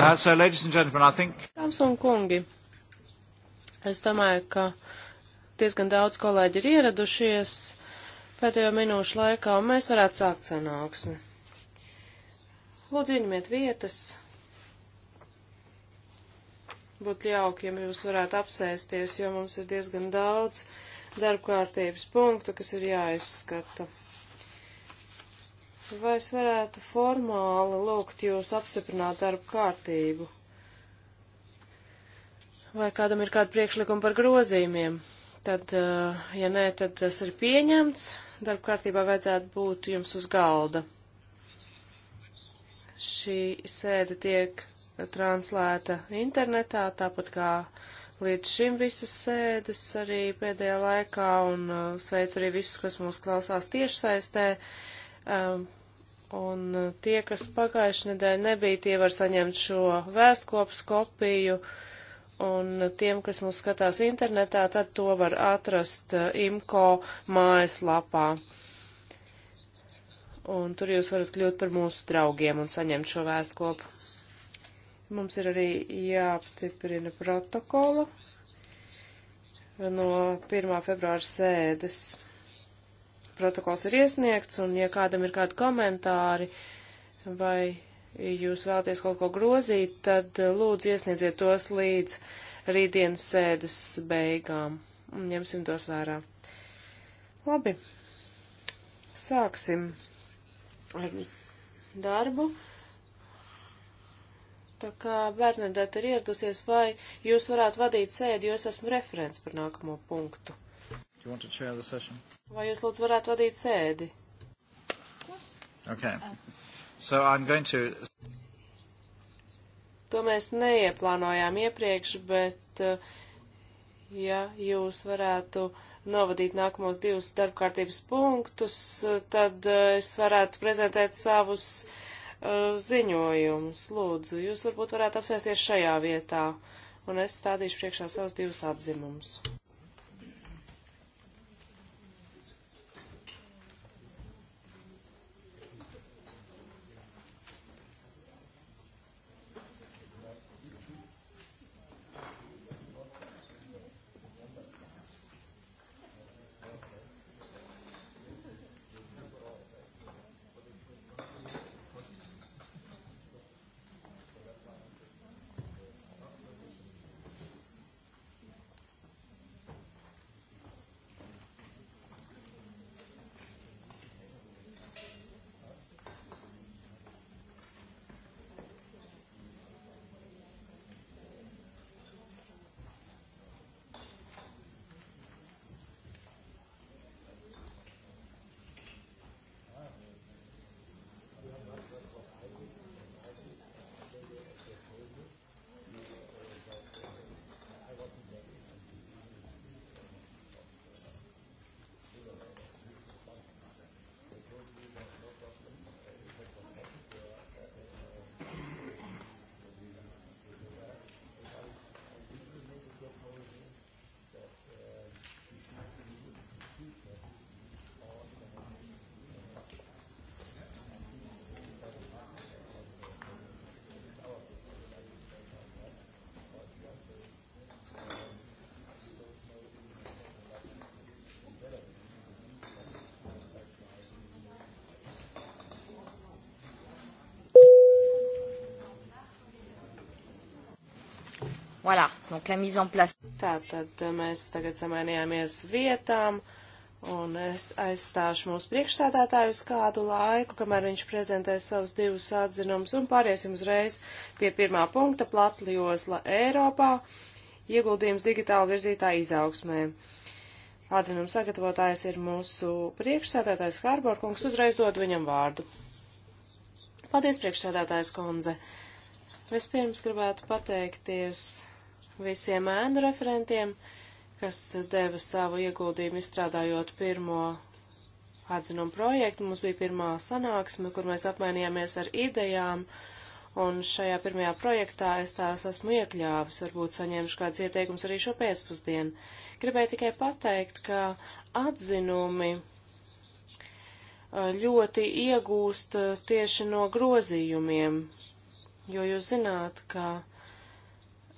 Uh, so, ladies and gentlemen, I think... Dāmas un kungi, es domāju, ka diezgan daudz kolēģi ir ieradušies pēdējo minūšu laikā, un mēs varētu sākt sanāksmi. Lūdzu, ieņemiet vietas. Būtu jauki, ja jūs varētu apsēsties, jo mums ir diezgan daudz darbkārtības punktu, kas ir jāizskata. Vai es varētu formāli lūgt jūs apstiprināt darbu kārtību? Vai kādam ir kāda priekšlikuma par grozījumiem? Tad, eh, ja nē, tad tas ir pieņemts. Darba kārtībā vajadzētu būt jums uz galda. Šī sēde tiek translēta internetā, tāpat kā līdz šim visas sēdes arī pēdējā laikā, un eh, sveic arī visus, kas mūs klausās tiešsaistē. Um, Un e, tie, kas pagājuši nedēļ nebija, tie var saņemt šo vēstkopas kopiju. Un e, tiem, kas mūs skatās internetā, tad to var atrast e, IMCO mājaslapā. Un tur jūs varat kļūt par mūsu draugiem un saņemt šo vēstkopu. Mums ir arī jāapstiprina protokola no 1. februāra sēdes protokols ir iesniegts, un ja kādam ir kādi komentāri vai jūs vēlaties kaut ko grozīt, tad eh, lūdzu iesniedziet tos līdz rītdienas sēdes beigām un ņemsim tos vērā. Labi, sāksim ar darbu. Tā kā Bernadette ir ieradusies, vai jūs varētu vadīt sēdi, jo es esmu referents par nākamo punktu. Vai jūs lūdzu varētu vadīt sēdi? Okay. So I'm going to... To mēs neieplānojām iepriekš, bet uh, ja jūs varētu novadīt nākamos divus darbkārtības punktus, tad uh, es varētu prezentēt savus uh, ziņojumus. Lūdzu, jūs varbūt varētu apsēsties šajā vietā, un es stādīšu priekšā savus divus atzimumus. Voilà, donc la mise en place. Tā tad eh, mēs tagad samainījāmies vietām, un es aizstāšu mūsu priekšsādātāju uz kādu laiku, kamēr viņš prezentēs savus divus atzinumus, un pāriesim uzreiz pie pirmā punkta - platjosla Eiropā - ieguldījums digitāli virzītā izaugsmē. Atzinuma sagatavotājs ir mūsu priekšsēdētājs Hārborkungs. Uzreiz dod viņam vārdu. Paldies, priekšsēdētājs kundze. Vispirms gribētu pateikties visiem ēnu referentiem, kas deva savu ieguldījumu izstrādājot pirmo atzinumu projektu. Mums bija pirmā sanāksme, kur mēs apmainījāmies ar idejām, un šajā pirmajā projektā es tās esmu iekļāvis, varbūt saņemšu kāds ieteikums arī šo pēcpusdienu. Gribēju tikai pateikt, ka atzinumi eh, ļoti iegūst eh, tieši no grozījumiem, jo jūs zināt, ka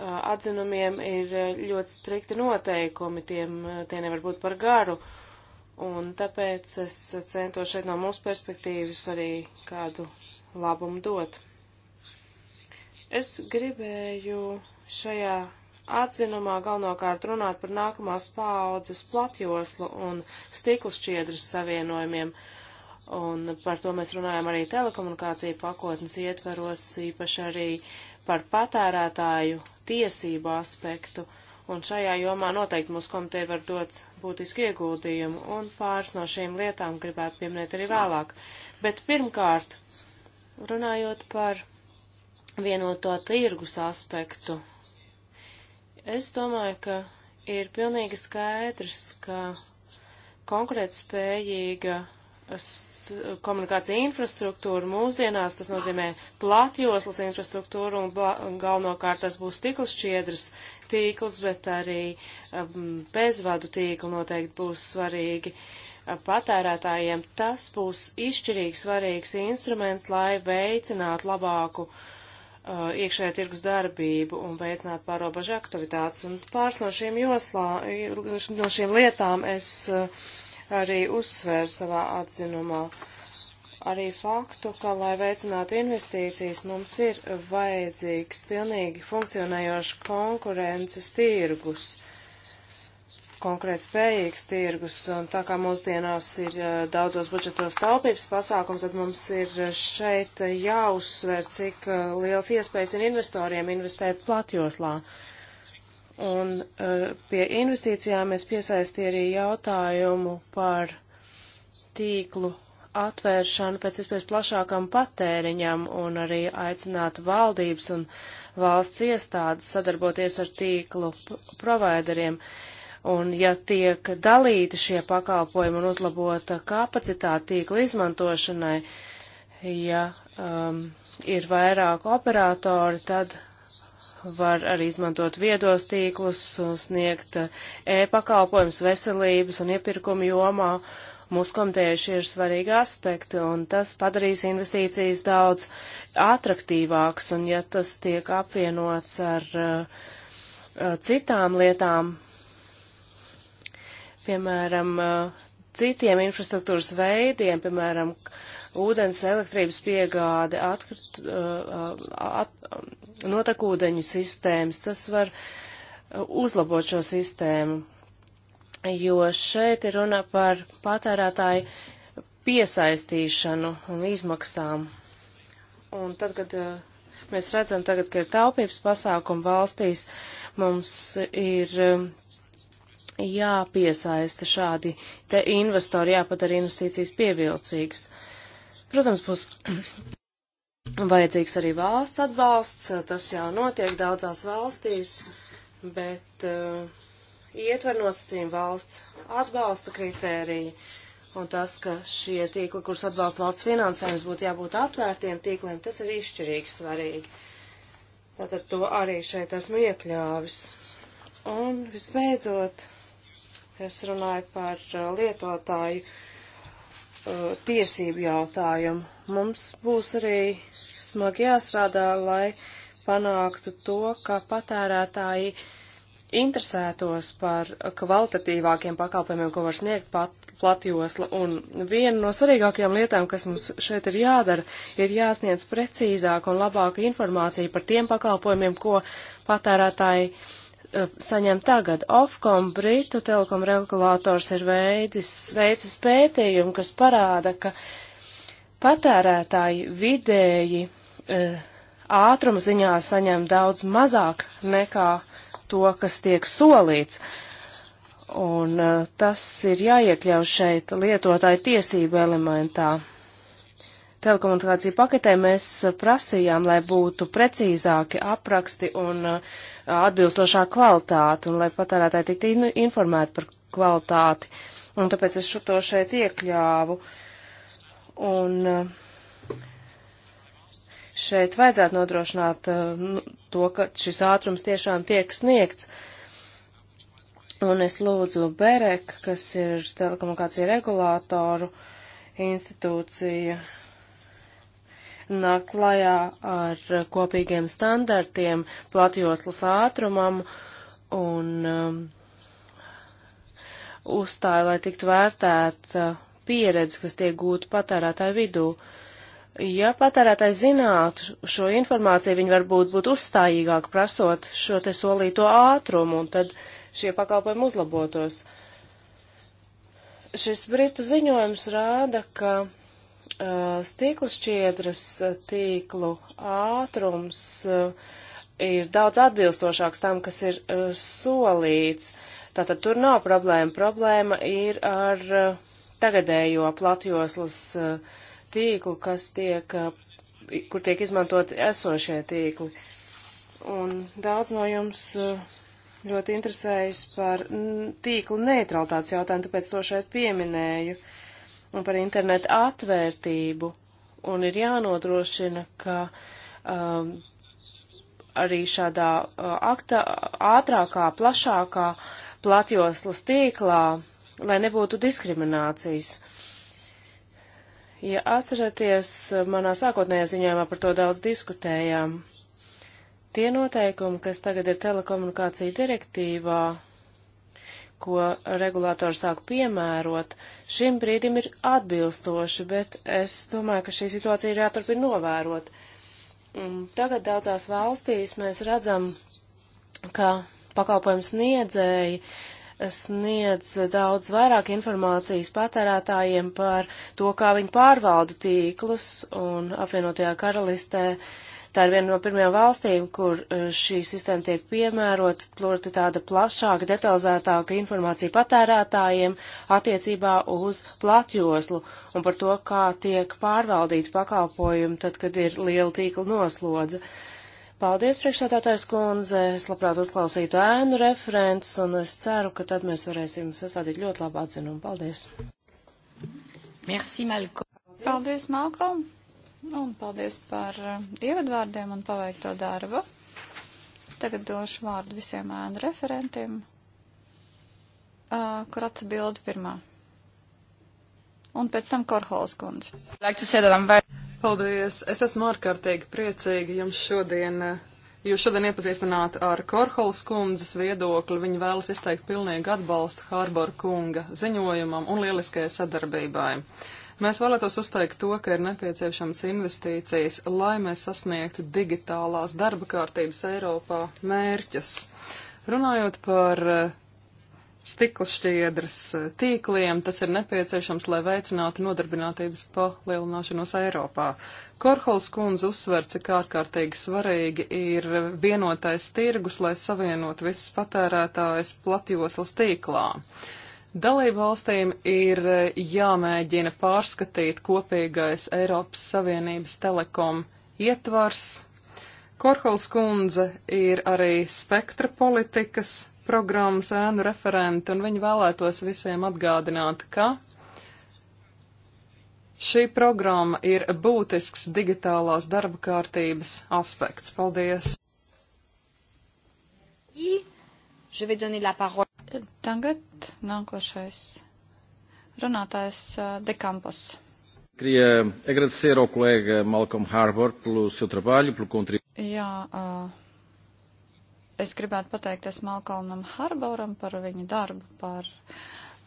atzinumiem ir ļoti strikti noteikumi, tiem, tie nevar būt par garu. Un tāpēc es centos šeit no mūsu perspektīvas arī kādu labumu dot. Es gribēju šajā atzinumā galvenokārt runāt par nākamās paaudzes platjoslu un stikla šķiedras savienojumiem. Un par to mēs runājam arī telekomunikāciju pakotnes ietveros, īpaši arī uh, par patērētāju tiesību aspektu, un šajā jomā noteikti mūsu komiteja var dot būtisku ieguldījumu, un pāris no šīm lietām gribētu pieminēt arī vēlāk. Bet pirmkārt, runājot par vienoto tirgus aspektu, es domāju, ka ir pilnīgi skaidrs, ka konkurētspējīga komunikācija infrastruktūra mūsdienās, tas nozīmē platjoslas infrastruktūru un bla, galvenokārt tas būs stikls šķiedras tīkls, bet arī um, bezvadu tīkli noteikti būs svarīgi uh, patērētājiem. Tas būs izšķirīgi svarīgs instruments, lai veicinātu labāku uh, iekšējā tirgus darbību un veicināt pārobežu aktivitātes. Un pāris no šīm joslā, no šīm lietām es uh, arī uzsvēra savā atzinumā. Arī faktu, ka, lai veicinātu investīcijas, mums ir vajadzīgs pilnīgi funkcionējošs konkurences tirgus, konkrēt spējīgs tirgus, un tā kā mūsdienās ir eh, daudzos budžetos taupības pasākums, tad mums ir eh, šeit eh, jāuzsver, cik liels iespējas ir investoriem investēt platjoslā. Uh, Un eh, pie investīcijām es piesaistīju arī jautājumu par tīklu atvēršanu pēc iespējas plašākam patēriņam un arī aicināt valdības un valsts iestādes sadarboties ar tīklu provideriem. Un ja tiek dalīti šie pakalpojumi un uzlabota kapacitāte tīkla izmantošanai, ja um, ir vairāk operatori, tad var arī izmantot viedos tīklus, sniegt uh, e-pakalpojums veselības un iepirkumu jomā. Mūsu komitējuši ir svarīgi aspekti, un tas padarīs investīcijas daudz atraktīvāks, un ja tas tiek apvienots ar uh, uh, citām lietām, piemēram, uh, citiem infrastruktūras veidiem, piemēram, ūdens elektrības piegāde, atkrit, uh, uh at, um, notekūdeņu sistēmas. Tas var uh, uzlabot šo sistēmu, jo šeit ir runa par patērētāju piesaistīšanu un izmaksām. Un tad, kad uh, mēs redzam tagad, ka ir taupības pasākumi valstīs, mums ir um, jāpiesaista šādi te investori, jāpadara investīcijas pievilcīgas. Protams, būs Vajadzīgs arī valsts atbalsts, eh, tas jau notiek daudzās valstīs, bet uh, ietver nosacījumi valsts atbalsta kritēriji un tas, ka šie tīkli, kurus atbalsta valsts finansējums, būtu jābūt atvērtiem tīkliem, tas ir izšķirīgi svarīgi. Tātad to arī šeit esmu iekļāvis. Un visbeidzot, es runāju par eh, lietotāju uh, tiesību jautājumu. Mums būs arī smagi jāstrādā, lai panāktu to, ka patērētāji interesētos par kvalitatīvākiem pakalpojumiem, ko var sniegt pat, platjosla. Un viena no svarīgākajām lietām, kas mums šeit ir jādara, ir jāsniedz precīzāk un labāka informācija par tiem pakalpojumiem, ko patērētāji eh, saņem tagad. Ofcom, Britu telekom regulators ir veidis, veicis pētījumu, kas parāda, ka uh, Patērētāji vidēji e, ātruma ziņā saņem daudz mazāk nekā to, kas tiek solīts. Un e, tas ir jāiekļauj šeit lietotāju tiesību elementā. Telekomunikāciju paketē mēs prasījām, lai būtu precīzāki apraksti un e, atbilstošā kvalitāte, un lai patērētāji tiktu informēti par kvalitāti. Un tāpēc es šo to šeit iekļāvu. Uh, Un eh, šeit vajadzētu nodrošināt eh, to, ka šis ātrums tiešām tiek sniegts. Un es lūdzu Berek, kas ir telekomunikācija regulātoru institūcija, nāk klajā ar kopīgiem standartiem platjoslas ātrumam un um, uzstāja, lai tiktu vērtēta uh, pieredzi, kas tiek gūta patērētāju vidū. Ja patērētājs zinātu šo informāciju, viņi varbūt būtu uzstājīgāk prasot šo te solīto ātrumu, un tad šie pakalpojumi uzlabotos. Šis britu ziņojums rāda, ka uh, stikla šķiedras uh, tīklu ātrums uh, ir daudz atbilstošāks tam, kas ir uh, solīts. Tātad tur nav problēma. Problēma ir ar uh, tagadējo platjoslas eh, tīklu, kas tiek, eh, kur tiek izmantot esošie tīkli. Un daudz no jums eh, ļoti interesējas par tīklu neutralitātes jautājumu, tāpēc to šeit pieminēju, un par internetu atvērtību. Un ir jānodrošina, ka um, arī šādā uh, aktā, ātrākā, plašākā platjoslas tīklā lai nebūtu diskriminācijas. Ja atceraties, manā sākotnējā ziņojumā par to daudz diskutējām. Tie noteikumi, kas tagad ir telekomunikācija direktīvā, ko regulātori sāk piemērot, šim brīdim ir atbilstoši, bet es domāju, ka šī situācija ir jāturpina novērot. Tagad daudzās valstīs mēs redzam, ka pakalpojums sniedzēji sniedz daudz vairāk informācijas patērētājiem par to, kā viņi pārvalda tīklus un apvienotajā karalistē. Tā ir viena no pirmajām valstīm, kur eh, šī sistēma tiek piemērota, proti tāda plašāka, detalizētāka informācija patērētājiem attiecībā uz platjoslu un par to, kā tiek pārvaldīti pakalpojumi, tad, kad ir liela tīkla noslodze. Uh, Paldies, priekšsādātājs kundze. Es labprāt uzklausītu ēnu referents, un es ceru, ka tad mēs varēsim sastādīt ļoti labu atzinumu. Paldies. Merci, Malko. Paldies, Malkom. Un paldies par um, ievadvārdiem un paveikto darbu. Tagad došu vārdu visiem ēnu referentiem. Uh, kur atsabildu pirmā? Un pēc tam Korholas kundze. Like Paldies! Es esmu ārkārtīgi priecīga jums šodien. Eh, jūs šodien iepazīstināt ar Korholas kundzes viedokli. Viņa vēlas izteikt pilnīgu atbalstu Hārboru kunga ziņojumam un lieliskajai sadarbībai. Mēs vēlētos uzteikt to, ka ir nepieciešams investīcijas, lai mēs sasniegtu digitālās darba kārtības Eiropā mērķus. Runājot par eh, stikla šķiedras eh, tīkliem. Tas ir nepieciešams, lai veicinātu nodarbinātības palielināšanos Eiropā. Korhols kundze uzsver, cik ārkārtīgi svarīgi ir vienotais tirgus, lai savienot visus patērētājus platjoslas tīklā. Dalībvalstīm ir eh, jāmēģina pārskatīt kopīgais Eiropas Savienības telekom ietvars. Korhols kundze ir arī spektra politikas programmas ēnu referenti, un viņi vēlētos visiem atgādināt, ka šī programma ir būtisks digitālās darba kārtības aspekts. Paldies! Tagad nākošais runātājs uh, Dekampos. Queria agradecer ao colega Malcolm Harbour pelo seu trabalho, pelo contributo. Jā, uh, es gribētu pateikties Malkalnam Harboram par viņa darbu, par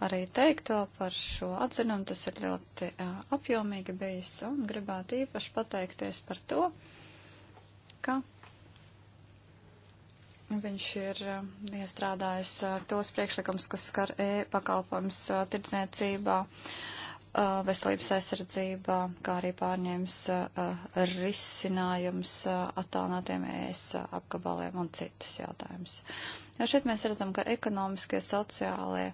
arī teikto par šo atzinumu. Tas ir ļoti uh, apjomīgi bijis un gribētu īpaši pateikties par to, ka viņš ir uh, iestrādājis uh, tos priekšlikums, kas skar e-pakalpojums uh, tirdzniecībā. Uh, Uh, veselības aizsardzībā, kā arī pārņēmis uh, risinājums uh, attālinātiem ES apgabaliem un citus jautājumus. Jo šeit mēs redzam, ka ekonomiskie, sociālie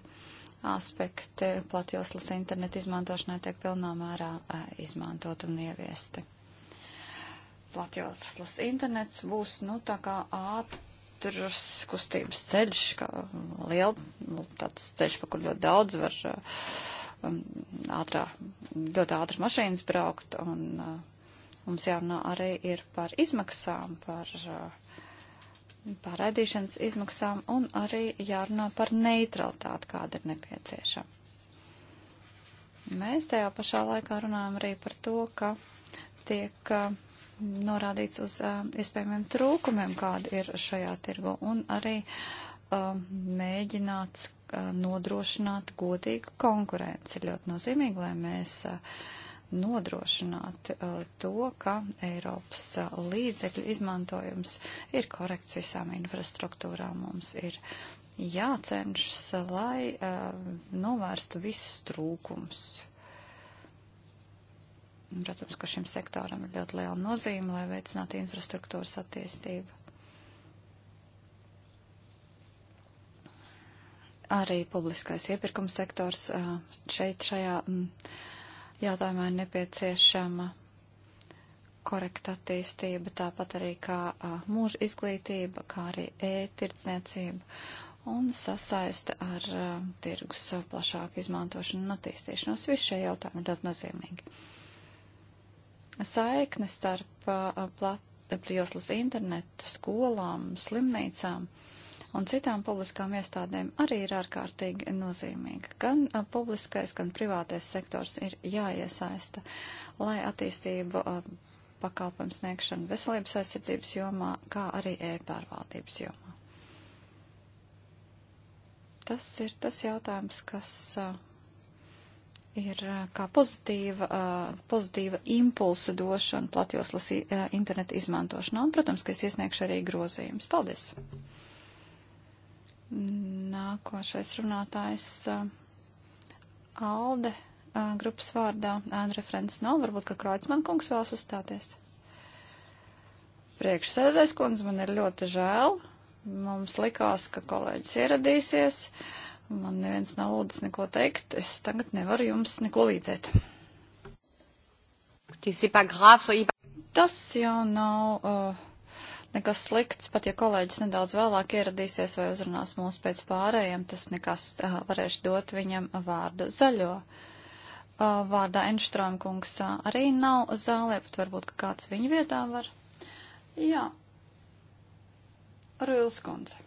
aspekti platjoslas internetu izmantošanai tiek pilnā mērā izmantot un ieviesti. Platjoslas internets būs, nu, tā kā ātri ātrs kustības ceļš, kā liela, nu, tāds ceļš, pa kur ļoti daudz var uh, Um, ātrā, ļoti ātras mašīnas braukt, un uh, mums jārunā arī ir par izmaksām, par uh, pārraidīšanas izmaksām, un arī jārunā par neutralitāti, kāda ir nepieciešama. Mēs tajā pašā laikā runājam arī par to, ka tiek uh, norādīts uz uh, iespējamiem trūkumiem, kāda ir šajā tirgu, un arī uh, um, uh, mēģināts uh, nodrošināt godīgu konkurenci. Ir ļoti nozīmīgi, lai mēs uh, nodrošinātu uh, to, ka Eiropas uh, līdzekļu izmantojums ir korekts visām infrastruktūrām. Mums ir jācenšas, lai uh, novērstu visus trūkums. Protams, ka šim sektoram ir ļoti liela nozīme, lai veicinātu infrastruktūras attīstību. arī publiskais iepirkums sektors šeit šajā mm, jautājumā ir nepieciešama korekta attīstība, tāpat arī kā mūža izglītība, kā arī e-tirdzniecība un sasaiste ar tirgus plašāku izmantošanu un attīstīšanos. Visi šie jautājumi ir ļoti nozīmīgi. Saikne starp joslas internetu, skolām, slimnīcām. Uh, un citām publiskām iestādēm arī ir ārkārtīgi nozīmīga. Gan a, publiskais, gan privātais sektors ir jāiesaista, lai attīstību a, pakalpojumu sniegšanu veselības aizsardzības jomā, kā arī e-pārvaldības jomā. Tas ir tas jautājums, kas a, ir kā pozitīva, pozitīva impulsa došana platjoslas interneta izmantošanā. Un, protams, ka es iesniegšu arī grozījumus. Paldies! Nākošais runātājs Alde grupas vārdā. Ēna referents nav, varbūt, ka Kreutzmann kungs vēlas uzstāties. Priekšsēdētais kundze man ir ļoti žēl. Mums likās, ka kolēģis ieradīsies. Man neviens nav lūdzis neko teikt. Es tagad nevaru jums neko līdzēt. Tas jau nav. Uh, nekas slikts, pat ja kolēģis nedaudz vēlāk ieradīsies vai uzrunās mūs pēc pārējiem, tas nekas uh, varēšu dot viņam vārdu zaļo. Uh, vārdā Enštrām kungs uh, arī nav zālē, bet varbūt, ka kāds viņu vietā var. Jā. Rūils kundze.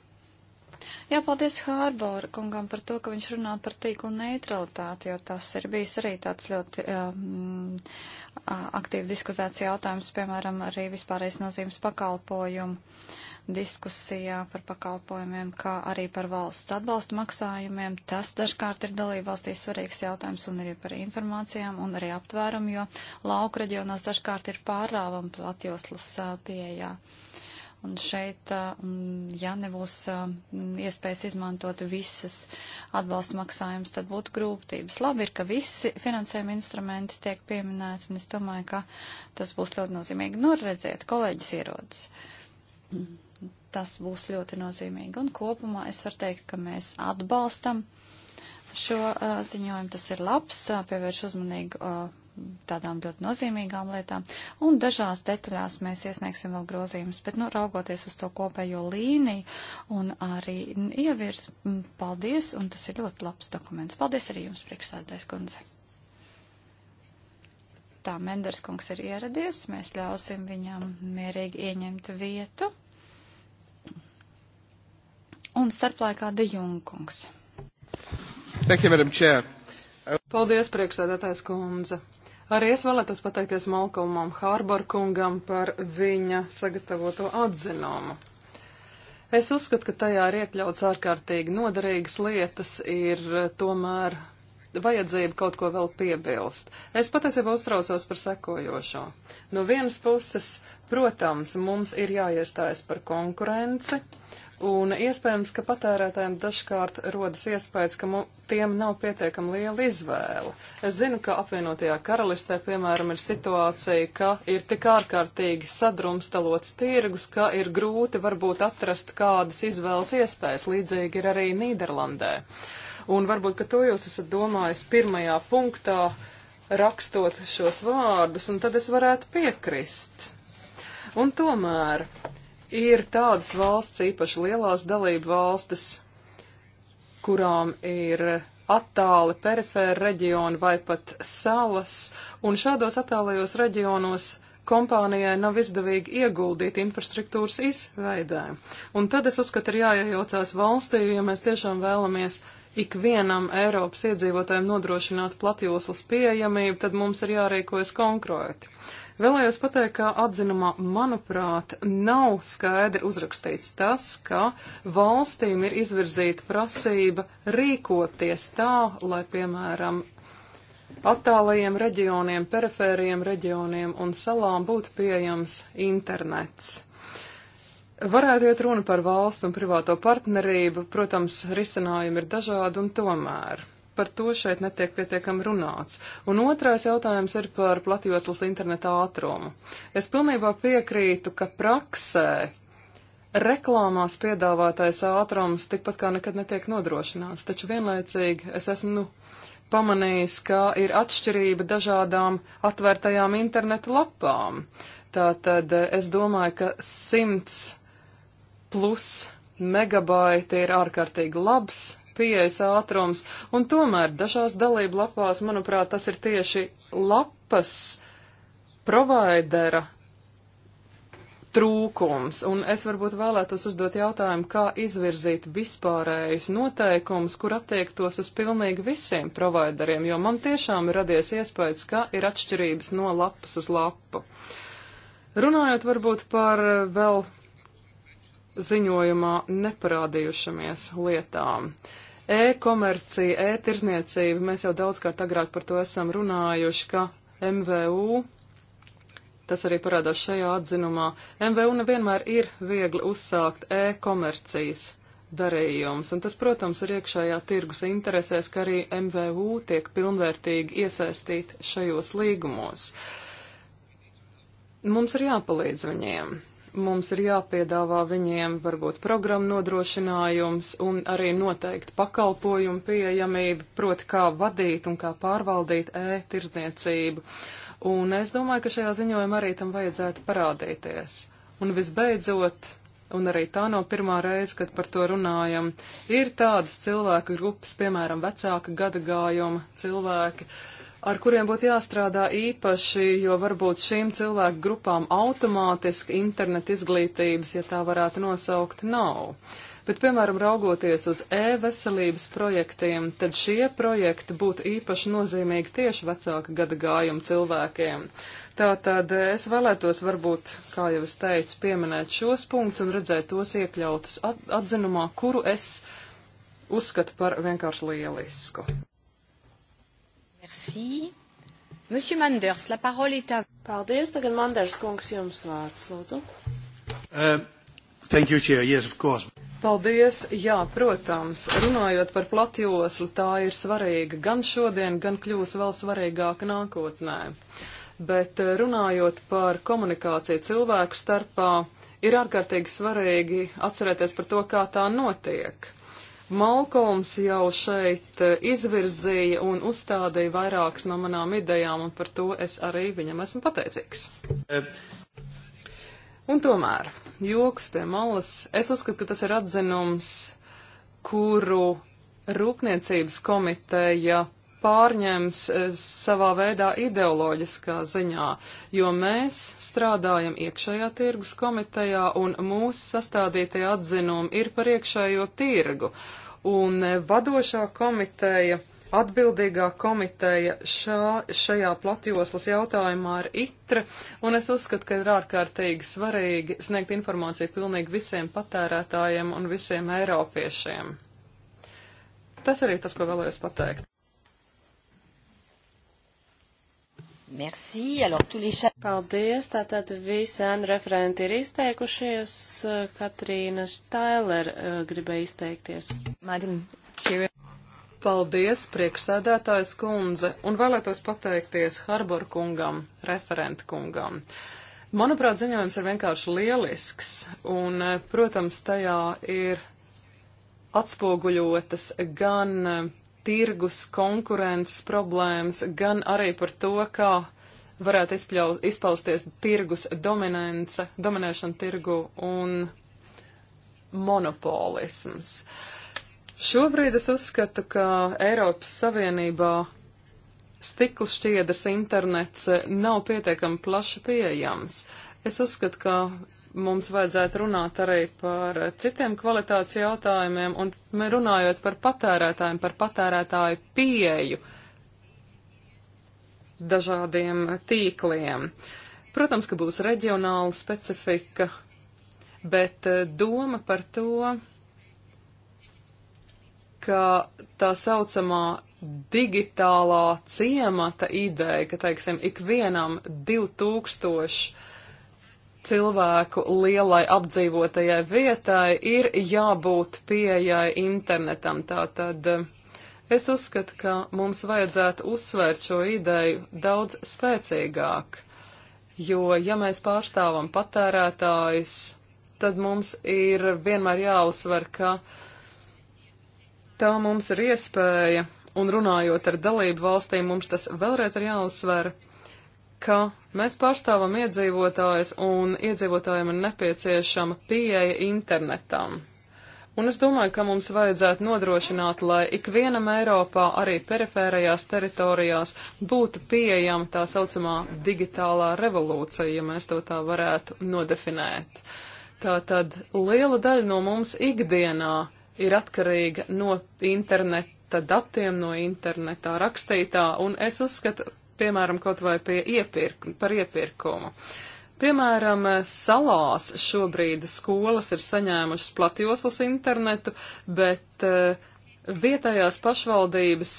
Jā, paldies Hārbora kungam par to, ka viņš runā par tīklu neutralitāti, jo tas ir bijis arī tāds ļoti um, aktīvi diskutēts jautājums, piemēram, arī vispārreiz nozīmes pakalpojumu diskusijā par pakalpojumiem, kā arī par valsts atbalstu maksājumiem. Tas dažkārt ir dalībvalstīs svarīgs jautājums un arī par informācijām un arī aptvērumu, jo lauku reģionos dažkārt ir pārāvam platjoslas pieejā. Uh, Un šeit, ja nebūs iespējas izmantot visas atbalsta maksājumus, tad būtu grūtības. Labi ir, ka visi finansējuma instrumenti tiek pieminēti, un es domāju, ka tas būs ļoti nozīmīgi. Nu, redziet, kolēģis ierodas. Tas būs ļoti nozīmīgi. Un kopumā es varu teikt, ka mēs atbalstam šo uh, ziņojumu. Tas ir labs, uh, pievērš uzmanīgu. Uh, tādām ļoti nozīmīgām lietām, un dažās detaļās mēs iesniegsim vēl grozījumus, bet, nu, raugoties uz to kopējo līniju un arī ievirs, paldies, un tas ir ļoti labs dokuments. Paldies arī jums, priekšsēdētājs kundze. Tā, Menders kungs ir ieradies, mēs ļausim viņam mierīgi ieņemt vietu. Un starplaikā Dejunkungs. Thank you, Madam Chair. Paldies, priekšsēdētājs kundze. Arī es vēlētos pateikties Malkolmam Hārbarkungam par viņa sagatavoto atzinumu. Es uzskatu, ka tajā ir iekļauts ārkārtīgi noderīgas lietas, ir eh, tomēr vajadzība kaut ko vēl piebilst. Es patiesībā uztraucos par sekojošo. No vienas puses, protams, mums ir jāiestājas par konkurenci, Un iespējams, ka patērētājiem dažkārt rodas iespējas, ka tiem nav pietiekami liela izvēle. Es zinu, ka apvienotajā karalistē, piemēram, ir situācija, ka ir tik ārkārtīgi sadrumstalots tirgus, ka ir grūti varbūt atrast kādas izvēles iespējas. Līdzīgi ir arī Nīderlandē. Un varbūt, ka to jūs esat domājis pirmajā punktā, rakstot šos vārdus, un tad es varētu piekrist. Un tomēr Ir tādas valsts, īpaši lielās dalību valstis, kurām ir attāli perifēra reģioni vai pat salas, un šādos attālajos reģionos kompānijai nav izdevīgi ieguldīt infrastruktūras izveidē. Un tad es uzskatu, ir jāiejaucās valstī, ja mēs tiešām vēlamies ikvienam Eiropas iedzīvotājiem nodrošināt platjoslas pieejamību, tad mums ir jārīkojas konkrēti. Vēlējos pateikt, ka atzinumā, manuprāt, nav skaidri uzrakstīts tas, ka valstīm ir izvirzīta prasība rīkoties tā, lai, piemēram, attālajiem reģioniem, perifēriem reģioniem un salām būtu pieejams internets. Varētu iet runa par valsts un privāto partnerību, protams, risinājumi ir dažādi un tomēr par to šeit netiek pietiekami runāts. Un otrais jautājums ir par platjotlas interneta ātrumu. Es pilnībā piekrītu, ka praksē reklāmās piedāvātais ātrums tikpat kā nekad netiek nodrošināts, taču vienlaicīgi es esmu nu, pamanījis, ka ir atšķirība dažādām atvērtajām internetu lapām. Tātad eh, es domāju, ka 100 plus megabaiti ir ārkārtīgi labs pieejas ātrums, un tomēr dažās dalību lapās, manuprāt, tas ir tieši lapas provaidera trūkums, un es varbūt vēlētos uzdot jautājumu, kā izvirzīt vispārējus noteikumus, kur attiektos uz pilnīgi visiem provideriem, jo man tiešām ir radies iespējas, ka ir atšķirības no lapas uz lapu. Runājot varbūt par vēl ziņojumā neparādījušamies lietām. Uh, E-komercija, e-tirzniecība, mēs jau daudzkārt agrāk par to esam runājuši, ka MVU, tas arī parādās šajā atzinumā, MVU nevienmēr ir viegli uzsākt e-komercijas darījums, un tas, protams, ir iekšējā tirgus interesēs, ka arī MVU tiek pilnvērtīgi iesaistīti šajos līgumos. Mums ir jāpalīdz viņiem mums ir jāpiedāvā viņiem varbūt programmu nodrošinājums un arī noteikti pakalpojumu pieejamība, proti kā vadīt un kā pārvaldīt e-tirdzniecību. Un es domāju, ka šajā ziņojumā arī tam vajadzētu parādīties. Un visbeidzot, un arī tā nav pirmā reize, kad par to runājam, ir tādas cilvēku grupas, piemēram, vecāka gadagājuma cilvēki, uh, ar kuriem būtu jāstrādā īpaši, jo varbūt šīm cilvēku grupām automātiski internet izglītības, ja tā varētu nosaukt, nav. Bet, piemēram, raugoties uz e-veselības projektiem, tad šie projekti būtu īpaši nozīmīgi tieši vecāka gada gājuma cilvēkiem. Tātad es vēlētos varbūt, kā jau es teicu, pieminēt šos punktus un redzēt tos iekļautus atzinumā, kuru es uzskatu par vienkārši lielisku. Merci. Monsieur Manders, la parole est à vous. Paldies, tagad Manders kungs jums vārds, lūdzu. Uh, thank you, Chair. Yes, of course. Paldies! Jā, protams, runājot par platjoslu, tā ir svarīga gan šodien, gan kļūs vēl svarīgāka nākotnē. Bet uh, runājot par komunikāciju cilvēku starpā, ir ārkārtīgi svarīgi atcerēties par to, kā tā notiek. Malkoms jau šeit eh, izvirzīja un uzstādīja vairākas no manām idejām, un par to es arī viņam esmu pateicīgs. Eh. Un tomēr, joks pie malas, es uzskatu, ka tas ir atzinums, kuru Rūpniecības komiteja pārņems e, savā veidā ideoloģiskā ziņā, jo mēs strādājam iekšējā tirgus komitejā un mūsu sastādītie atzinumi ir par iekšējo tirgu. Un e, vadošā komiteja, atbildīgā komiteja šā, šajā platjoslas jautājumā ir itra, un es uzskatu, ka ir ārkārtīgi svarīgi sniegt informāciju pilnīgi visiem patērētājiem un visiem eiropiešiem. Tas arī tas, ko vēlējos pateikt. Merci. Alors, tous les... Paldies. Tātad visi ēnu referenti ir izteikušies. Katrīna Štailer eh, gribēja izteikties. Madam Čira. Paldies, priekšsēdētājs kundze, un vēlētos pateikties Harbor kungam, referent kungam. Manuprāt, ziņojums ir vienkārši lielisks, un, eh, protams, tajā ir atspoguļotas gan eh, tirgus konkurences problēmas, gan arī par to, kā varētu izpļaut, izpausties tirgus dominance, dominēšana tirgu un monopolisms. Šobrīd es uzskatu, ka Eiropas Savienībā stikla šķiedras internets nav pietiekami plaši pieejams. Es uzskatu, ka mums vajadzētu runāt arī par citiem kvalitātes jautājumiem un runājot par patērētājiem, par patērētāju pieeju dažādiem tīkliem. Protams, ka būs reģionāla specifika, bet eh, doma par to, ka tā saucamā digitālā ciemata ideja, ka, teiksim, ikvienam 2000 cilvēku lielai apdzīvotajai vietai ir jābūt pieejai internetam. Tātad eh, es uzskatu, ka mums vajadzētu uzsvērt šo ideju daudz spēcīgāk, jo ja mēs pārstāvam patērētājs, tad mums ir vienmēr jāuzsver, ka tā mums ir iespēja, un runājot ar dalību valstīm, mums tas vēlreiz ir jāuzsver, ka Mēs pārstāvam iedzīvotājus, un iedzīvotājiem ir nepieciešama pieeja internetam. Un es domāju, ka mums vajadzētu nodrošināt, lai ikvienam Eiropā, arī perifērajās teritorijās, būtu pieejama tā saucamā digitālā revolūcija, ja mēs to tā varētu nodefinēt. Tātad liela daļa no mums ikdienā ir atkarīga no interneta datiem, no internetā rakstītā, un es uzskatu, piemēram, kaut vai pie iepirk, par iepirkumu. Piemēram, salās šobrīd skolas ir saņēmušas platjoslas internetu, bet uh, vietējās pašvaldības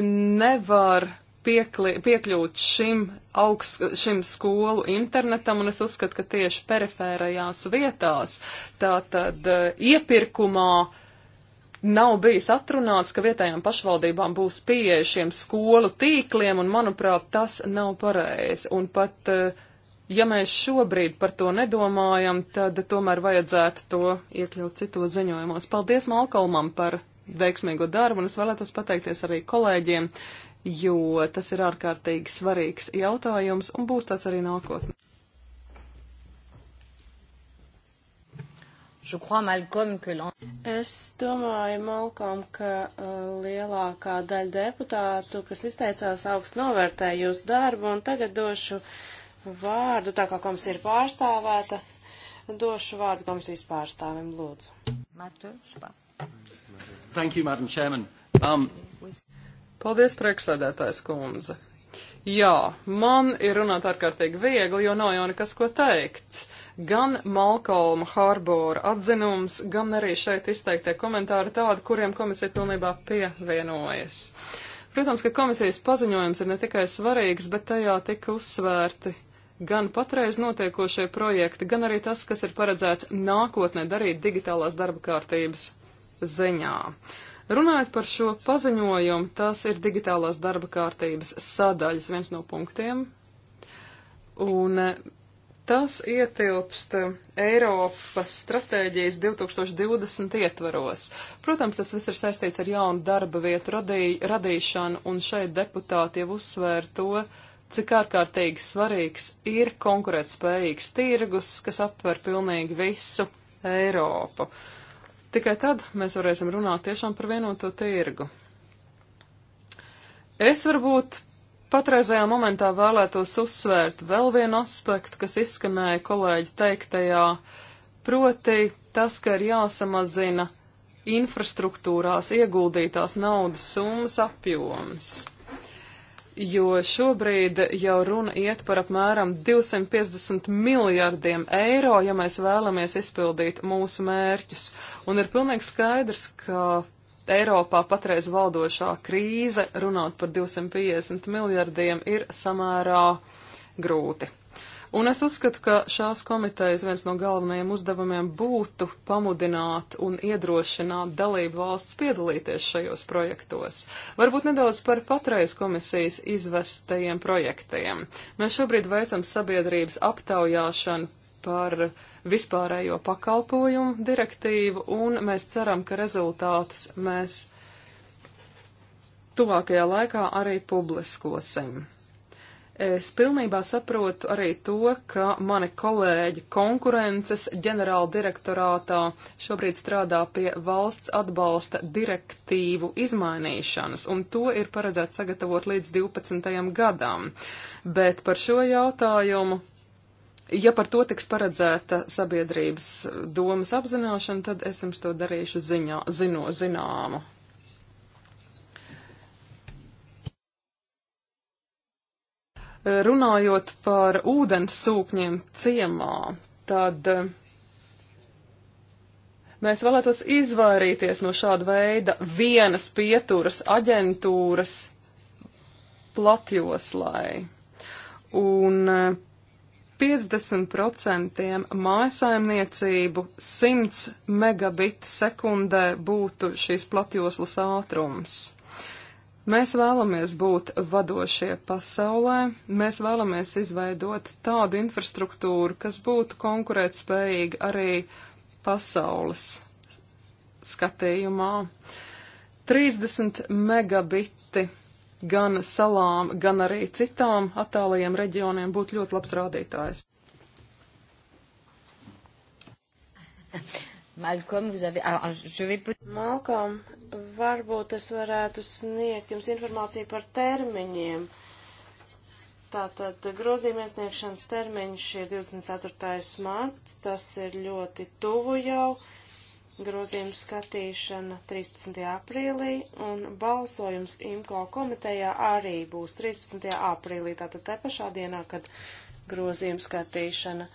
nevar piekli, piekļūt šim, augst, šim skolu internetam, un es uzskatu, ka tieši perifērajās vietās, tātad eh, iepirkumā nav bijis atrunāts, ka vietējām pašvaldībām būs pieeja šiem skolu tīkliem, un manuprāt, tas nav pareizi. Un pat, eh, ja mēs šobrīd par to nedomājam, tad tomēr vajadzētu to iekļaut citos ziņojumos. Paldies Malkolmam par veiksmīgo darbu, un es vēlētos pateikties arī kolēģiem, jo tas ir ārkārtīgi svarīgs jautājums un būs tāds arī nākotnē. Je crois, Malcolm, que es domāju, Malkom, ka uh, lielākā daļa deputātu, kas izteicās augstu novērtē jūsu darbu, un tagad došu vārdu, tā kā komisija ir pārstāvēta, došu vārdu komisijas pārstāvim, lūdzu. Thank you, Madam Chairman. Um... Paldies, priekšsēdētājs kundze. Jā, man ir runāt ārkārtīgi viegli, jo nav jau nekas ko teikt. Gan Malkolma Harbora atzinums, gan arī šeit izteiktie komentāri tādi, kuriem komisija pilnībā pievienojas. Protams, ka komisijas paziņojums ir ne tikai svarīgs, bet tajā tika uzsvērti gan patreiz notiekošie projekti, gan arī tas, kas ir paredzēts nākotnē darīt digitālās darba kārtības ziņā. Runājot par šo paziņojumu, tas ir digitālās darba kārtības sadaļas viens no punktiem. Un Tas ietilpst Eiropas stratēģijas 2020 ietvaros. Protams, tas viss ir saistīts ar jaunu darba vietu radī, radīšanu, un šeit deputāti jau uzsvēra to, cik ārkārtīgi svarīgs ir konkurētspējīgs tirgus, kas aptver pilnīgi visu Eiropu. Tikai tad mēs varēsim runāt tiešām par vienoto tirgu. Es varbūt Patreizajā momentā vēlētos uzsvērt vēl vienu aspektu, kas izskanēja kolēģi teiktajā, proti tas, ka ir jāsamazina infrastruktūrās ieguldītās naudas summas apjoms. Jo šobrīd jau runa iet par apmēram 250 miljardiem eiro, ja mēs vēlamies izpildīt mūsu mērķus. Un ir pilnīgi skaidrs, ka Eiropā patreiz valdošā krīze, runāt par 250 miljardiem, ir samērā grūti. Un es uzskatu, ka šās komitejas viens no galvenajiem uzdevumiem būtu pamudināt un iedrošināt dalību valsts piedalīties šajos projektos. Varbūt nedaudz par patreiz komisijas izvestajiem projektiem. Mēs šobrīd veicam sabiedrības aptaujāšanu par uh, vispārējo pakalpojumu direktīvu, un mēs ceram, ka rezultātus mēs tuvākajā laikā arī publiskosim. Es pilnībā saprotu arī to, ka mani kolēģi konkurences ģenerāla direktorātā šobrīd strādā pie valsts atbalsta direktīvu izmainīšanas, un to ir paredzēts sagatavot līdz 12. gadam. Bet par šo jautājumu ja par to tiks paredzēta sabiedrības domas apzināšana, tad es jums to darīšu ziņā, zino, zināmu. Runājot par ūdens sūkņiem ciemā, tad eh, mēs vēlētos izvairīties no šāda veida vienas pieturas aģentūras platjoslai. Un eh, 50% mājasaimniecību 100 megabit sekundē būtu šīs platjoslas ātrums. Mēs vēlamies būt vadošie pasaulē, mēs vēlamies izveidot tādu infrastruktūru, kas būtu konkurētspējīga arī pasaules skatījumā. 30 megabiti gan salām, gan arī citām attālajiem reģioniem būtu ļoti labs rādītājs. Malcolm, vous avez... Alors, ah, ah, je vais... Malcolm, varbūt es varētu sniegt jums informāciju par termiņiem. Tātad grozījuma iesniegšanas termiņš ir 24. marts, tas ir ļoti tuvu jau. Uh, grozījuma skatīšana 13. aprīlī un balsojums IMKO komitejā arī būs 13. aprīlī, tātad te pašā dienā, kad grozījuma skatīšana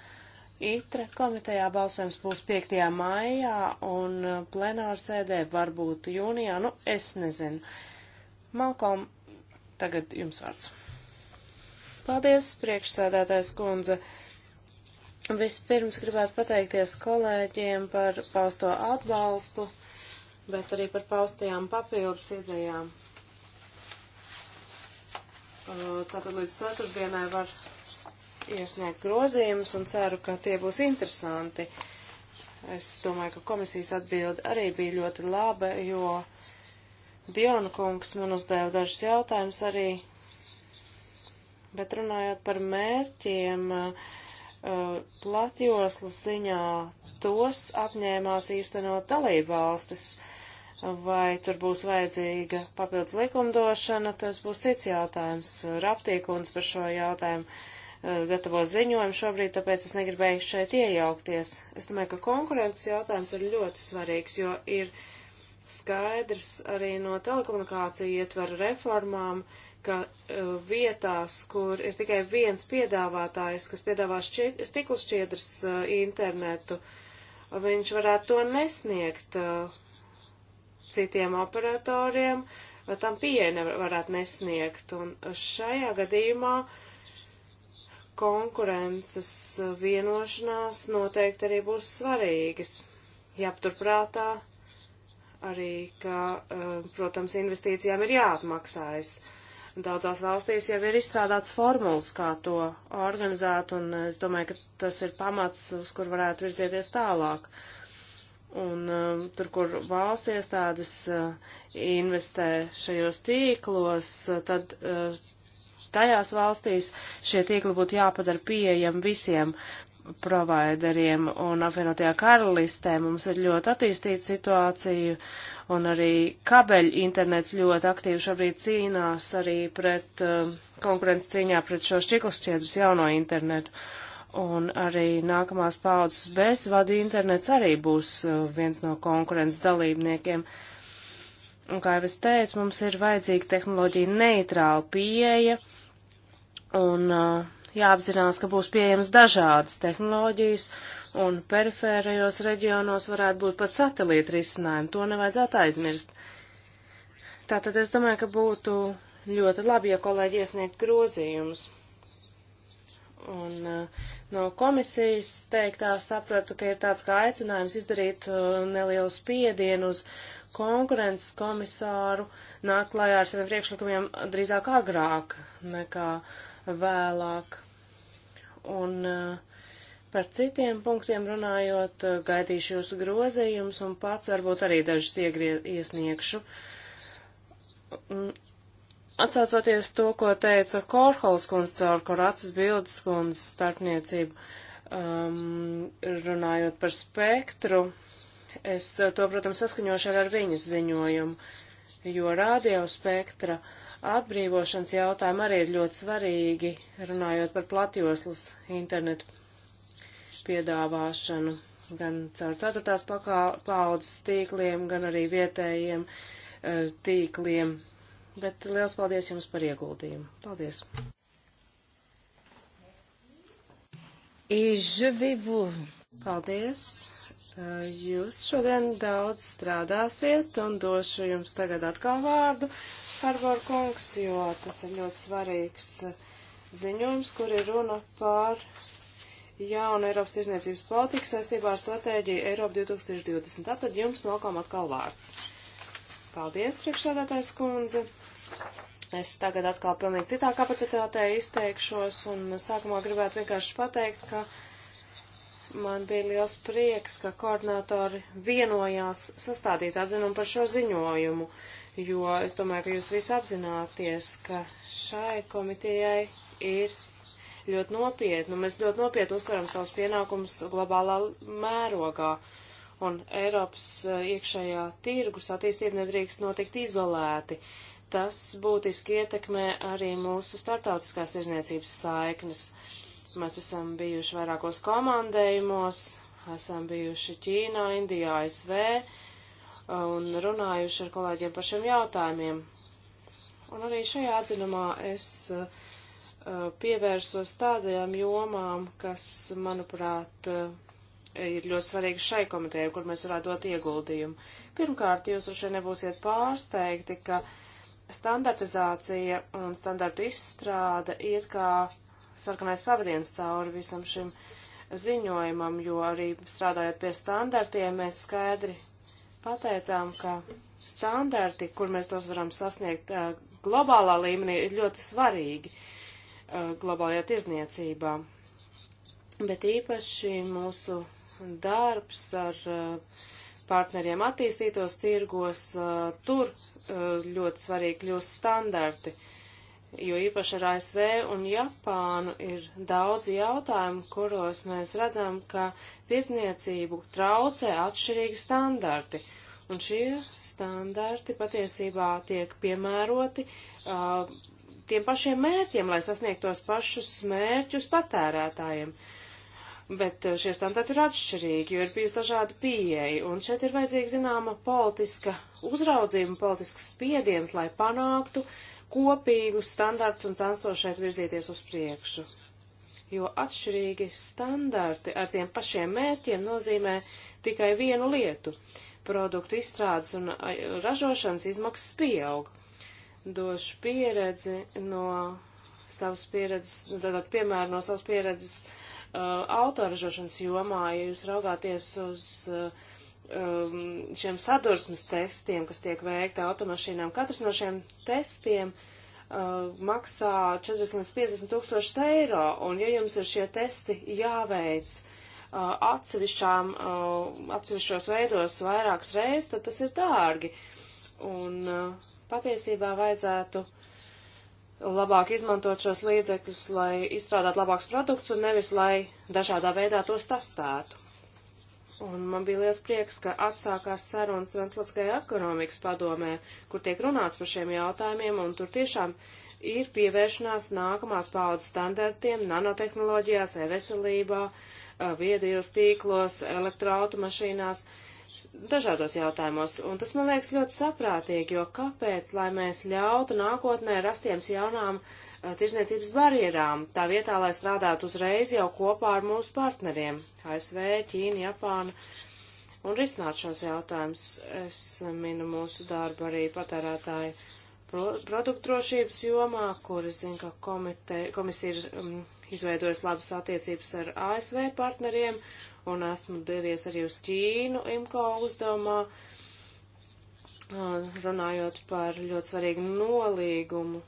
ITRE komitejā balsojums būs 5. maijā un plenārsēdē varbūt jūnijā, nu es nezinu. Malkom, tagad jums vārds. Paldies, priekšsēdētājs kundze. Vispirms gribētu pateikties kolēģiem par pausto atbalstu, bet arī par paustajām papildus idejām. Tātad līdz ceturtdienai var iesniegt grozījumus un ceru, ka tie būs interesanti. Es domāju, ka komisijas atbilde arī bija ļoti laba, jo Diona kungs man uzdeva dažus jautājumus arī, bet runājot par mērķiem, uh, Uh, platjoslas ziņā tos apņēmās īstenot dalībvalstis. Vai tur būs vajadzīga papildus likumdošana, tas būs cits jautājums. Raptīkums par šo jautājumu uh, gatavo ziņojumu šobrīd, tāpēc es negribēju šeit iejaukties. Es domāju, ka konkurences jautājums ir ļoti svarīgs, jo ir skaidrs arī no telekomunikāciju ietveru reformām, uh, ka uh, vietās, kur ir tikai viens piedāvātājs, kas piedāvā šķied, stikla šķiedras uh, e, internetu, viņš varētu to nesniegt uh, citiem operatoriem, tam pieeja nevar, varētu nesniegt. Un šajā gadījumā konkurences vienošanās noteikti arī būs svarīgas. Jāpaturprātā arī, ka, protams, investīcijām ir jāatmaksājas. Uh, Daudzās valstīs jau ir izstrādāts formulas, kā to organizēt, un es domāju, ka tas ir pamats, uz kur varētu virzieties tālāk. Un um, tur, kur valsts iestādes uh, investē šajos tīklos, uh, tad uh, tajās valstīs šie tīkli būtu jāpadara pieejami visiem, provideriem un apvienotajā karalistē mums ir ļoti attīstīta situācija un arī kabeļu internets ļoti aktīvi šobrīd cīnās arī pret uh, konkurences cīņā pret šo šķiklšķiedrus jauno internetu. Un arī nākamās paudzes bezvadu internets arī būs uh, viens no konkurences dalībniekiem. Un kā jau es teicu, mums ir vajadzīga tehnoloģija neitrāla pieeja un uh, jāapzinās, ka būs pieejams dažādas tehnoloģijas, un perifērajos reģionos varētu būt pat satelīta risinājumi. To nevajadzētu aizmirst. Tātad es domāju, ka būtu ļoti labi, ja kolēģi iesniegt grozījumus. Un uh, no komisijas teiktā sapratu, ka ir tāds kā aicinājums izdarīt uh, nelielu spiedienu uz konkurences komisāru nāk klājā ar saviem priekšlikumiem drīzāk agrāk nekā vēlāk. Un eh, par citiem punktiem runājot, eh, gaidīšu jūsu grozījumus un pats varbūt arī dažus iesniegšu. Mm, atsaucoties to, ko teica Korholas kundze caur Koracas bildes kundzes starpniecību, um, runājot par spektru, es eh, to, protams, saskaņošu ar, ar viņas ziņojumu. Uh, jo radiospektra atbrīvošanas jautājumi arī ir ļoti svarīgi, runājot par platjoslas internetu piedāvāšanu gan caur ceturtās paudzes tīkliem, gan arī vietējiem uh, tīkliem. Bet liels paldies jums par ieguldījumu. Paldies! Paldies! Jūs šodien daudz strādāsiet un došu jums tagad atkal vārdu, Harbor kungs, jo tas ir ļoti svarīgs ziņojums, kur ir runa par jaunu Eiropas izniecības politiku saistībā ar stratēģiju Eiropa 2020. Tātad jums nokam atkal vārds. Paldies, priekšsēdētājs kundze. Es tagad atkal pilnīgi citā kapacitātē izteikšos un sākumā gribētu vienkārši pateikt, ka Man bija liels prieks, ka koordinātori vienojās sastādīt atzinumu par šo ziņojumu, jo es domāju, ka jūs visi apzināties, ka šai komitejai ir ļoti nopietni, un mēs ļoti nopietni uztveram savus pienākumus globālā mērogā. Un Eiropas eh, iekšējā tirgus attīstība nedrīkst notikt izolēti. Tas būtiski ietekmē arī mūsu startautiskās tirzniecības saiknes. Uh, Mēs esam bijuši vairākos komandējumos, esam bijuši Ķīnā, Indijā, ASV un runājuši ar kolēģiem par šiem jautājumiem. Un arī šajā atzinumā es uh, uh, pievērsos tādajām jomām, kas, manuprāt, uh, ir ļoti svarīgi šai komitejai, kur mēs varētu dot ieguldījumu. Pirmkārt, jūs droši vien nebūsiet pārsteigti, ka standartizācija un standartu izstrāde iet kā sarkanais pavadiens cauri visam šim ziņojumam, jo arī strādājot pie standartiem, mēs skaidri pateicām, ka standarti, kur mēs tos varam sasniegt globālā līmenī, ir ļoti svarīgi globālajā tirzniecībā. Bet īpaši mūsu darbs ar partneriem attīstītos tirgos, tur ļoti svarīgi kļūst standarti. Uh, jo īpaši ar ASV un Japānu ir daudz jautājumu, kuros mēs redzam, ka tirdzniecību traucē atšķirīgi standarti. Un šie standarti patiesībā tiek piemēroti uh, tiem pašiem mērķiem, lai sasniegtos pašus mērķus patērētājiem. Bet uh, šie standarti ir atšķirīgi, jo ir bijusi dažādi pieeja, un šeit ir vajadzīga zināma politiska uzraudzība un politisks spiediens, lai panāktu uh, kopīgus standartus un censtos šeit virzīties uz priekšu. Jo atšķirīgi standarti ar tiem pašiem mērķiem nozīmē tikai vienu lietu - produktu izstrādes un ražošanas izmaksas pieaug. Došu pieredzi no savas pieredzes, tātad piemēru no savas pieredzes uh, autoražošanas jomā, ja jūs raugāties uz uh, Um, šiem sadursmes testiem, kas tiek veikti automašīnām. Katrs no šiem testiem uh, maksā 40 līdz 50 tūkstoši eiro, un ja jums ir šie testi jāveic uh, atsevišķām, uh, atsevišķos veidos vairākas reizes, tad tas ir dārgi. Un uh, patiesībā vajadzētu labāk izmantot šos līdzekļus, lai izstrādātu labākus produktus un nevis, lai dažādā veidā tos testētu. Un man bija liels prieks, ka atsākās sarunas Translatskajā ekonomikas padomē, kur tiek runāts par šiem jautājumiem, un tur tiešām ir pievēršanās nākamās paudzes standartiem nanotehnoloģijās, e-veselībā, viedajos tīklos, elektroautomašīnās. Uh, dažādos jautājumos, un tas man liekas ļoti saprātīgi, jo kāpēc, lai mēs ļautu nākotnē rastiems jaunām uh, tirzniecības barjerām, tā vietā, lai strādātu uzreiz jau kopā ar mūsu partneriem - ASV, Ķīna, Japāna, un risināt šos jautājumus. Es minu mūsu darbu arī patērētāju pro produktu drošības jomā, kur es zinu, ka komite, komisija ir. Um, izveidojis labas attiecības ar ASV partneriem, un esmu devies arī uz Ķīnu IMCO uzdevumā, runājot par ļoti svarīgu nolīgumu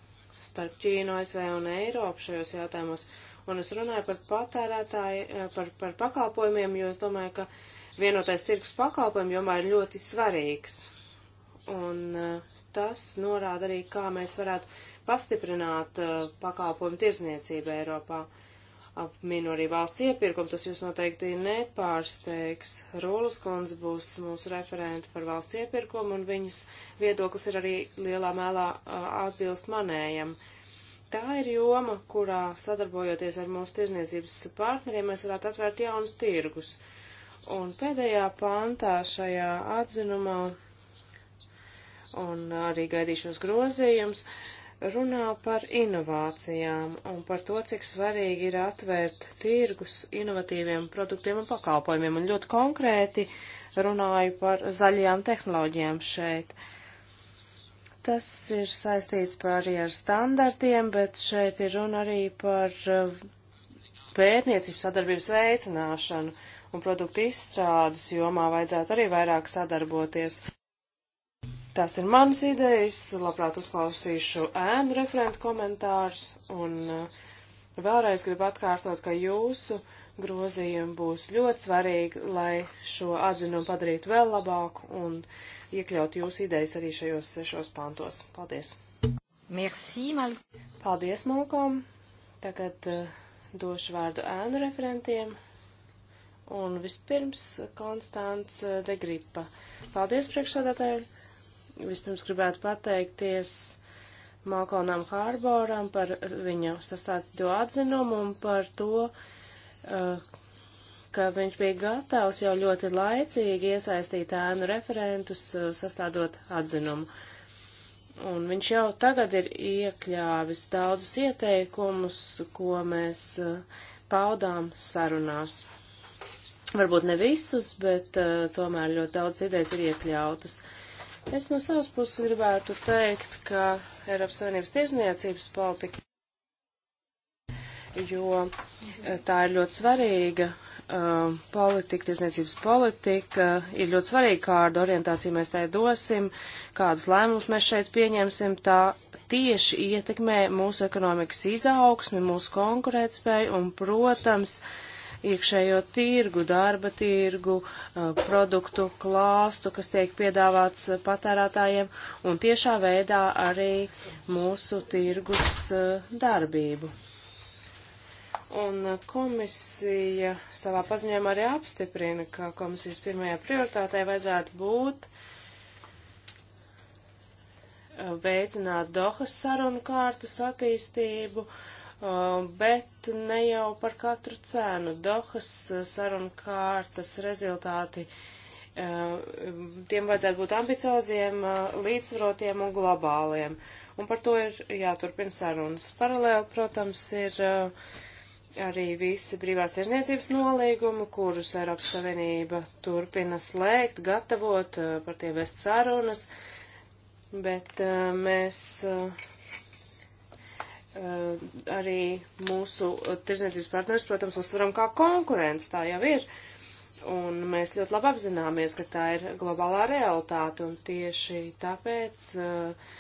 starp Ķīnu, ASV un Eiropu šajos jautājumos. Un es runāju par patērētāju, par, par pakalpojumiem, jo es domāju, ka vienotais tirgus pakalpojumu jomā ir ļoti svarīgs. Un tas norāda arī, kā mēs varētu pastiprināt uh, pakalpojumu tirzniecību Eiropā. Apminu arī valsts iepirkumu, tas jūs noteikti nepārsteigs. Rūlas kundze būs mūsu referente par valsts iepirkumu, un viņas viedoklis ir arī lielā mēlā uh, atbilst manējam. Tā ir joma, kurā sadarbojoties ar mūsu tirzniecības partneriem, mēs varētu atvērt jaunus tirgus. Un pēdējā pāntā šajā atzinumā un arī gaidīšos grozījums. Uh, runā par inovācijām un par to, cik svarīgi ir atvērt tirgus inovatīviem produktiem un pakalpojumiem, un ļoti konkrēti runāju par zaļajām tehnoloģijām šeit. Tas ir saistīts arī ar standartiem, bet šeit ir runa arī par uh, pētniecības sadarbības veicināšanu un produktu izstrādes jomā vajadzētu arī vairāk sadarboties. Tās ir manas idejas, labprāt uzklausīšu ēnu referentu komentārus un uh, vēlreiz gribu atkārtot, ka jūsu grozījumi būs ļoti svarīgi, lai šo atzinumu padarītu vēl labāku un iekļaut jūsu idejas arī šajos sešos pantos. Paldies! Merci, Mal. Paldies, Malkom! Tagad uh, došu vārdu ēnu referentiem. Un vispirms Konstants uh, Degripa. Paldies, priekšsādātāji! Vispirms gribētu pateikties Malkonam Hārboram par viņa sastāstīto atzinumu un par to, uh, ka viņš bija gatavs jau ļoti laicīgi iesaistīt ēnu referentus, uh, sastādot atzinumu. Un viņš jau tagad ir iekļāvis daudzus ieteikumus, ko mēs uh, paudām sarunās. Varbūt ne visus, bet uh, tomēr ļoti daudz idejas ir iekļautas. Uh, Es no savas puses gribētu teikt, ka Eiropas Savienības tiesniecības politika, jo eh, tā ir ļoti svarīga uh, politika, tiesniecības politika, ir ļoti svarīga, kādu orientāciju mēs tai dosim, kādus lēmumus mēs šeit pieņemsim, tā tieši ietekmē mūsu ekonomikas izaugsmi, mūsu konkurētspēju un, protams, uh, iekšējo tirgu, darba tirgu, uh, produktu klāstu, kas tiek piedāvāts uh, patērētājiem un tiešā veidā arī mūsu tirgus uh, darbību. Un komisija savā paziņojumā arī apstiprina, ka komisijas pirmajā prioritātē vajadzētu būt veicināt Dohas sarunu kārtas attīstību, uh, Uh, bet ne jau par katru cenu. Dohas uh, saruna kārtas rezultāti, uh, tiem vajadzētu būt ambicioziem, līdzsvarotiem un globāliem. Un par to ir jāturpina sarunas. Paralēli, protams, ir arī visi brīvās tirzniecības nolīgumi, kurus Eiropas Savienība turpina slēgt, gatavot, par tiem vest sarunas. Bet mēs Eh, arī mūsu eh, tirzniecības partners, protams, uztveram kā konkurents, tā jau ir. Un mēs ļoti labi apzināmies, ka tā ir globālā realitāte, un tieši tāpēc eh,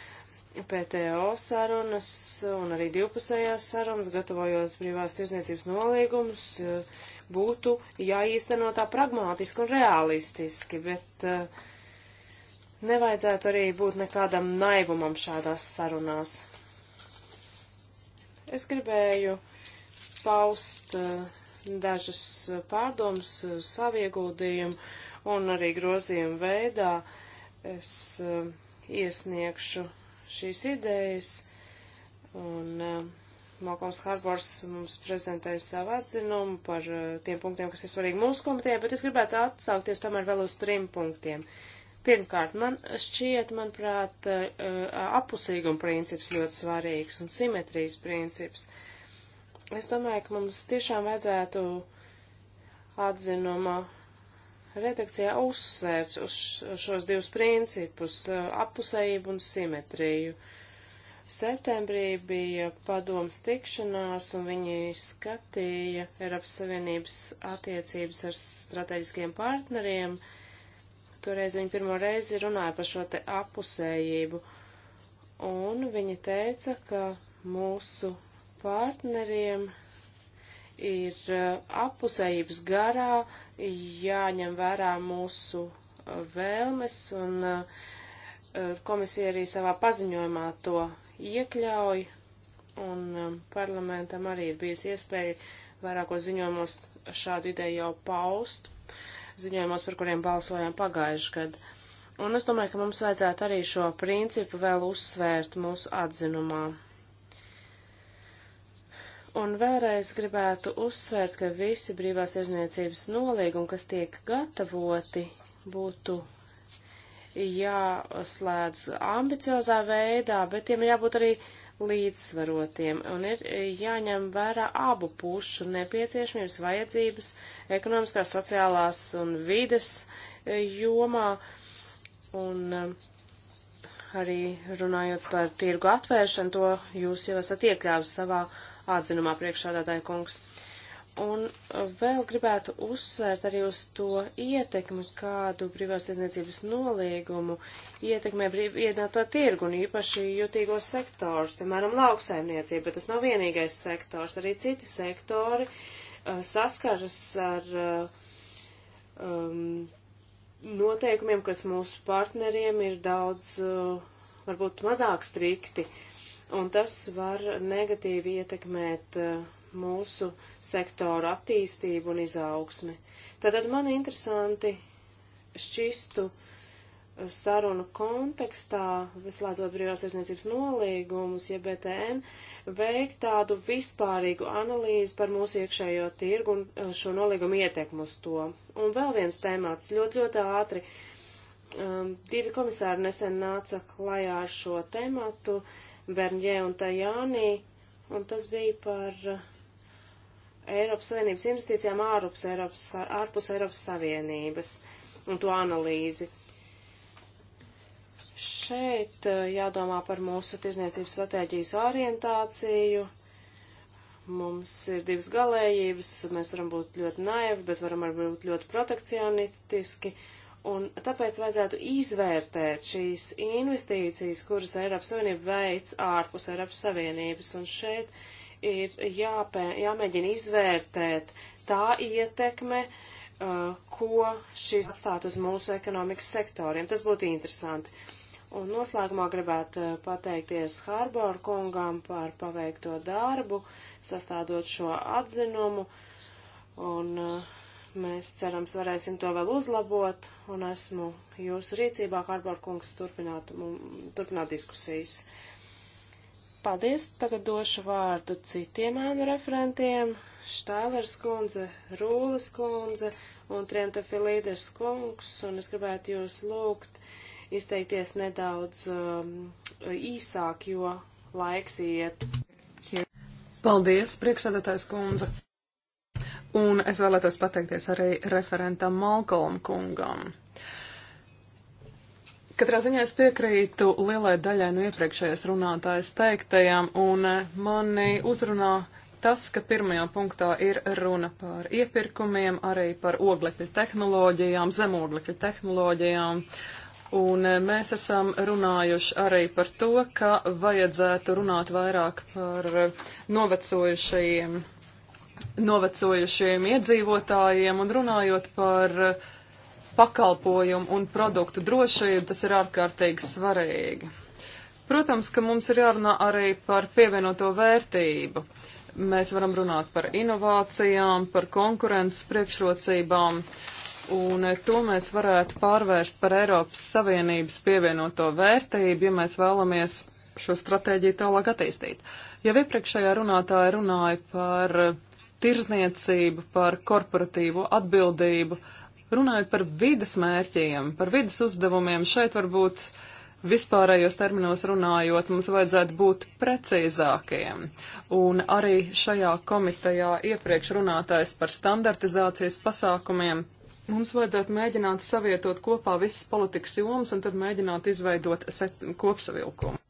PTO sarunas un arī divpusējās sarunas, gatavojot privās tirzniecības nolīgumus, būtu jāīsteno tā pragmātiski un realistiski, bet nevajadzētu arī būt nekādam naivumam šādās sarunās Es gribēju paust eh, dažas pārdomas, eh, savu ieguldījumu un arī grozījumu veidā. Es eh, iesniegšu šīs idejas un Malkoms Harbors mums prezentēs savu atzinumu par tiem punktiem, kas ir svarīgi mūsu komitē, bet es gribētu atsaukties tomēr vēl uz trim punktiem. Pirmkārt, man šķiet, manuprāt, apusīguma princips ļoti svarīgs un simetrijas princips. Es domāju, ka mums tiešām vajadzētu atzinuma redakcijā uzsvērts uz šos divus principus - apusējību un simetriju. Septembrī bija padoms tikšanās, un viņi skatīja Eiropas Savienības attiecības ar strateģiskiem partneriem. Uh, Toreiz viņa pirmo reizi runāja par šo te apusējību, un viņa teica, ka mūsu partneriem ir uh, apusējības garā jāņem vērā mūsu uh, vēlmes, un uh, komisija arī savā paziņojumā to iekļauj, un um, parlamentam arī ir bijusi iespēja vairākos ziņojumos šādu ideju jau paust ziņojumos, par kuriem balsojām pagājuši gadu. Un es domāju, ka mums vajadzētu arī šo principu vēl uzsvērt mūsu atzinumā. Un vēlreiz gribētu uzsvērt, ka visi brīvās aizniecības nolīgumi, kas tiek gatavoti, būtu jāslēdz ambiciozā veidā, bet tiem jābūt arī līdzsvarotiem un ir jāņem vērā abu pušu nepieciešamības, vajadzības ekonomiskās, sociālās un vides e, jomā. Un e, arī runājot par tirgu atvēršanu, to jūs jau esat iekļāvis savā atzinumā priekšādātāja kungs. Uh, Un uh, vēl gribētu uzsvērt arī uz to ietekmi, kādu privās izniecības noliegumu ietekmē iednāto tirgu un īpaši jutīgos sektors, piemēram, lauksaimniecība, bet tas nav vienīgais sektors, arī citi sektori uh, saskaras ar uh, um, noteikumiem, kas mūsu partneriem ir daudz, uh, varbūt mazāk strikti. Uh, un tas var negatīvi ietekmēt eh, mūsu sektoru attīstību un izaugsmi. Tātad man interesanti šķistu eh, sarunu kontekstā, vislādzot brīvās aizniecības nolīgumus, ja BTN, veikt tādu vispārīgu analīzi par mūsu iekšējo tirgu un eh, šo nolīgumu ietekmu uz to. Un vēl viens temats, ļoti, ļoti ātri. Um, divi komisāri nesen nāca klajā ar šo tematu. Uh, Bernģē un Tajānī, un tas bija par eh, Eiropas Savienības investīcijām ārpus Eiropas, ārpus Eiropas Savienības un to analīzi. Šeit eh, jādomā par mūsu tirzniecības stratēģijas orientāciju. Mums ir divas galējības, mēs varam būt ļoti naivi, bet varam arī būt ļoti protekcionistiski. Uh, Un tāpēc vajadzētu izvērtēt šīs investīcijas, kuras Eiropas Savienība veic ārpus Eiropas Savienības. Un šeit ir jāpē, jāmēģina izvērtēt tā ietekme, uh, ko šis atstātu uz mūsu ekonomikas sektoriem. Tas būtu interesanti. Un noslēgumā gribētu uh, pateikties Harbor kungam par paveikto darbu, sastādot šo atzinumu. Un, uh, Mēs cerams varēsim to vēl uzlabot, un esmu jūsu rīcībā, Harbārkungs, turpināt, turpināt diskusijas. Paldies, tagad došu vārdu citiem ēnu referentiem. Štālers kundze, Rūles kundze un Trienta Filīdes kungs, un es gribētu jūs lūgt izteikties nedaudz um, īsāk, jo laiks iet. Paldies, priekšsēdētājs kundze. Un es vēlētos pateikties arī referentam Malkolm kungam. Katrā ziņā es piekrītu lielai daļai no iepriekšējās runātājas teiktajām, un mani uzrunā tas, ka pirmajā punktā ir runa par iepirkumiem, arī par oglekļa tehnoloģijām, zemoglekļa tehnoloģijām. Un mēs esam runājuši arī par to, ka vajadzētu runāt vairāk par novecojušajiem novecojušiem iedzīvotājiem un runājot par eh, pakalpojumu un produktu drošību, tas ir ārkārtīgi svarīgi. Protams, ka mums ir jārunā arī par pievienoto vērtību. Mēs varam runāt par inovācijām, par konkurences priekšrocībām, un eh, to mēs varētu pārvērst par Eiropas Savienības pievienoto vērtību, ja mēs vēlamies šo stratēģiju tālāk attīstīt. Jau iepriekšējā runātāja runāja par uh, tirzniecību, par korporatīvo atbildību. Runājot par vidas mērķiem, par vidas uzdevumiem, šeit varbūt vispārējos terminos runājot, mums vajadzētu būt precīzākiem. Un arī šajā komitejā iepriekš runātais par standartizācijas pasākumiem. Mums vajadzētu mēģināt savietot kopā visas politikas jomas un tad mēģināt izveidot kopasavilkumu.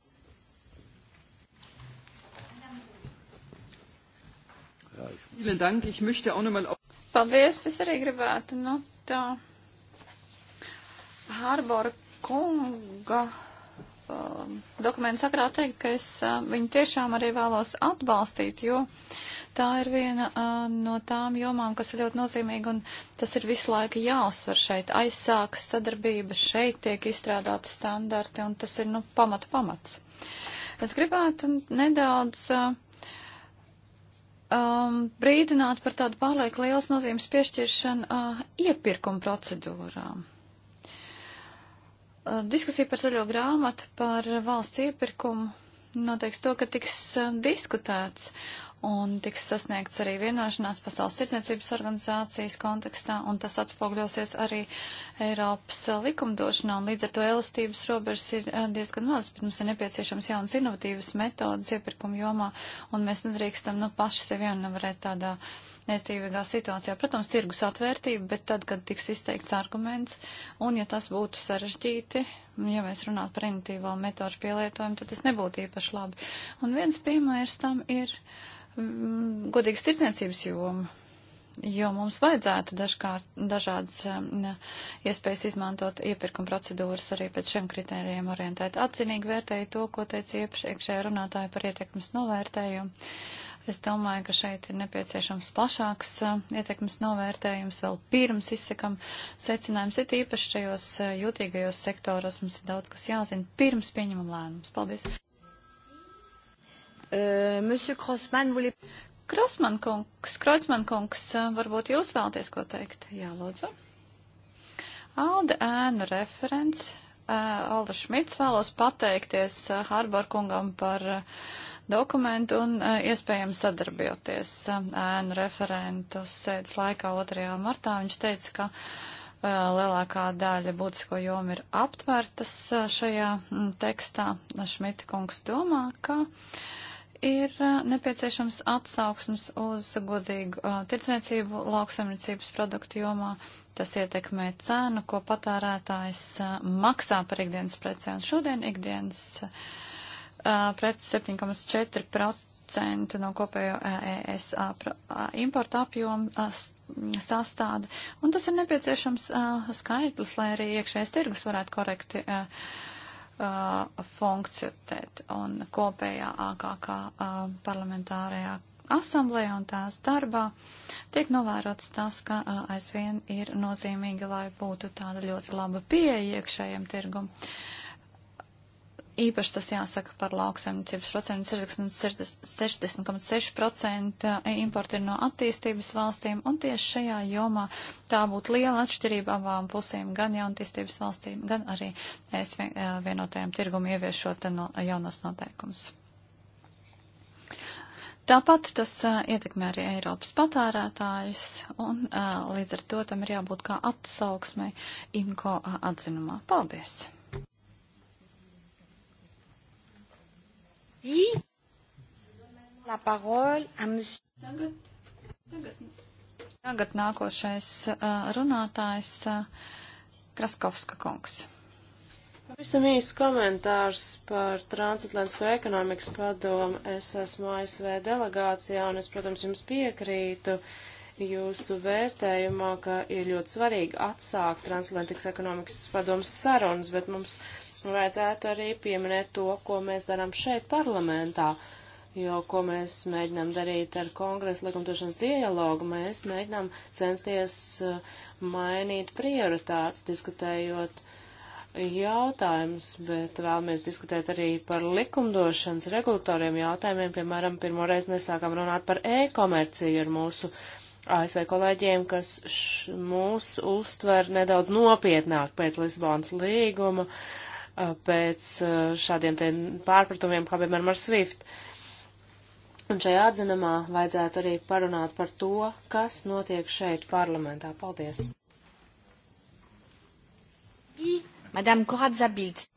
Paldies, es arī gribētu, nu, tā Hārbora kunga um, dokumentu sakrā teikt, ka es uh, viņu tiešām arī vēlos atbalstīt, jo tā ir viena uh, no tām jomām, kas ir ļoti nozīmīga, un tas ir visu laiku jāuzsver šeit. Aizsākas sadarbība, šeit tiek izstrādāti standarti, un tas ir, nu, pamatu pamats. Es gribētu nedaudz. Uh, um, brīdināt par tādu pārlieku lielas nozīmes piešķiršanu uh, iepirkuma procedūrām. Uh, diskusija par zaļo grāmatu par valsts iepirkumu noteiks to, ka tiks uh, diskutēts un tiks sasniegts arī vienošanās Pasaules tirdzniecības organizācijas kontekstā, un tas atspogļosies arī Eiropas likumdošanā, un līdz ar to elastības robežas ir eh, diezgan maz, bet mums ir nepieciešams jaunas inovatīvas metodas iepirkuma jomā, un mēs nedrīkstam, nu, paši sevi jau nevarēt tādā neiztīvīgā situācijā. Protams, tirgus atvērtība, bet tad, kad tiks izteikts arguments, un ja tas būtu sarežģīti, ja mēs runātu par inovatīvo metožu pielietojumu, tad tas nebūtu īpaši labi. Un viens piemērs tam ir. Uh, Mm, godīgas tirdzniecības jomu, jo mums vajadzētu dažkārt dažādas um, iespējas izmantot iepirkuma procedūras arī pēc šiem kritērijiem orientēt. Atzinīgi vērtēju to, ko teica iepriekšējā runātāja par ietekmes novērtējumu. Es domāju, ka šeit ir nepieciešams plašāks uh, ietekmes novērtējums vēl pirms izsakam secinājums. Ir īpaši šajos uh, jūtīgajos sektoros mums ir daudz, kas jāzina pirms pieņemam lēmumus. Paldies! Eh, Monsieur Krosman, voulez... Krosman kungs, Kreutzman kungs, eh, varbūt jūs vēlties ko teikt? Jā, lūdzu. Alde ēna referents. Eh, Alda Šmits vēlos pateikties Harbor kungam par dokumentu un iespējami sadarbjoties ēnu referentu sēdes laikā 2. martā. Viņš teica, ka lielākā daļa būtisko jomu ir aptvērtas šajā mm, tekstā. Šmita kungs domā, ka ir uh, nepieciešams atsauksmes uz godīgu uh, tirdzniecību lauksaimniecības produktu jomā. Tas ietekmē cenu, ko patērētājs uh, maksā par ikdienas precēm. Šodien ikdienas uh, preci 7,4% no kopējo uh, ES uh, importa apjomu sastāda. Un tas ir nepieciešams skaitlis, lai arī iekšējais tirgus varētu korekti. Uh, uh, funkcionēt. Un kopējā AKK uh, parlamentārajā asamblējā un tās darbā tiek novērots tas, ka uh, aizvien ir nozīmīgi, lai būtu tāda ļoti laba pieeja iekšējiem tirgumam īpaši tas jāsaka par lauksaimniecības procentu 60,6% eh, importi ir no attīstības valstīm, un tieši šajā jomā tā būtu liela atšķirība abām pusēm, gan jaunatīstības valstīm, gan arī es eh, vienotajam tirgumu ieviešot no, jaunos noteikumus. Tāpat tas uh, ietekmē arī Eiropas patērētājus, un uh, līdz ar to tam ir jābūt kā atsauksmei IMCO uh, atzinumā. Paldies! Merci. La parole à monsieur. Tagad, tagad. tagad nākošais uh, runātājs uh, Kraskovska kungs. Pavisam īsts komentārs par transatlantisko ekonomikas padomu. Es esmu ASV delegācijā un es, protams, jums piekrītu jūsu vērtējumā, ka ir ļoti svarīgi atsākt transatlantikas ekonomikas padomas sarunas, bet mums vajadzētu arī pieminēt to, ko mēs darām šeit parlamentā, jo ko mēs mēģinām darīt ar kongresa likumdošanas dialogu, mēs mēģinām censties uh, mainīt prioritātes, diskutējot jautājumus, bet vēlamies diskutēt arī par likumdošanas regulatoriem jautājumiem. Piemēram, pirmoreiz mēs sākam runāt par e-komerciju ar mūsu ASV kolēģiem, kas mūs uztver nedaudz nopietnāk pēc Lisbonas līguma. Uh, Uh, pēc uh, šādiem te pārpratumiem, kā piemēram ar Swift. Un šajā atzinumā vajadzētu arī parunāt par to, kas notiek šeit parlamentā. Paldies! Madame Koratzabilds.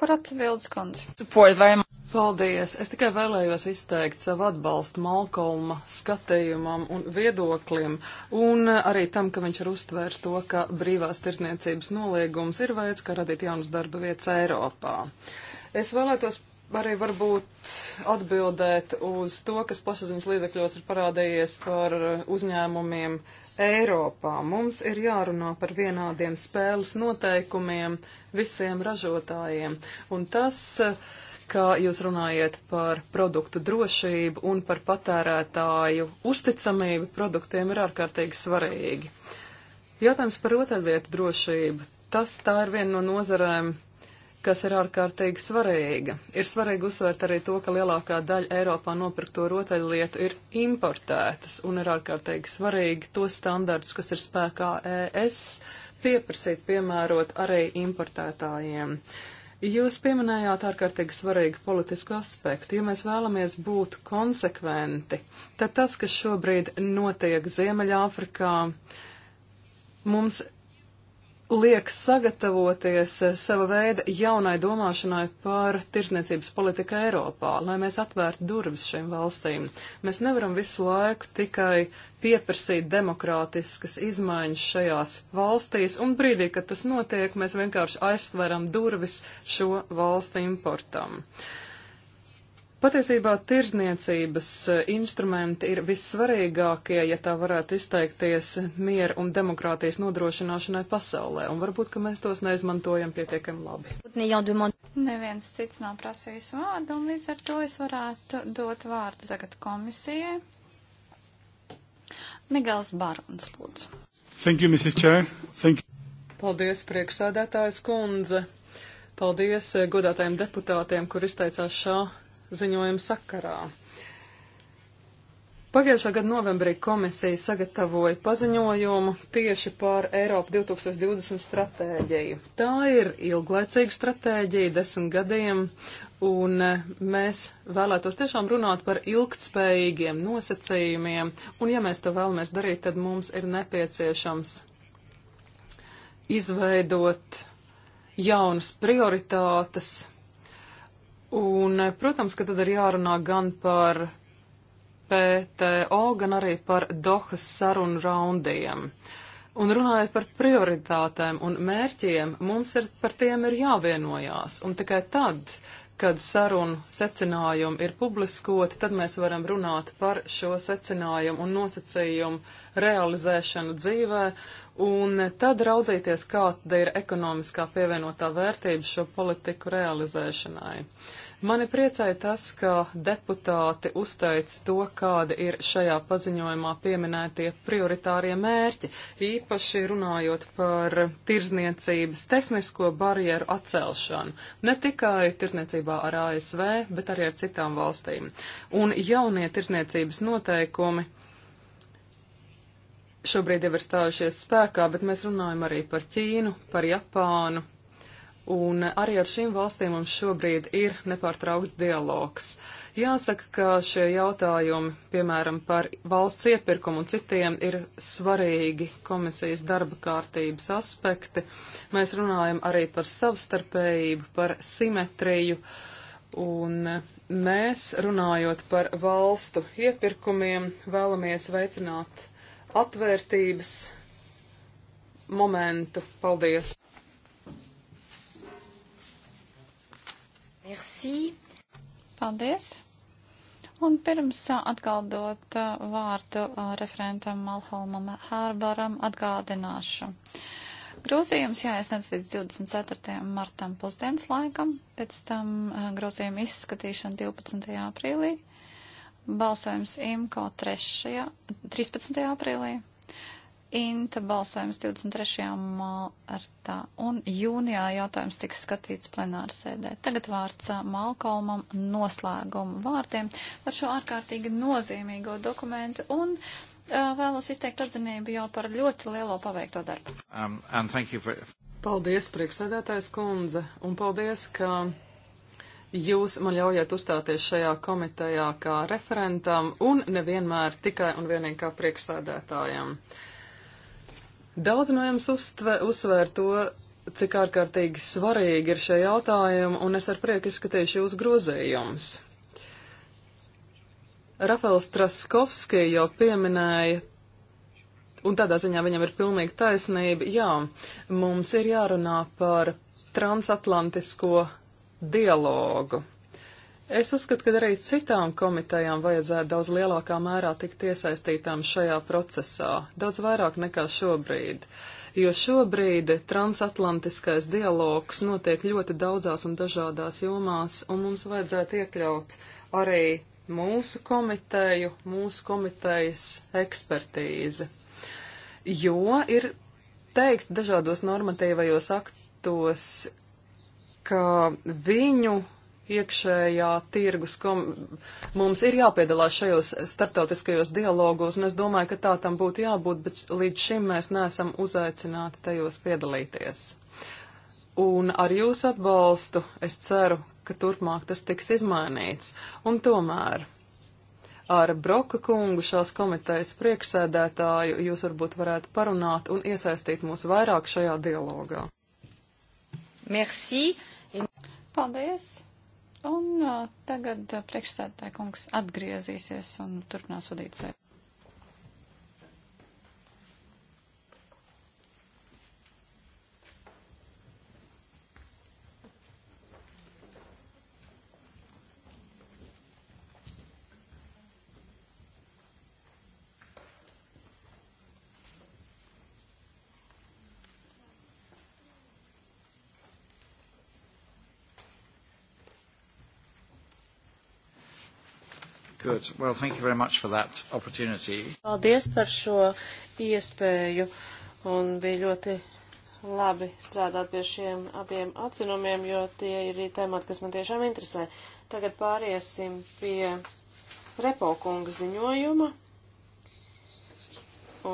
Koratzabilds, kundze. Paldies! Es tikai vēlējos izteikt savu atbalstu Malkolma skatījumam un viedoklim, un arī tam, ka viņš ir uztvērs to, ka brīvās tirsniecības noliegums ir veids, kā radīt jaunas darba vietas Eiropā. Es vēlētos arī varbūt atbildēt uz to, kas plašsaziņas līdzekļos ir parādījies par uzņēmumiem Eiropā. Mums ir jārunā par vienādiem spēles noteikumiem visiem ražotājiem, un tas uh, ka jūs runājat par produktu drošību un par patērētāju uzticamību produktiem ir ārkārtīgi svarīgi. Jautājums par rotaļlietu drošību. Tas tā ir viena no nozarēm, kas ir ārkārtīgi svarīga. Ir svarīgi uzsvērt arī to, ka lielākā daļa Eiropā nopirkto rotaļlietu ir importētas un ir ārkārtīgi svarīgi tos standartus, kas ir spēkā ES, pieprasīt piemērot arī importētājiem. Uh, Jūs pieminējāt ārkārtīgi svarīgu politisku aspektu. Ja mēs vēlamies būt konsekventi, tad tas, kas šobrīd notiek Ziemeļāfrikā, mums liek sagatavoties eh, sava veida jaunai domāšanai par tirsniecības politiku Eiropā, lai mēs atvērtu durvis šīm valstīm. Mēs nevaram visu laiku tikai pieprasīt demokrātiskas izmaiņas šajās valstīs, un brīdī, kad tas notiek, mēs vienkārši aizsveram durvis šo valstu importam. Uh, Patiesībā tirzniecības e, instrumenti ir vissvarīgākie, ja tā varētu izteikties, miera un demokrātijas nodrošināšanai pasaulē, un varbūt, ka mēs tos neizmantojam pietiekami labi. Neviens cits nav prasījis vārdu, un līdz ar to es varētu dot vārdu tagad komisijai. Migels Barons, lūdzu. Thank you, Mrs. Chair. Thank you. Paldies, priekšsēdētājs kundze. Paldies e, godātajiem deputātiem, kur izteicās šā ziņojuma sakarā. Pagājušā gada novembrī komisija sagatavoja paziņojumu tieši par Eiropu 2020 stratēģiju. Tā ir ilglaicīga stratēģija, desmit gadiem, un e, mēs vēlētos tiešām runāt par ilgtspējīgiem nosacījumiem, un ja mēs to vēlamies darīt, tad mums ir nepieciešams izveidot jaunas prioritātes Un, eh, protams, ka tad ir jārunā gan par PTO, gan arī par Dohas sarunu raundiem. Un runājot par prioritātēm un mērķiem, mums ir par tiem ir jāvienojās. Un tikai tad, kad sarunu secinājumi ir publiskoti, tad mēs varam runāt par šo secinājumu un nosacījumu realizēšanu dzīvē un tad raudzīties, kāda ir ekonomiskā pievienotā vērtība šo politiku realizēšanai. Mani priecēja tas, ka deputāti uzteic to, kāda ir šajā paziņojumā pieminētie prioritārie mērķi, īpaši runājot par tirzniecības tehnisko barjeru atcelšanu, ne tikai tirzniecībā ar ASV, bet arī ar citām valstīm. Un jaunie tirzniecības noteikumi šobrīd jau ir stājušies spēkā, bet mēs runājam arī par Ķīnu, par Japānu. Un arī ar šīm valstīm mums šobrīd ir nepārtraukts dialogs. Jāsaka, ka šie jautājumi, piemēram, par valsts iepirkumu un citiem, ir svarīgi komisijas darba kārtības aspekti. Mēs runājam arī par savstarpējību, par simetriju. Un mēs, runājot par valstu iepirkumiem, vēlamies veicināt atvērtības momentu. Paldies! Merci. Paldies! Un pirms atgādot vārdu referentam Malholmam Hārbaram atgādināšu. Grozījums jāiesniedz līdz 24. martam pusdienas laikam, pēc tam grozījuma izskatīšana 12. aprīlī balsojums IMCO 3. 13. aprīlī, INTA balsojums 23. martā un jūnijā jautājums tiks skatīts plenāra sēdē. Tagad vārds Malkolmam noslēgumu vārdiem par šo ārkārtīgi nozīmīgo dokumentu un uh, vēlos izteikt atzinību jau par ļoti lielo paveikto darbu. Um, for... Paldies, priekšsēdētājs kundze, un paldies, ka Jūs man ļaujat uzstāties šajā komitejā kā referentam un nevienmēr tikai un vienīgi kā priekšsēdētājam. Daudz no jums uztve, uzsvēr to, cik ārkārtīgi svarīgi ir šie jautājumi, un es ar prieku izskatīšu jūs grozējumus. Rafals Traskovski jau pieminēja Un tādā ziņā viņam ir pilnīgi taisnība. Jā, mums ir jārunā par transatlantisko dialogu. Es uzskatu, ka arī citām komitejām vajadzētu daudz lielākā mērā tikt iesaistītām šajā procesā, daudz vairāk nekā šobrīd, jo šobrīd transatlantiskais dialogs notiek ļoti daudzās un dažādās jomās, un mums vajadzētu iekļaut arī mūsu komiteju, mūsu komitejas ekspertīzi. Jo ir teikts dažādos normatīvajos aktos, ka viņu iekšējā tirgus, ko mums ir jāpiedalās šajos starptautiskajos dialogos, un es domāju, ka tā tam būtu jābūt, bet līdz šim mēs neesam uzaicināti tajos piedalīties. Un ar jūsu atbalstu es ceru, ka turpmāk tas tiks izmainīts. Un tomēr ar Broka kungu šās komitejas priekšsēdētāju jūs varbūt varētu parunāt un iesaistīt mūs vairāk šajā dialogā. Merci. Paldies! Un uh, tagad uh, priekšstādātāja kungs atgriezīsies un turpinās vadīt sēdi. Good. Well, thank you very much for that opportunity. Paldies par šo iespēju un bija ļoti labi strādāt pie šiem abiem atzinumiem, jo tie ir arī temati, kas man tiešām interesē. Tagad pāriesim pie Repokunga ziņojuma.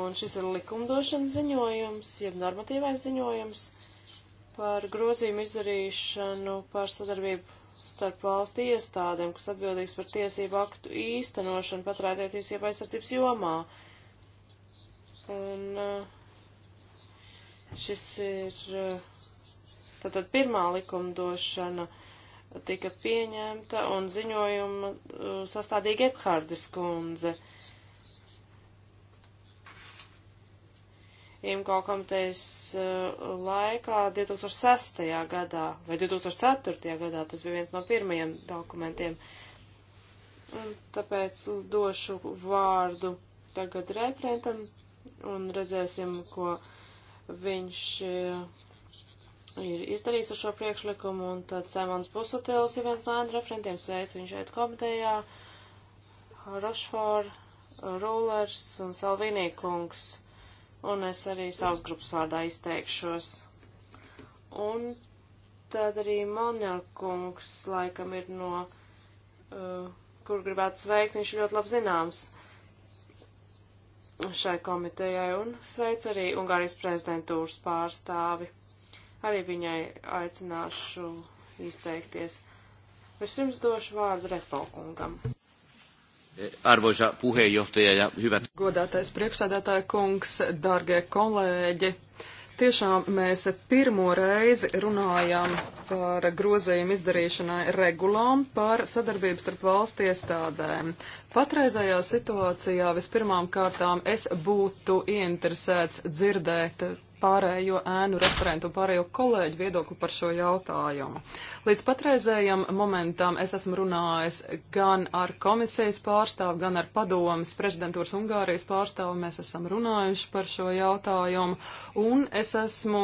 Un šis ir likumdošanas ziņojums, jeb normatīvais ziņojums par grozījumu izdarīšanu par sadarbību starp valstu iestādēm, kas atbildīgs par tiesību aktu īstenošanu patrētiesību aizsardzības jomā. Un eh, šis ir eh, tātad pirmā likumdošana tika pieņemta un ziņojuma eh, sastādīja Gebhardis kundze. IMCO komitejas uh, laikā 2006. gadā vai 2004. gadā. Tas bija viens no pirmajiem dokumentiem. Un tāpēc došu vārdu tagad referentam un redzēsim, ko viņš uh, ir izdarījis ar šo priekšlikumu. Un tad Sēmons Pusotils ir viens no referentiem. Sveic viņu šeit komitejā. Rošfor, Rulers un Salvinī kungs un es arī savas grupas vārdā izteikšos. Un tad arī Monjarkungs laikam ir no, uh, kur gribētu sveikt, viņš ir ļoti labi zināms šai komitejai un sveic arī Ungārijas prezidentūras pārstāvi. Arī viņai aicināšu izteikties. Vispirms došu vārdu Repalkungam. Arvoisa puheenjohtaja ja hyvät... Godātais priekšsēdētāja kungs, dargie kolēģi, tiešām mēs pirmo reizi runājam par grozījumu izdarīšanai regulām par sadarbību starp valsts iestādēm. Patreizajā situācijā vispirmām kārtām es būtu ieinteresēts dzirdēt pārējo ēnu referentu un pārējo kolēģu viedokli par šo jautājumu. Līdz patreizējam momentam es esmu runājis gan ar komisijas pārstāvu, gan ar padomas prezidentūras Ungārijas pārstāvu. Mēs esam runājuši par šo jautājumu un es esmu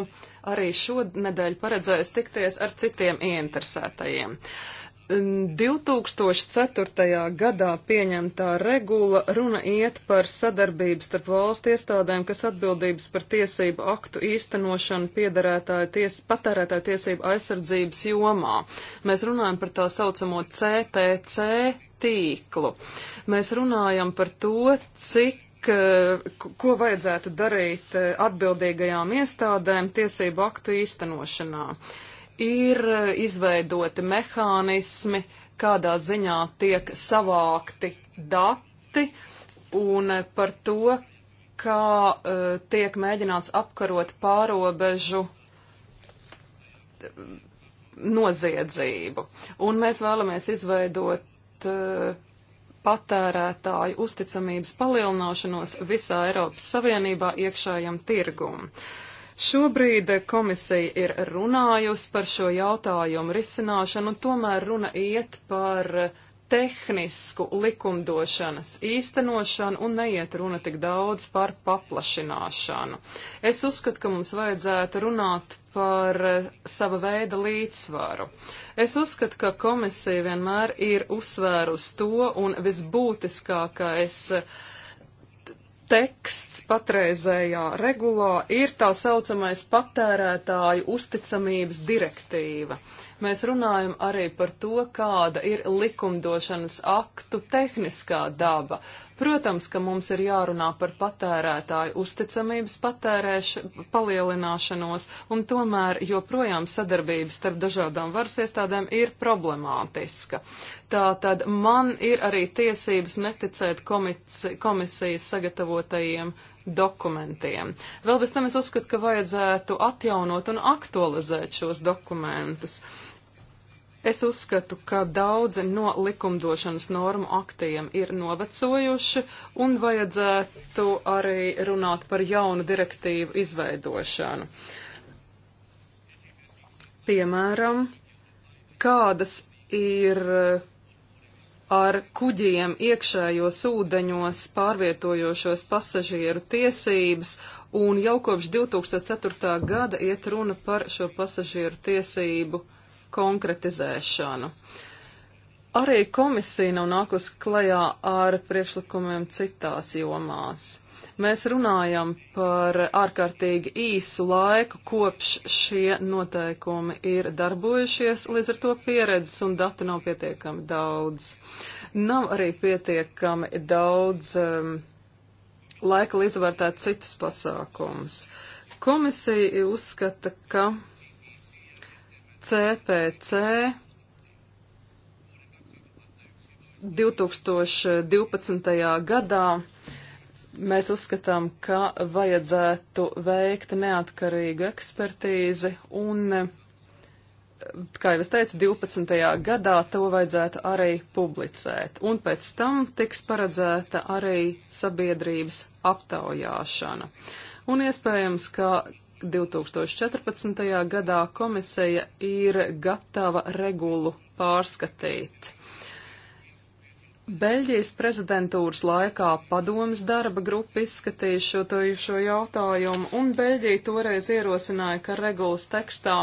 arī šonedēļ paredzējis tikties ar citiem ieinteresētajiem. Uh, 2004. gadā pieņemtā regula runa iet par sadarbību starp valstu iestādēm, kas atbildības par tiesību aktu īstenošanu piederētāju ties, patērētāju tiesību aizsardzības jomā. Mēs runājam par tā saucamo CPC tīklu. Mēs runājam par to, cik eh, ko vajadzētu darīt eh, atbildīgajām iestādēm tiesību aktu īstenošanā. Uh, ir eh, izveidoti mehānismi, kādā ziņā tiek savākti dati un par to, kā uh, tiek mēģināts apkarot pārobežu eh, noziedzību. Un mēs vēlamies izveidot uh, patērētāju uzticamības palielināšanos visā Eiropas Savienībā iekšējam tirgum. Uh, Šobrīd komisija ir runājusi par šo jautājumu risināšanu, un tomēr runa iet par tehnisku likumdošanas īstenošanu un neiet runa tik daudz par paplašināšanu. Es uzskatu, ka mums vajadzētu runāt par sava veida līdzsvaru. Es uzskatu, ka komisija vienmēr ir uzsvērusi to un visbūtiskākais. Es teksts patreizējā regulā ir tā saucamais patērētāju uzticamības direktīva. Mēs runājam arī par to, kāda ir likumdošanas aktu tehniskā daba. Protams, ka mums ir jārunā par patērētāju uzticamības patērēš, palielināšanos, un tomēr joprojām sadarbības starp dažādām varas iestādēm ir problemātiska. Tātad man ir arī tiesības neticēt komis, komisijas sagatavotajiem dokumentiem. Vēl bez tam es uzskatu, ka vajadzētu atjaunot un aktualizēt šos dokumentus. Es uzskatu, ka daudzi no likumdošanas normu aktiem ir novecojuši un vajadzētu arī runāt par jaunu direktīvu izveidošanu. Piemēram, kādas ir ar kuģiem iekšējos ūdeņos pārvietojošos pasažieru tiesības, un jau kopš 2004. gada iet runa par šo pasažieru tiesību konkretizēšanu. Arī komisija nav nākus klajā ar priekšlikumiem citās jomās. Mēs runājam par ārkārtīgi īsu laiku, kopš šie noteikumi ir darbojušies, līdz ar to pieredzes un datu nav pietiekami daudz. Nav arī pietiekami daudz um, laika, lai izvērtētu citus pasākumus. Komisija uzskata, ka CPC 2012. gadā mēs uzskatām, ka vajadzētu veikt neatkarīgu ekspertīzi un, kā jau es teicu, 12. gadā to vajadzētu arī publicēt. Un pēc tam tiks paredzēta arī sabiedrības aptaujāšana. Un iespējams, ka 2014. gadā komisija ir gatava regulu pārskatīt. Beļģijas prezidentūras laikā padomas darba grupa izskatīja šo, šo jautājumu, un Beļģija toreiz ierosināja, ka regulas tekstā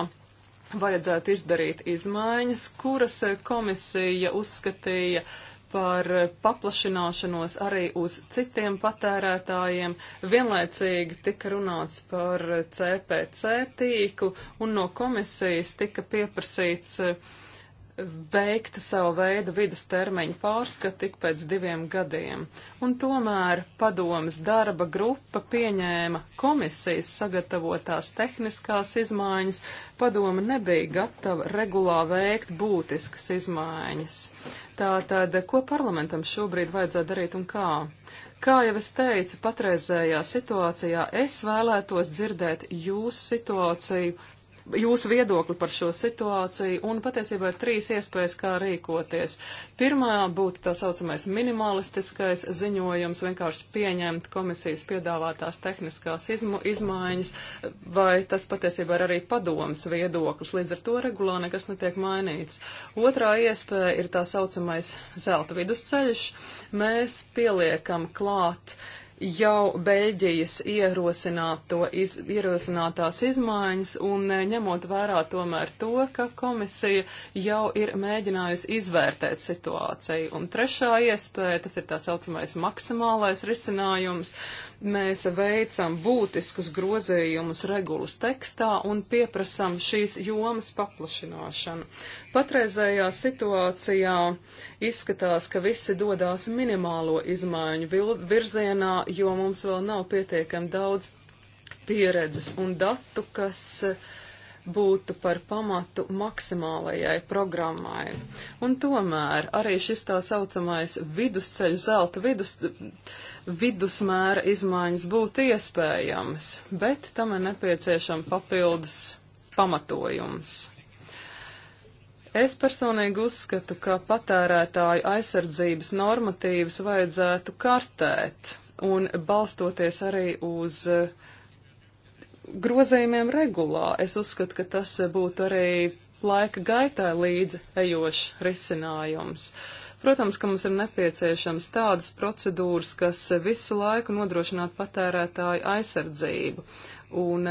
vajadzētu izdarīt izmaiņas, kuras eh, komisija uzskatīja par paplašināšanos arī uz citiem patērētājiem. Vienlaicīgi tika runāts par CPC tīklu, un no komisijas tika pieprasīts uh, veikta savu veidu vidustermiņu pārskatu tik pēc diviem gadiem, un tomēr padomas darba grupa pieņēma komisijas sagatavotās tehniskās izmaiņas, padoma nebija gatava regulā veikt būtiskas izmaiņas. Tātad, ko parlamentam šobrīd vajadzētu darīt un kā? Kā jau es teicu, patreizējā situācijā es vēlētos dzirdēt jūsu situāciju jūsu viedokli par šo situāciju, un patiesībā ir trīs iespējas, kā rīkoties. Pirmā būtu tā saucamais minimalistiskais ziņojums, vienkārši pieņemt komisijas piedāvātās tehniskās izma izmaiņas, vai tas patiesībā ir arī padomas viedoklis, līdz ar to regulā nekas netiek mainīts. Otrā iespēja ir tā saucamais zelta vidusceļš. Mēs pieliekam klāt uh, jau Beļģijas iz, ierosinātās izmaiņas un e, ņemot vērā tomēr to, ka komisija jau ir mēģinājusi izvērtēt situāciju. Un trešā iespēja, tas ir tā saucamais maksimālais risinājums, mēs veicam būtiskus grozējumus regulas tekstā un pieprasam šīs jomas paplašināšanu. Patreizējā situācijā izskatās, ka visi dodās minimālo izmaiņu virzienā, jo mums vēl nav pietiekami daudz pieredzes un datu, kas uh, būtu par pamatu maksimālajai programmai. Un tomēr arī šis tā saucamais vidusceļš, zelta vidus, vidusmēra izmaiņas būtu iespējams, bet tam ir nepieciešama papildus pamatojums. Es personīgi uzskatu, ka patērētāju aizsardzības normatīvas vajadzētu kartēt un balstoties arī uz uh, grozējumiem regulā. Es uzskatu, ka tas būtu arī laika gaitā līdz ejošs risinājums. Protams, ka mums ir nepieciešams tādas procedūras, kas visu laiku nodrošinātu patērētāju aizsardzību. Un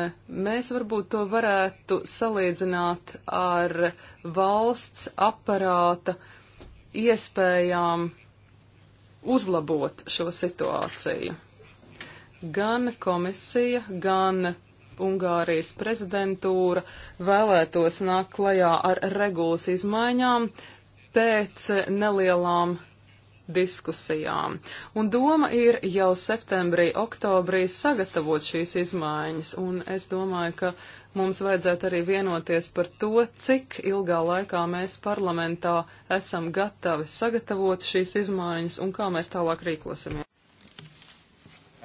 mēs varbūt to varētu salīdzināt ar valsts aparāta iespējām uzlabot šo situāciju. Gan komisija, gan Ungārijas prezidentūra vēlētos nākt klajā ar regulas izmaiņām pēc nelielām diskusijām. Un doma ir jau septembrī, oktobrī sagatavot šīs izmaiņas, un es domāju, ka mums vajadzētu arī vienoties par to, cik ilgā laikā mēs parlamentā esam gatavi sagatavot šīs izmaiņas un kā mēs tālāk rīkosimies.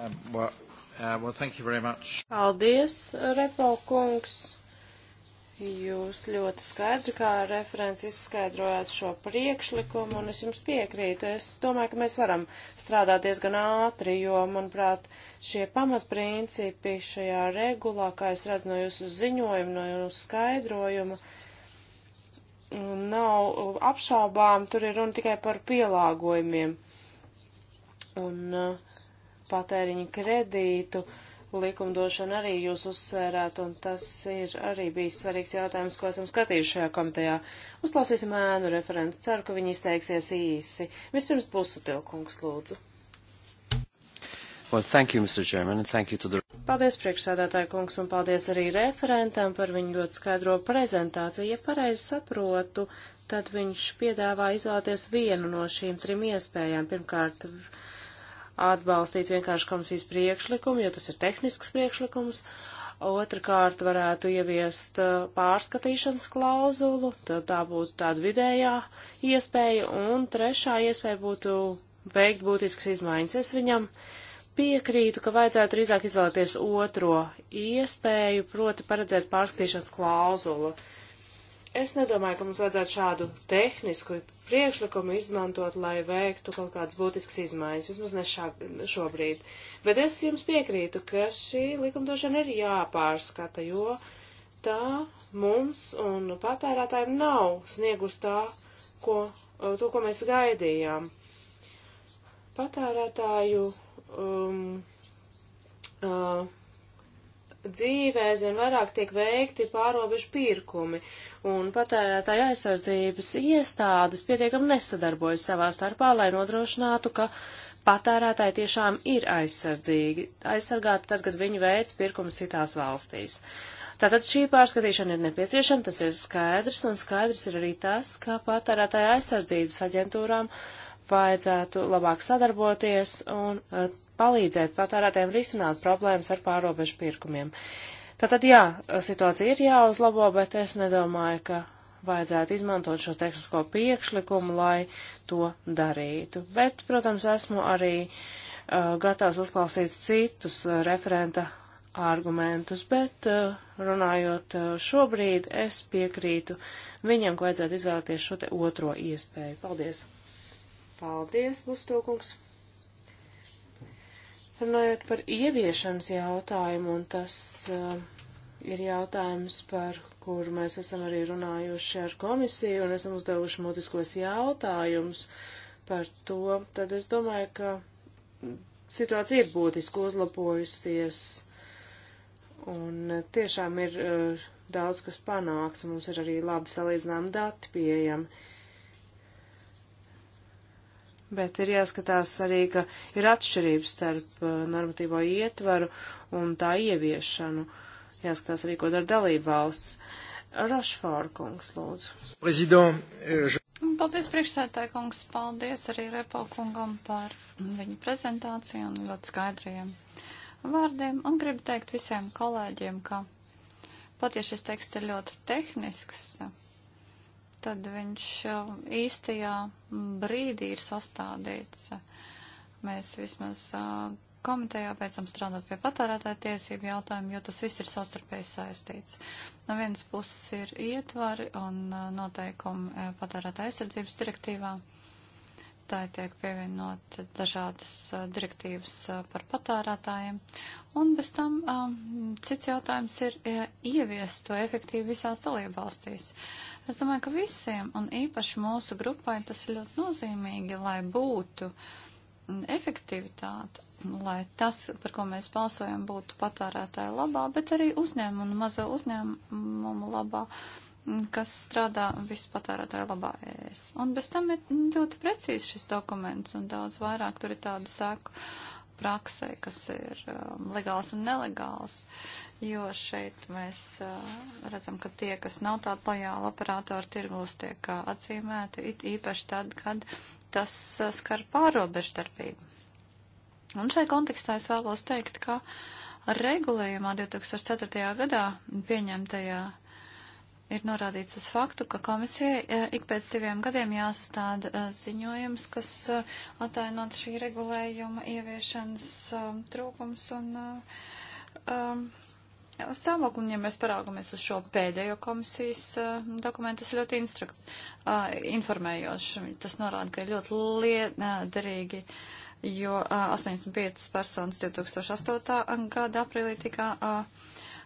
Um, well, Uh, well, thank you very much. Paldies, Repo kungs. Jūs ļoti skaidri kā referents izskaidrojāt šo priekšlikumu, un es jums piekrītu. Es domāju, ka mēs varam strādāt diezgan ātri, jo, manuprāt, šie pamatprincipi šajā regulā, kā es redzu no jūsu ziņojuma, no jūsu skaidrojuma, nav apšaubām, tur ir runa tikai par pielāgojumiem. Un uh, patēriņu kredītu likumdošanu arī jūs uzsvērāt, un tas ir arī bijis svarīgs jautājums, ko esam skatījuši šajā komitejā. Uzklausīsim ēnu referentu, ceru, ka viņi izteiksies īsi. Vispirms pusutilkungs lūdzu. Well, thank you, Mr. Chairman, and thank you to the... Paldies priekšsēdētāju kungs un paldies arī referentam par viņu ļoti skaidro prezentāciju. Ja pareizi saprotu, tad viņš piedāvā izvēlēties vienu no šīm trim iespējām. Pirmkārt, uh, atbalstīt vienkārši komisijas priekšlikumu, jo tas ir tehnisks priekšlikums. Otrakārt varētu ieviest uh, pārskatīšanas klauzulu, tad tā būtu tāda vidējā iespēja, un trešā iespēja būtu veikt būtiskas izmaiņas. Es viņam piekrītu, ka vajadzētu drīzāk izvēlēties otro iespēju, proti paredzēt pārskatīšanas klauzulu. Uh, Es nedomāju, ka mums vajadzētu šādu tehnisku priekšlikumu izmantot, lai veiktu kaut kādas būtiskas izmaiņas, vismaz ne šā, šobrīd. Bet es jums piekrītu, ka šī likumdošana ir jāpārskata, jo tā mums un patērētājiem nav sniegus tā, ko, to, ko mēs gaidījām. Patērētāju um, uh, dzīvē aizvien vairāk tiek veikti pārobežu pirkumi, un patērētāja aizsardzības iestādes pietiekami nesadarbojas savā starpā, lai nodrošinātu, ka patērētāji tiešām ir aizsardzīgi, aizsargāti tad, kad viņi veic pirkumus citās valstīs. Tātad šī pārskatīšana ir nepieciešama, tas ir skaidrs, un skaidrs ir arī tas, ka patērētāja aizsardzības aģentūrām uh, vajadzētu labāk sadarboties un e, palīdzēt patērētiem risināt problēmas ar pārobežu pirkumiem. Tātad, jā, situācija ir jāuzlabo, bet es nedomāju, ka vajadzētu izmantot šo tehnisko priekšlikumu, lai to darītu. Bet, protams, esmu arī uh, gatavs uzklausīt citus uh, referenta argumentus, bet uh, runājot uh, šobrīd, es piekrītu viņam, ka vajadzētu izvēlēties šo te otro iespēju. Paldies! Paldies, Bustokungs. Runājot par ieviešanas jautājumu, un tas uh, ir jautājums, par kur mēs esam arī runājuši ar komisiju un esam uzdevuši mutiskos jautājumus par to, tad es domāju, ka situācija ir būtiski uzlabojusies. Un tiešām ir uh, daudz kas panāks, mums ir arī labi salīdzināmi dati pieejami. Bet ir jāskatās arī, ka ir atšķirības starp uh, normatīvo ietvaru un tā ieviešanu. Jāskatās arī, ko dara dalība valsts. Rašfāra kungs, lūdzu. Prezident. Eh, Paldies, priekšsētāji kungs. Paldies arī Repo kungam par viņa prezentāciju un ļoti skaidrajiem vārdiem. Un gribu teikt visiem kolēģiem, ka pat ja šis teksts ir ļoti tehnisks, tad viņš eh, īstajā brīdī ir sastādīts. Mēs vismaz eh, komitejā pēc tam strādāt pie patērētāja tiesību jautājumu, jo tas viss ir savstarpēji saistīts. No vienas puses ir ietvari un eh, noteikumi patērētāja aizsardzības direktīvā. Tā tiek pievienot dažādas direktīvas par patērētājiem. Un bez tam um, cits jautājums ir ieviest to efektīvi visās dalībvalstīs. valstīs Es domāju, ka visiem, un īpaši mūsu grupai, tas ir ļoti nozīmīgi, lai būtu efektivitāte, lai tas, par ko mēs balsojam, būtu patērētāju labā, bet arī uzņēmumu un mazo uzņēmumu labā kas strādā visu patērētāju labā ēs. Un bez tam ir ļoti precīzi šis dokuments, un daudz vairāk tur ir tādu sēku praksē, kas ir um, legāls un nelegāls, jo šeit mēs uh, redzam, ka tie, kas nav tādi lojāli operātori tirgūs, tiek uh, atzīmēti it īpaši tad, kad tas uh, skar pārobežu darbību. Un šai kontekstā es vēlos teikt, ka regulējumā 2004. gadā pieņemtajā ir norādīts uz faktu, ka komisijai e, ik pēc diviem gadiem jāsastāda e, ziņojums, kas e, atainot šī regulējuma ieviešanas trūkums un stāvokli. Un, ja mēs parāgamies uz šo pēdējo komisijas dokumentu, tas ļoti instrukt, informējoši. Tas norāda, ka ir ļoti liederīgi jo 85 personas 2008. gada aprīlī tika uh,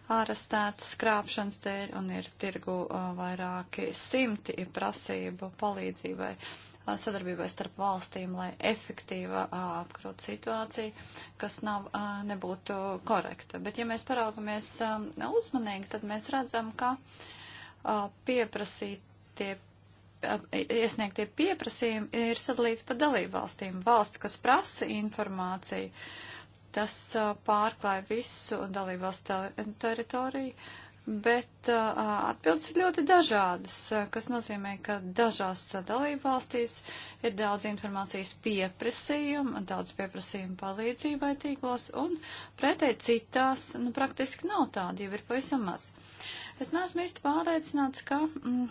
arestētas krāpšanas dēļ un ir tirgu vairāki simti prasību palīdzībai sadarbībai starp valstīm, lai efektīva apkrot situāciju, kas nav, a, nebūtu korekta. Bet ja mēs paraugamies a, uzmanīgi, tad mēs redzam, ka a, pieprasītie iesniegtie pieprasījumi ir sadalīti pa dalību valstīm. Valsts, kas prasa informāciju, uh, Tas pārklāja visu dalībvalstu teritoriju, bet atbildes ir ļoti dažādas, kas nozīmē, ka dažās dalībvalstīs ir daudz informācijas pieprasījumu, daudz pieprasījumu palīdzībai tīklos, un pretēji citās, nu, praktiski nav tādi, jau ir pavisam maz. Uh, Es neesmu īsti pārliecināts, ka mm,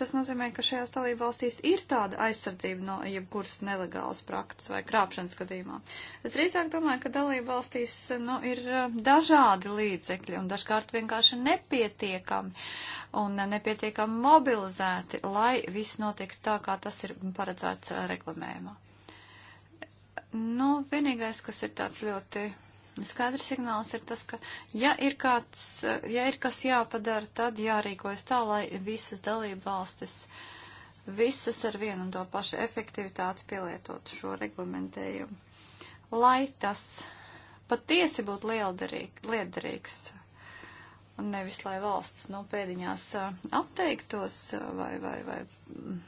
tas nozīmē, ka šajās dalību valstīs ir tāda aizsardzība no jebkuras nelegālas praktas vai krāpšanas gadījumā. Es drīzāk domāju, ka dalību valstīs nu, ir eh, dažādi līdzekļi un dažkārt vienkārši nepietiekami un nepietiekami mobilizēti, lai viss notiktu tā, kā tas ir paredzēts eh, reklamējumā. Nu, vienīgais, kas ir tāds ļoti Skaidrs signāls ir tas, ka ja ir, kāds, ja ir kas jāpadara, tad jārīkojas tā, lai visas dalība valstis visas ar vienu un to pašu efektivitāti pielietotu šo reglamentējumu. Lai tas patiesi būtu liederīgs, un nevis lai valsts no nu, pēdiņās atteiktos vai, vai, vai mm,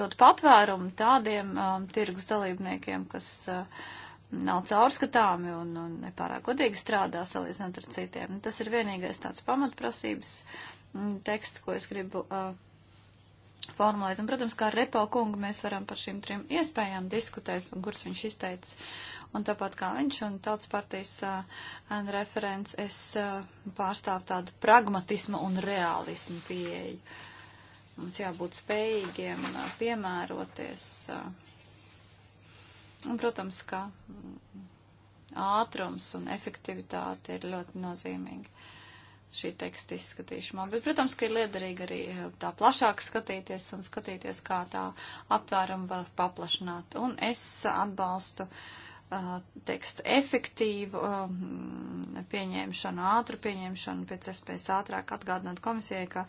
dod patvērumu tādiem um, tirgus dalībniekiem, kas uh, nav caurskatāmi un, un nepārāk godīgi strādā salīdzinot ar citiem. Nu, tas ir vienīgais tāds pamatprasības mm, teksts, ko es gribu uh, formulēt. Un, protams, kā repo kungu mēs varam par šīm trim iespējām diskutēt, kuras viņš izteica. Un tāpat kā viņš un tautas partijas uh, referents, es uh, pārstāvu tādu pragmatismu un realismu pieeju. Mums jābūt spējīgiem uh, piemēroties. Uh, Un, protams, ka ātrums un efektivitāte ir ļoti nozīmīgi šī teksta izskatīšanā. Bet, protams, ka ir liederīgi arī eh, tā plašāk skatīties un skatīties, kā tā aptvērumu var paplašināt. Un es atbalstu uh, eh, teksta efektīvu uh, pieņemšanu, ātru pieņemšanu, pēc iespējas ātrāk atgādināt komisijai, ka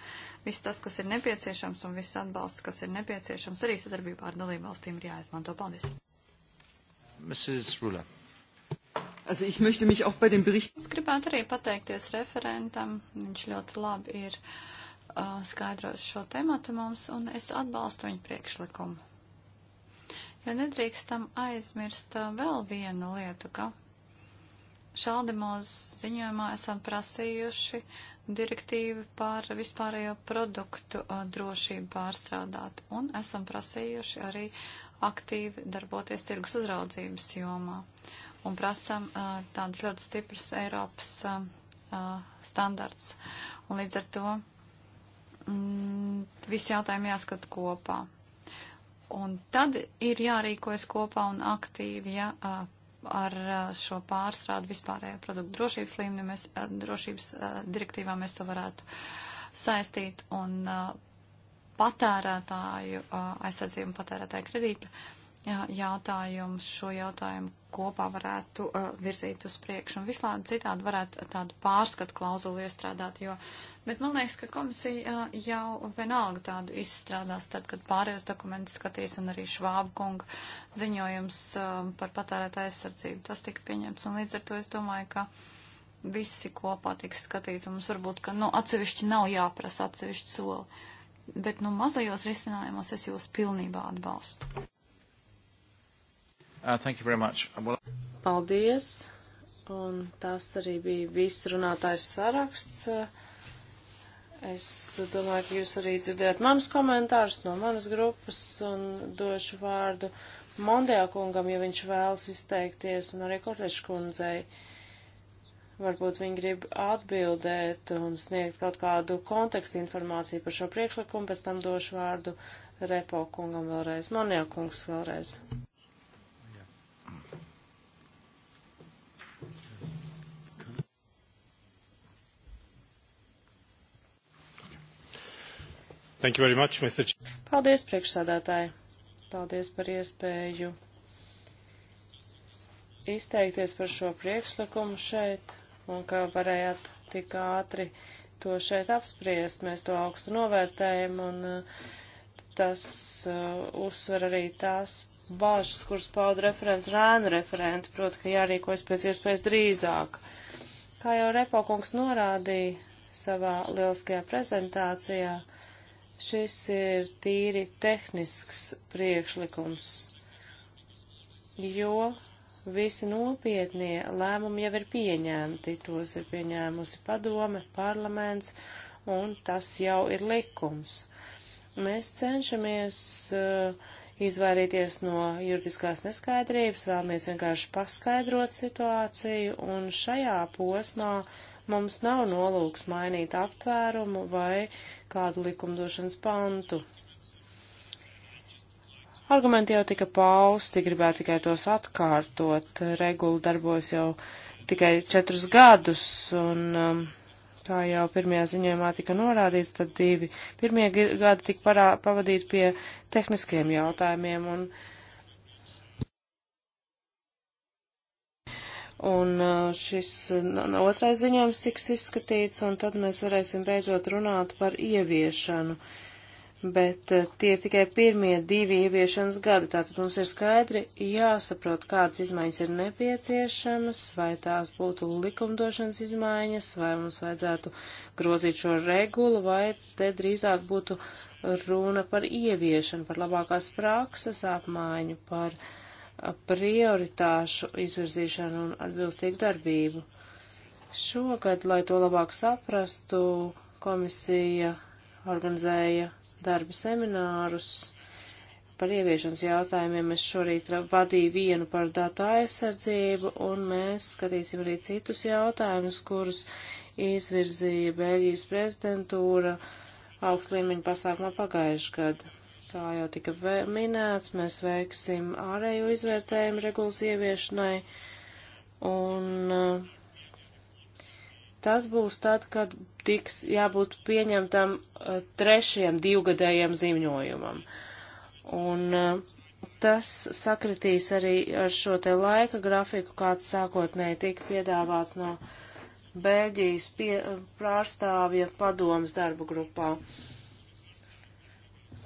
viss tas, kas ir nepieciešams un viss atbalsts, kas ir nepieciešams, arī sadarbībā ar dalībvalstīm ir jāizmanto. Paldies! Mrs. Ruler. Also ich möchte mich auch bei dem Bericht. Es gribētu arī pateikties referentam. Viņš ļoti labi ir uh, skaidrojis šo tematu mums, un es atbalstu viņa priekšlikumu. Jo ja nedrīkstam aizmirst uh, vēl vienu lietu, ka šaldemos ziņojumā esam prasījuši direktīvu par vispārējo produktu drošību pārstrādāt un esam prasījuši arī aktīvi darboties tirgus uzraudzības jomā un prasam uh, tādas ļoti stipras Eiropas uh, uh, standarts. Un līdz ar to mm, visi jautājumi jāskat kopā. Un tad ir jārīkojas kopā un aktīvi, ja uh, ar uh, šo pārstrādu vispārējo produktu drošības līmeni, mēs, uh, drošības uh, direktīvā mēs to varētu saistīt un uh, patērētāju aizsardzību un patērētāju kredīta jautājums šo jautājumu kopā varētu uh, virzīt uz priekšu. Un vislādi citādi varētu tādu pārskatu klauzulu iestrādāt, jo, bet man liekas, ka komisija uh, jau vienalga tādu izstrādās tad, kad pārējos dokumentus skatīs un arī Švābu kunga ziņojums uh, par patērētāju aizsardzību. Tas tika pieņemts un līdz ar to es domāju, ka visi kopā tiks skatīti un mums varbūt, ka, nu, atsevišķi nav jāprasa atsevišķi soli bet nu mazajos risinājumos es jūs pilnībā atbalstu. Uh, thank you very much. Well... Paldies. Un tas arī bija viss runātājs saraksts. Es domāju, ka jūs arī dzirdējat manus komentārus no manas grupas un došu vārdu Mondējā kungam, ja viņš vēlas izteikties, un arī Korteša kundzei. Uh, Varbūt viņi grib atbildēt un sniegt kaut kādu kontekstu informāciju par šo priekšlikumu, pēc tam došu vārdu Repo kungam vēlreiz, Manjā kungs vēlreiz. Thank you very much, Mr. Č Paldies, priekšsādātāji. Paldies par iespēju izteikties par šo priekšlikumu šeit un ka varējāt tik ātri to šeit apspriest. Mēs to augstu novērtējam un uh, tas uh, uzsver arī tās bāžas, kuras pauda referents un ēnu referenti, proti, ka jārīkojas pēc iespējas drīzāk. Kā jau Repokungs norādīja savā lieliskajā prezentācijā, šis ir tīri tehnisks priekšlikums, jo visi nopietnie lēmumi jau ir pieņemti, tos ir pieņēmusi padome, parlaments, un tas jau ir likums. Mēs cenšamies uh, izvairīties no juridiskās neskaidrības, vēlamies vienkārši paskaidrot situāciju, un šajā posmā mums nav nolūks mainīt aptvērumu vai kādu likumdošanas pantu. Argumenti jau tika pausti, gribētu tikai tos atkārtot. Regula darbojas jau tikai četrus gadus, un um, kā jau pirmajā ziņojumā tika norādīts, tad divi pirmie gadi tika parā, pavadīti pie tehniskiem jautājumiem, un, un uh, šis otrais ziņojums tiks izskatīts, un tad mēs varēsim beidzot runāt par ieviešanu. Uh, bet eh, tie ir tikai pirmie divi ieviešanas gadi, tātad mums ir skaidri jāsaprot, kādas izmaiņas ir nepieciešamas, vai tās būtu likumdošanas izmaiņas, vai mums vajadzētu grozīt šo regulu, vai te drīzāk būtu runa par ieviešanu, par labākās prakses apmaiņu, par eh, prioritāšu izvirzīšanu un atbilstīgu darbību. Šogad, lai to labāk saprastu, komisija organizēja darba seminārus par ieviešanas jautājumiem. Es šorīt vadīju vienu par datu aizsardzību, un mēs skatīsim arī citus jautājumus, kurus izvirzīja Beļģijas prezidentūra augstlīmeņa pasākumā pagājušajā gadā. Kā jau tika minēts, mēs veiksim ārēju izvērtējumu regulas ieviešanai, un uh, Tas būs tad, kad tiks jābūt pieņemtam eh, trešajam divgadējam ziņojumam. Un eh, tas sakritīs arī ar šo te laika grafiku, kāds sākotnēji tika piedāvāts no Bēļģijas pie, pārstāvja padomas darba grupā.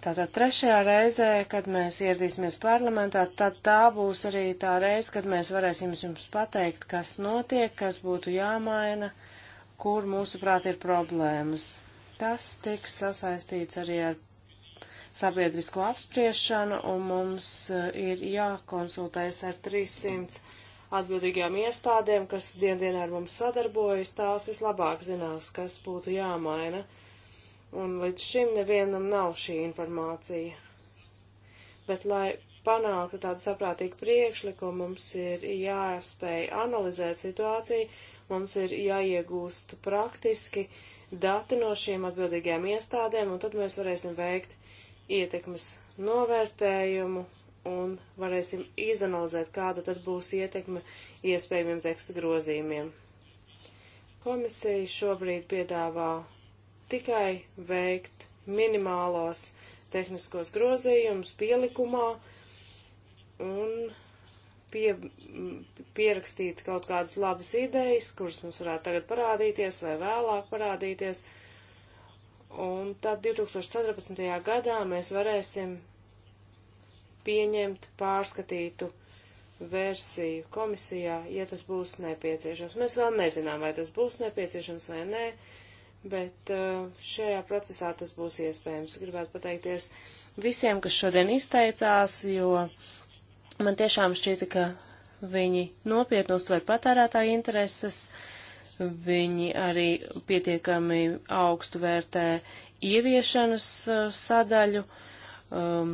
Tātad trešajā reizē, kad mēs ieradīsimies parlamentā, tad tā būs arī tā reize, kad mēs varēsim jums pateikt, kas notiek, kas būtu jāmaina, uh, kur mūsuprāt ir problēmas. Tas tiks sasaistīts arī ar sabiedrisko apspriešanu, un mums eh, ir jākonsultējas ar 300 atbildīgajām iestādēm, kas diendienā ar mums sadarbojas, tās vislabāk zinās, kas būtu jāmaina. Un līdz šim nevienam nav šī informācija. Bet, lai panāktu tādu saprātīgu priekšlikumu, mums ir jāspēj analizēt situāciju, Mums ir jāiegūst praktiski dati no šiem atbildīgajām iestādēm, un tad mēs varēsim veikt ietekmes novērtējumu un varēsim izanalizēt, kāda tad būs ietekme iespējamiem teksta grozījumiem. Komisija šobrīd piedāvā tikai veikt minimālos tehniskos grozījumus pielikumā, un pie, pierakstīt kaut kādas labas idejas, kuras mums varētu tagad parādīties vai vēlāk parādīties. Un tad 2014. gadā mēs varēsim pieņemt pārskatītu versiju komisijā, ja tas būs nepieciešams. Mēs vēl nezinām, vai tas būs nepieciešams vai nē, bet uh, šajā procesā tas būs iespējams. Gribētu pateikties visiem, kas šodien izteicās, jo Man tiešām šķita, ka viņi nopietni uztver patērētāju intereses, viņi arī pietiekami augstu vērtē ieviešanas uh, sadaļu um,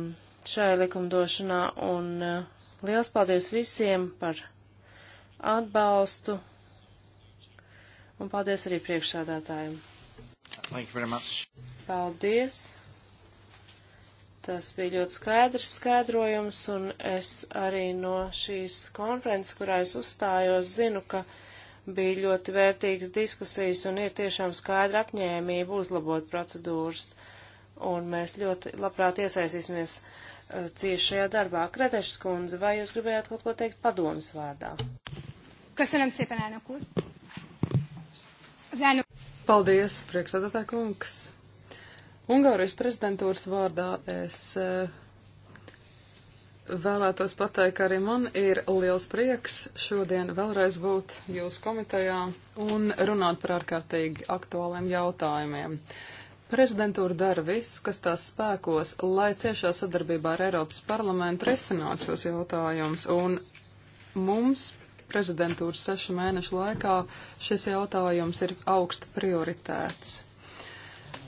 šai likumdošanā, un uh, liels paldies visiem par atbalstu, un paldies arī priekšsādātājiem. Paldies! Tas bija ļoti skaidrs skaidrojums, un es arī no šīs konferences, kurā es uzstājos, zinu, ka bija ļoti vērtīgas diskusijas un ir tiešām skaidra apņēmība uzlabot procedūras, un mēs ļoti labprāt iesaistīsimies uh, cieši šajā darbā. Kretešas kundze, vai jūs gribējāt kaut ko teikt padomas vārdā? Köszönöm szépen, elnök úr! Paldies, priekšsēdētāj kungs! Ungārijas prezidentūras vārdā es eh, vēlētos pateikt, ka arī man ir liels prieks šodien vēlreiz būt jūsu komitejā un runāt par ārkārtīgi aktuāliem jautājumiem. Prezidentūra dara visu, kas tās spēkos, lai ciešā sadarbībā ar Eiropas parlamentu risinātu šos jautājumus, un mums prezidentūras sešu mēnešu laikā šis jautājums ir augsta prioritēts.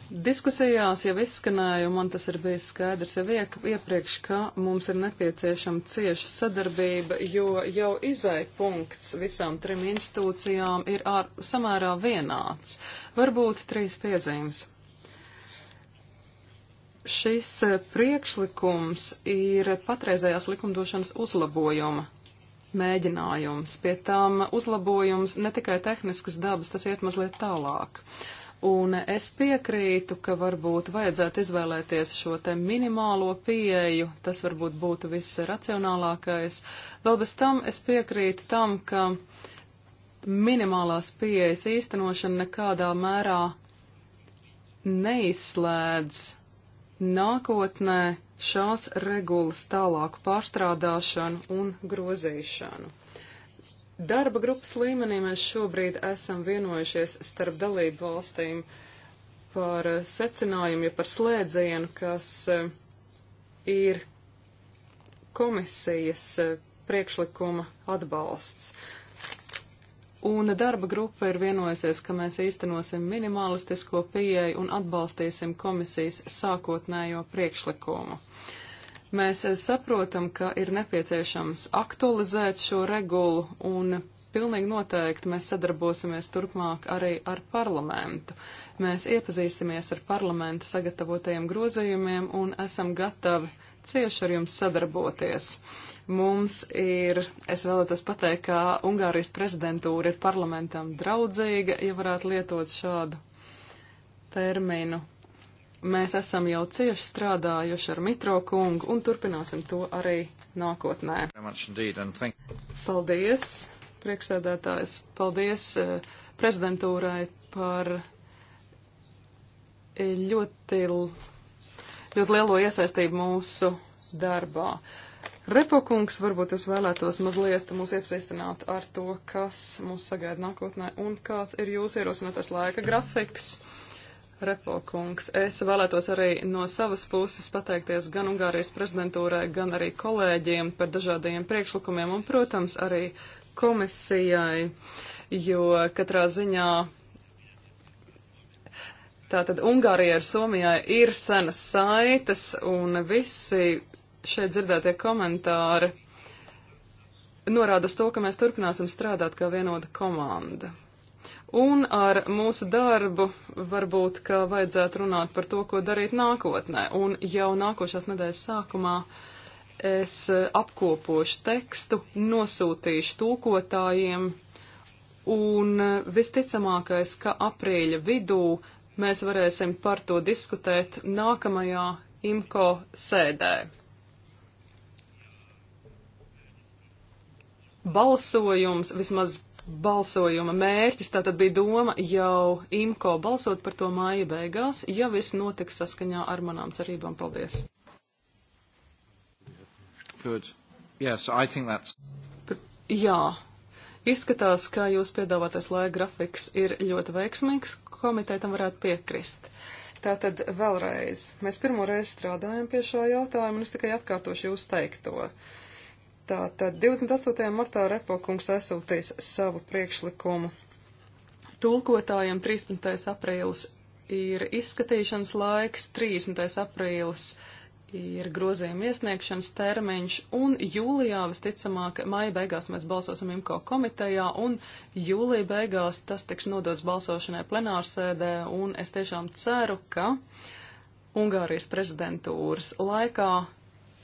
Diskusijās jau izskanēja, un man tas ir bijis skaidrs jau iepriekš, ka mums ir nepieciešama cieša sadarbība, jo jau izai punkts visām trim institūcijām ir ar, samērā vienāds. Varbūt trīs piezīmes. Šis eh, priekšlikums ir patreizējās likumdošanas uzlabojuma mēģinājums, pie tam uzlabojums ne tikai tehniskas dabas, tas iet mazliet tālāk. Uh, Un es piekrītu, ka varbūt vajadzētu izvēlēties šo te minimālo pieeju, tas varbūt būtu viss racionālākais. Vēl bez tam es piekrītu tam, ka minimālās pieejas īstenošana nekādā mērā neizslēdz nākotnē šās regulas tālāku pārstrādāšanu un grozīšanu. Darba grupas līmenī mēs šobrīd esam vienojušies starp dalību valstīm par eh, secinājumu, ja par slēdzienu, kas eh, ir komisijas eh, priekšlikuma atbalsts. Un darba grupa ir vienojusies, ka mēs īstenosim minimalistisko pieeju un atbalstīsim komisijas sākotnējo priekšlikumu. Uh, Mēs eh, saprotam, ka ir nepieciešams aktualizēt šo regulu un pilnīgi noteikti mēs sadarbosimies turpmāk arī ar parlamentu. Mēs iepazīsimies ar parlamentu sagatavotajiem grozījumiem un esam gatavi cieši ar jums sadarboties. Mums ir, es vēlētos pateikt, ka Ungārijas prezidentūra ir parlamentam draudzīga, ja varētu lietot šādu terminu. Mēs esam jau cieši strādājuši ar Mitro kungu un turpināsim to arī nākotnē. Paldies, priekšsēdētājs. Paldies eh, prezidentūrai par ļoti, ļoti lielo iesaistību mūsu darbā. Repokungs, varbūt jūs vēlētos mazliet mūs iepazīstināt ar to, kas mūs sagaida nākotnē un kāds ir jūsu ierosinātais laika grafiks. Repokungs, es vēlētos arī no savas puses pateikties gan Ungārijas prezidentūrai, gan arī kolēģiem par dažādiem priekšlikumiem un, protams, arī komisijai, jo katrā ziņā tātad Ungārija ar Somijai ir senas saites un visi šeit dzirdētie komentāri norāda uz to, ka mēs turpināsim strādāt kā vienota komanda. Un ar mūsu darbu varbūt, ka vajadzētu runāt par to, ko darīt nākotnē. Un jau nākošās nedēļas sākumā es apkopošu tekstu, nosūtīšu tūkotājiem, un visticamākais, ka aprīļa vidū mēs varēsim par to diskutēt nākamajā IMCO sēdē. Balsojums vismaz balsojuma mērķis, tā tad bija doma jau IMCO balsot par to māja beigās, ja viss notiks saskaņā ar manām cerībām. Paldies! Good. Yes, I think that's... P jā, izskatās, ka jūs piedāvātais laika grafiks ir ļoti veiksmīgs, komiteja tam varētu piekrist. Tātad vēlreiz, mēs pirmo reizi strādājam pie šā jautājuma, un es tikai atkārtošu jūs teikto. Uh, Tātad 28. martā Repokungs aizsūtīs savu priekšlikumu. Tulkotājiem 13. aprīlis ir izskatīšanas laiks, 30. aprīlis ir grozījuma iesniegšanas termiņš, un jūlijā visticamāk maija beigās mēs balsosim IMCO komitejā, un jūlija beigās tas tiks nodots balsošanai plenārsēdē, un es tiešām ceru, ka Ungārijas prezidentūras laikā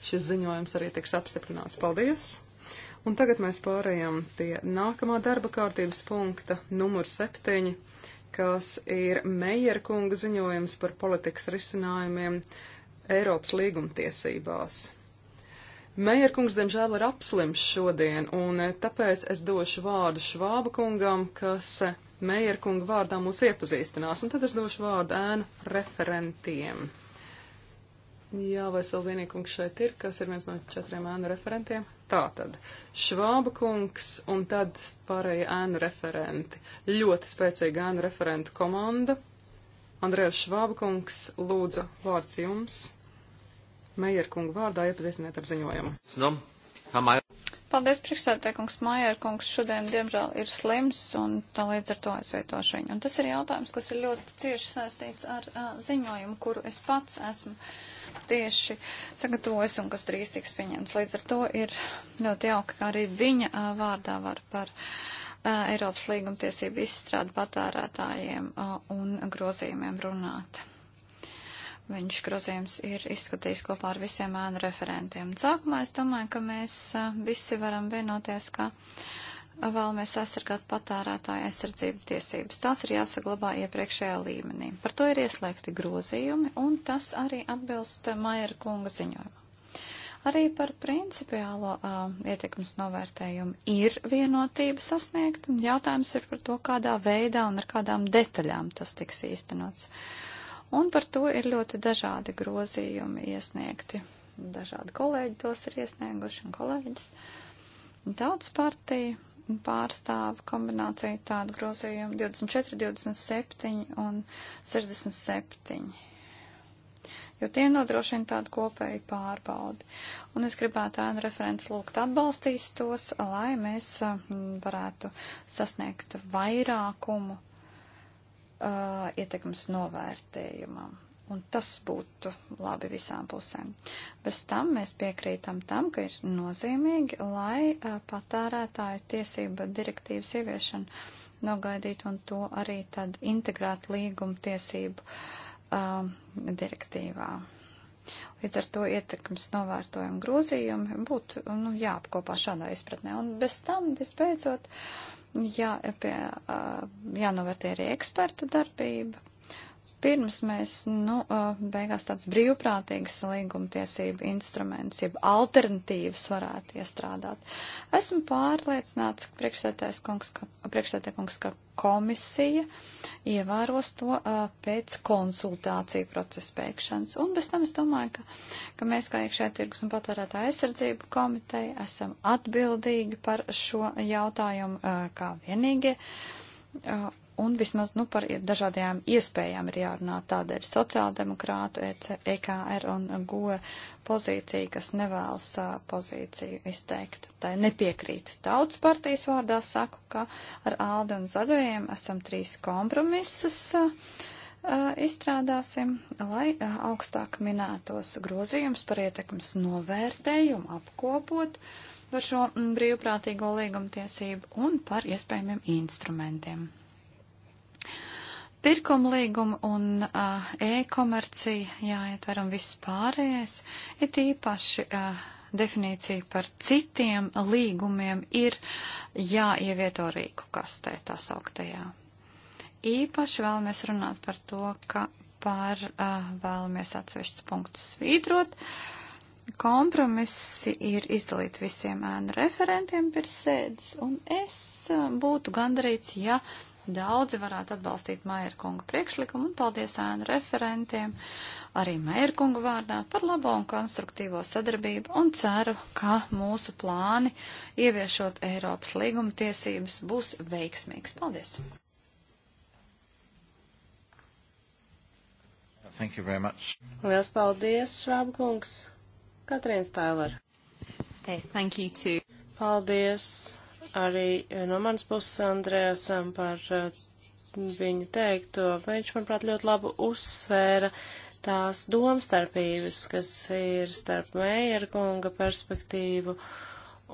šis ziņojums arī tiks apstiprināts. Paldies! Un tagad mēs pārējām pie nākamā darba kārtības punkta, numur septiņi, kas ir Meijer kunga ziņojums par politikas risinājumiem Eiropas līgumtiesībās. Meijer kungs, diemžēl, ir apslims šodien, un tāpēc es došu vārdu Švāba kungam, kas Meijer kunga vārdā mūs iepazīstinās, un tad es došu vārdu ēnu referentiem. Jā, vai Salvienīkungs šeit ir, kas ir viens no četriem ēnu referentiem? Tā tad Švāba kungs un tad pārējie ēnu referenti. Ļoti spēcīga ēnu referentu komanda. Andrēs Švāba kungs, lūdzu, vārds jums. Meijer kungu vārdā iepazīstiniet ar ziņojumu. Paldies, priekšsēdētāj kungs. Maijer kungs šodien, diemžēl, ir slims un tā līdz ar to aizvietošu viņu. Un tas ir jautājums, kas ir ļoti cieši saistīts ar uh, ziņojumu, kuru es pats esmu. Uh, tieši sagatavojas un kas drīz tiks pieņemts. Līdz ar to ir ļoti jauki, ka arī viņa uh, vārdā var par uh, Eiropas līgumtiesību izstrādu patērētājiem uh, un grozījumiem runāt. Viņš grozījums ir izskatījis kopā ar visiem ēnu referentiem. Sākumā es domāju, ka mēs visi varam vienoties, ka. Uh, vēlamies aizsargāt patērētāju aizsardzību tiesības. Tās ir jāsaglabā iepriekšējā līmenī. Par to ir ieslēgti grozījumi, un tas arī atbilst Maira kunga ziņojumam. Arī par principiālo uh, ietekmes novērtējumu ir vienotība sasniegta. Jautājums ir par to, kādā veidā un ar kādām detaļām tas tiks īstenots. Un par to ir ļoti dažādi grozījumi iesniegti. Dažādi kolēģi tos ir iesnieguši un kolēģis. Daudz partija pārstāvu kombināciju tādu grozījumu 24, 27 un 67. Jo tie nodrošina tādu kopēju pārbaudi. Un es gribētu ēnu referents lūgt atbalstīs tos, lai mēs varētu sasniegt vairākumu uh, ietekmes novērtējumam. Un tas būtu labi visām pusēm. Bez tam mēs piekrītam tam, ka ir nozīmīgi, lai uh, patērētāju tiesība direktīvas ieviešana nogaidītu un to arī tad integrētu līguma tiesību uh, direktīvā. Līdz ar to ietekmes novērtojumu grozījumi būtu nu, jāapkopā šādā izpratnē. Un bez tam, visbeidzot, jā, pie, uh, jānovērtē arī ekspertu darbība pirms mēs, nu, beigās tāds brīvprātīgs līgumtiesību instruments, jeb alternatīvas varētu iestrādāt. Esmu pārliecināts, ka priekšsētājs kungs, kungs, ka komisija ievēros to uh, pēc konsultāciju procesa beigšanas. Un bez tam es domāju, ka, ka mēs kā iekšē tirgus un patērētā aizsardzību komiteja esam atbildīgi par šo jautājumu uh, kā vienīgie. Uh, un vismaz nu, par dažādajām iespējām ir jārunā. Tāda ir sociāldemokrātu, EKR e un GOE pozīcija, kas nevēlas pozīciju izteikt. Tā nepiekrīt. Tautas partijas vārdā saku, ka ar Aldi un Zaļajiem esam trīs kompromisus izstrādāsim, lai augstāk minētos grozījums par ietekmes novērtējumu apkopot par šo brīvprātīgo līgumtiesību un par iespējamiem instrumentiem. Pirkuma līguma un uh, e-komercija jāietver un viss pārējais, it īpaši uh, definīcija par citiem līgumiem ir jāievieto rīku kastē tā sauktajā. Īpaši vēlamies runāt par to, ka par uh, vēlamies atsevišķus punktus svītrot. Kompromisi ir izdalīti visiem ēnu referentiem pirms sēdes, un es uh, būtu gandarīts, ja daudzi varētu atbalstīt Mairkunga priekšlikumu un paldies ēnu referentiem, arī Mairkunga vārdā par labo un konstruktīvo sadarbību un ceru, ka mūsu plāni ieviešot Eiropas līguma tiesības būs veiksmīgs. Paldies! Thank you very much. Liels paldies, Švābkungs. Katrīns Tailer. Hey, thank you too. Paldies arī eh, no manas puses Andrēsam par eh, viņa teikto. Viņš, manuprāt, ļoti labu uzsvēra tās domstarpības, kas ir starp Meijera kunga perspektīvu,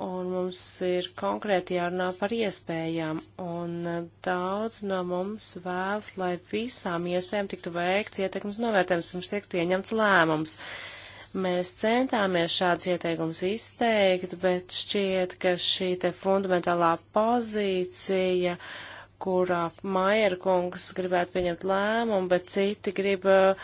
un mums ir konkrēti jārunā par iespējām, un eh, daudz no mums vēlas, lai visām iespējām tiktu veikts ietekmes novērtējums, pirms tiek pieņemts lēmums. Uh, Mēs centāmies šādus ieteikumus izteikt, bet šķiet, ka šī te fundamentālā pozīcija, kurā Maierkungs gribētu pieņemt lēmumu, bet citi grib uh,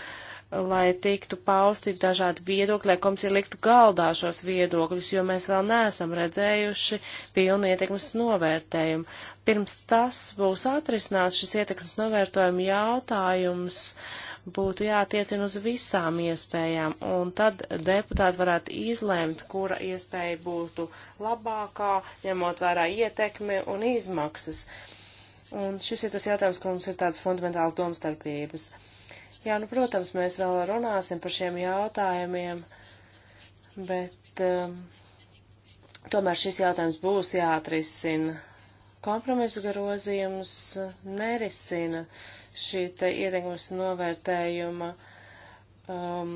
lai tiktu pausti dažādi viedokļi, lai komisija liktu galdā šos viedokļus, jo mēs vēl neesam redzējuši pilnu ietekmes novērtējumu. Pirms tas būs atrisināts, šis ietekmes novērtējuma jautājums būtu jātiecina uz visām iespējām, un tad deputāti varētu izlēmt, kura iespēja būtu labākā, ņemot vērā ietekmi un izmaksas. Un šis ir tas jautājums, kur mums ir tāds fundamentāls domstarpības. Jā, nu, protams, mēs vēl runāsim par šiem jautājumiem, bet um, tomēr šis jautājums būs jāatrisina. Kompromisu grozījums nerisina šī te ietekmes novērtējuma um,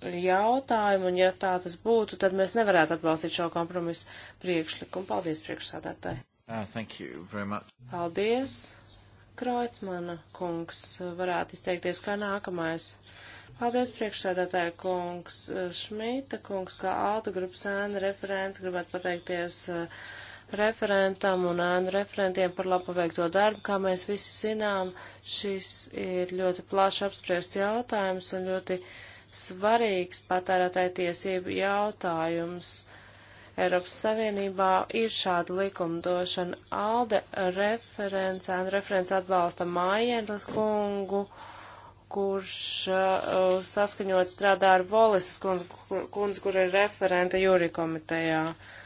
jautājumu, un ja tā tas būtu, tad mēs nevarētu atbalstīt šo kompromisu priekšlikumu. Paldies priekšsādātāji. Uh, thank you very much. Paldies. Kreutzmana kungs varētu izteikties kā nākamais. Paldies priekšsēdētāja kungs Šmita kungs, kā alta grupas ēna referents, gribētu pateikties uh, referentam un ēnu referentiem par labu paveikto darbu. Kā mēs visi zinām, šis ir ļoti plaši apspriests jautājums un ļoti svarīgs patērētāju tiesību jautājums. Eiropas Savienībā ir šāda likumdošana. Alde referents, ēnu referents atbalsta Mājienas kungu kurš uh, saskaņot strādā ar Volisas kundzi, kur, kundz, kur ir referenta jūri komitejā. Uh,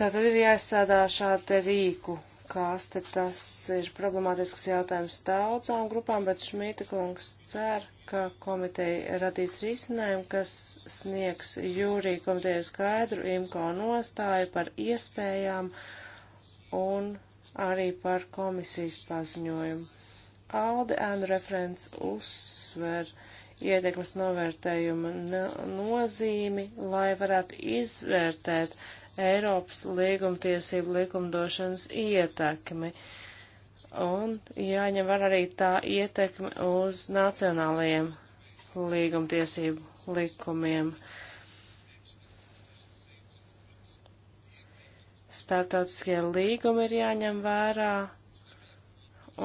Tātad ir jāizstrādā šādi rīku kaste. Tas ir problemātisks jautājums daudzām grupām, bet Šmīta kungs cer, ka komiteja radīs risinājumu, kas sniegs jūrī komiteja skaidru imko nostāju par iespējām un arī par komisijas paziņojumu. Alde ēnu referents uzsver ietekmes novērtējuma nozīmi, lai varētu izvērtēt, uh, Eiropas līgumtiesību likumdošanas ietekmi. Un jāņem var arī tā ietekme uz nacionālajiem līgumtiesību likumiem. Startautiskie līgumi ir jāņem vērā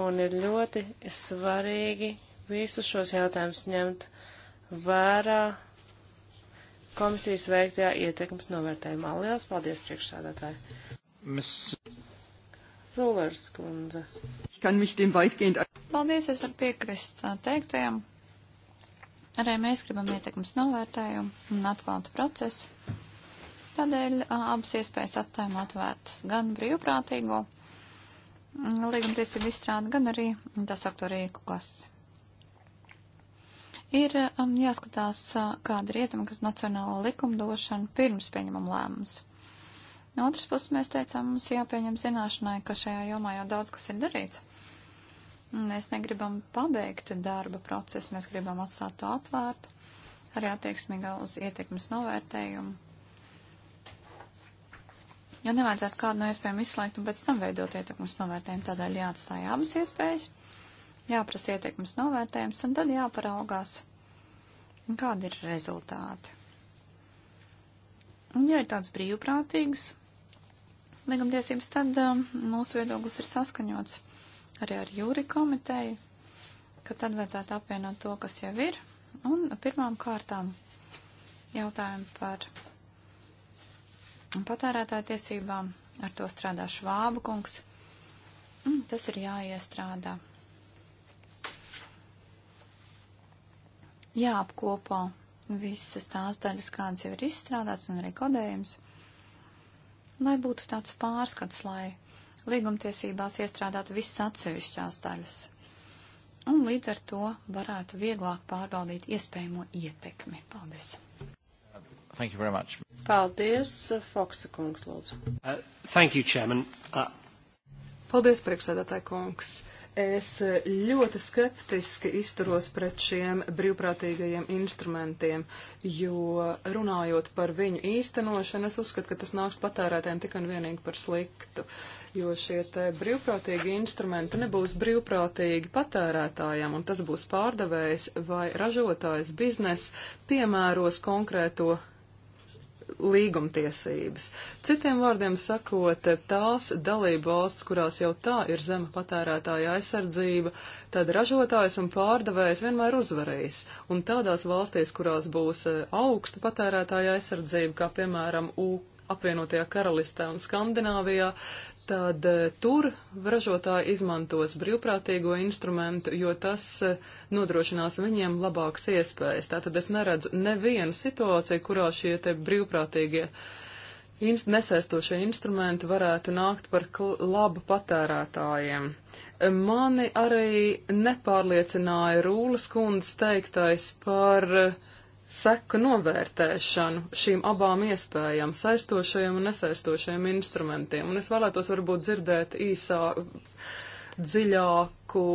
un ir ļoti svarīgi visus šos jautājumus ņemt vērā komisijas veiktajā ietekmes novērtējumā. Lielas paldies priekšsādātāji! Mēs... Rulers kundze. Paldies, es varu piekrist teiktajam. Arī mēs gribam ietekmes novērtējumu un atklātu procesu. Tādēļ abas iespējas atstājam atvērtas gan brīvprātīgo līgumtiesību izstrādi, gan arī tas aktu rīku klasi. Ir um, jāskatās, uh, kāda ir ietekme, kas nacionāla likumdošana pirms pieņemam lēmumus. No otras puses, mēs teicām, mums jāpieņem zināšanai, ka šajā jomā jau daudz kas ir darīts. Mēs negribam pabeigt darba procesu, mēs gribam atstāt to atvērtu, arī attieksmīgā uz ietekmes novērtējumu. Jo nevajadzētu kādu no iespējām izslēgt un pēc tam veidot ietekmes novērtējumu, tādēļ jāatstāja abas iespējas jāprasa ietekmes novērtējums un tad jāparaugās, kādi ir rezultāti. Un, ja ir tāds brīvprātīgs likumtiesības, tad um, mūsu viedoklis ir saskaņots arī ar jūri komiteju, ka tad vajadzētu apvienot to, kas jau ir. Un pirmām kārtām jautājumu par patērētāju tiesībām. Ar to strādā Švāba kungs. Tas ir jāiestrādā jāapkopo visas tās daļas, kādas jau ir izstrādātas un arī kodējums, lai būtu tāds pārskats, lai līgumtiesībās iestrādātu visas atsevišķās daļas. Un līdz ar to varētu vieglāk pārbaudīt iespējamo ietekmi. Paldies! Thank you very much. Paldies, Foksa kungs, lūdzu. Uh, thank you, Chairman. Uh... Paldies, priekšsēdētāji kungs. Uh, Es ļoti skeptiski izturos pret šiem brīvprātīgajiem instrumentiem, jo runājot par viņu īstenošanu, es uzskatu, ka tas nāks patērētēm tikai un vienīgi par sliktu, jo šie te brīvprātīgi instrumenti nebūs brīvprātīgi patērētājiem, un tas būs pārdevējs vai ražotājs biznes piemēros konkrēto līgumtiesības. Citiem vārdiem sakot, tās dalību valsts, kurās jau tā ir zema patērētāja aizsardzība, tad ražotājs un pārdevējs vienmēr uzvarēs. Un tādās valstīs, kurās būs e, augsta patērētāja aizsardzība, kā piemēram U apvienotajā karalistē un Skandināvijā, tad eh, tur ražotāji izmantos brīvprātīgo instrumentu, jo tas eh, nodrošinās viņiem labākas iespējas. Tātad es neredzu nevienu situāciju, kurā šie te brīvprātīgie inst nesaistošie instrumenti varētu nākt par labu patērētājiem. Mani arī nepārliecināja Rūlas kundas teiktais par uh, seku novērtēšanu šīm abām iespējām, saistošajiem un nesaistošajiem instrumentiem. Un es vēlētos varbūt dzirdēt īsā, dziļāku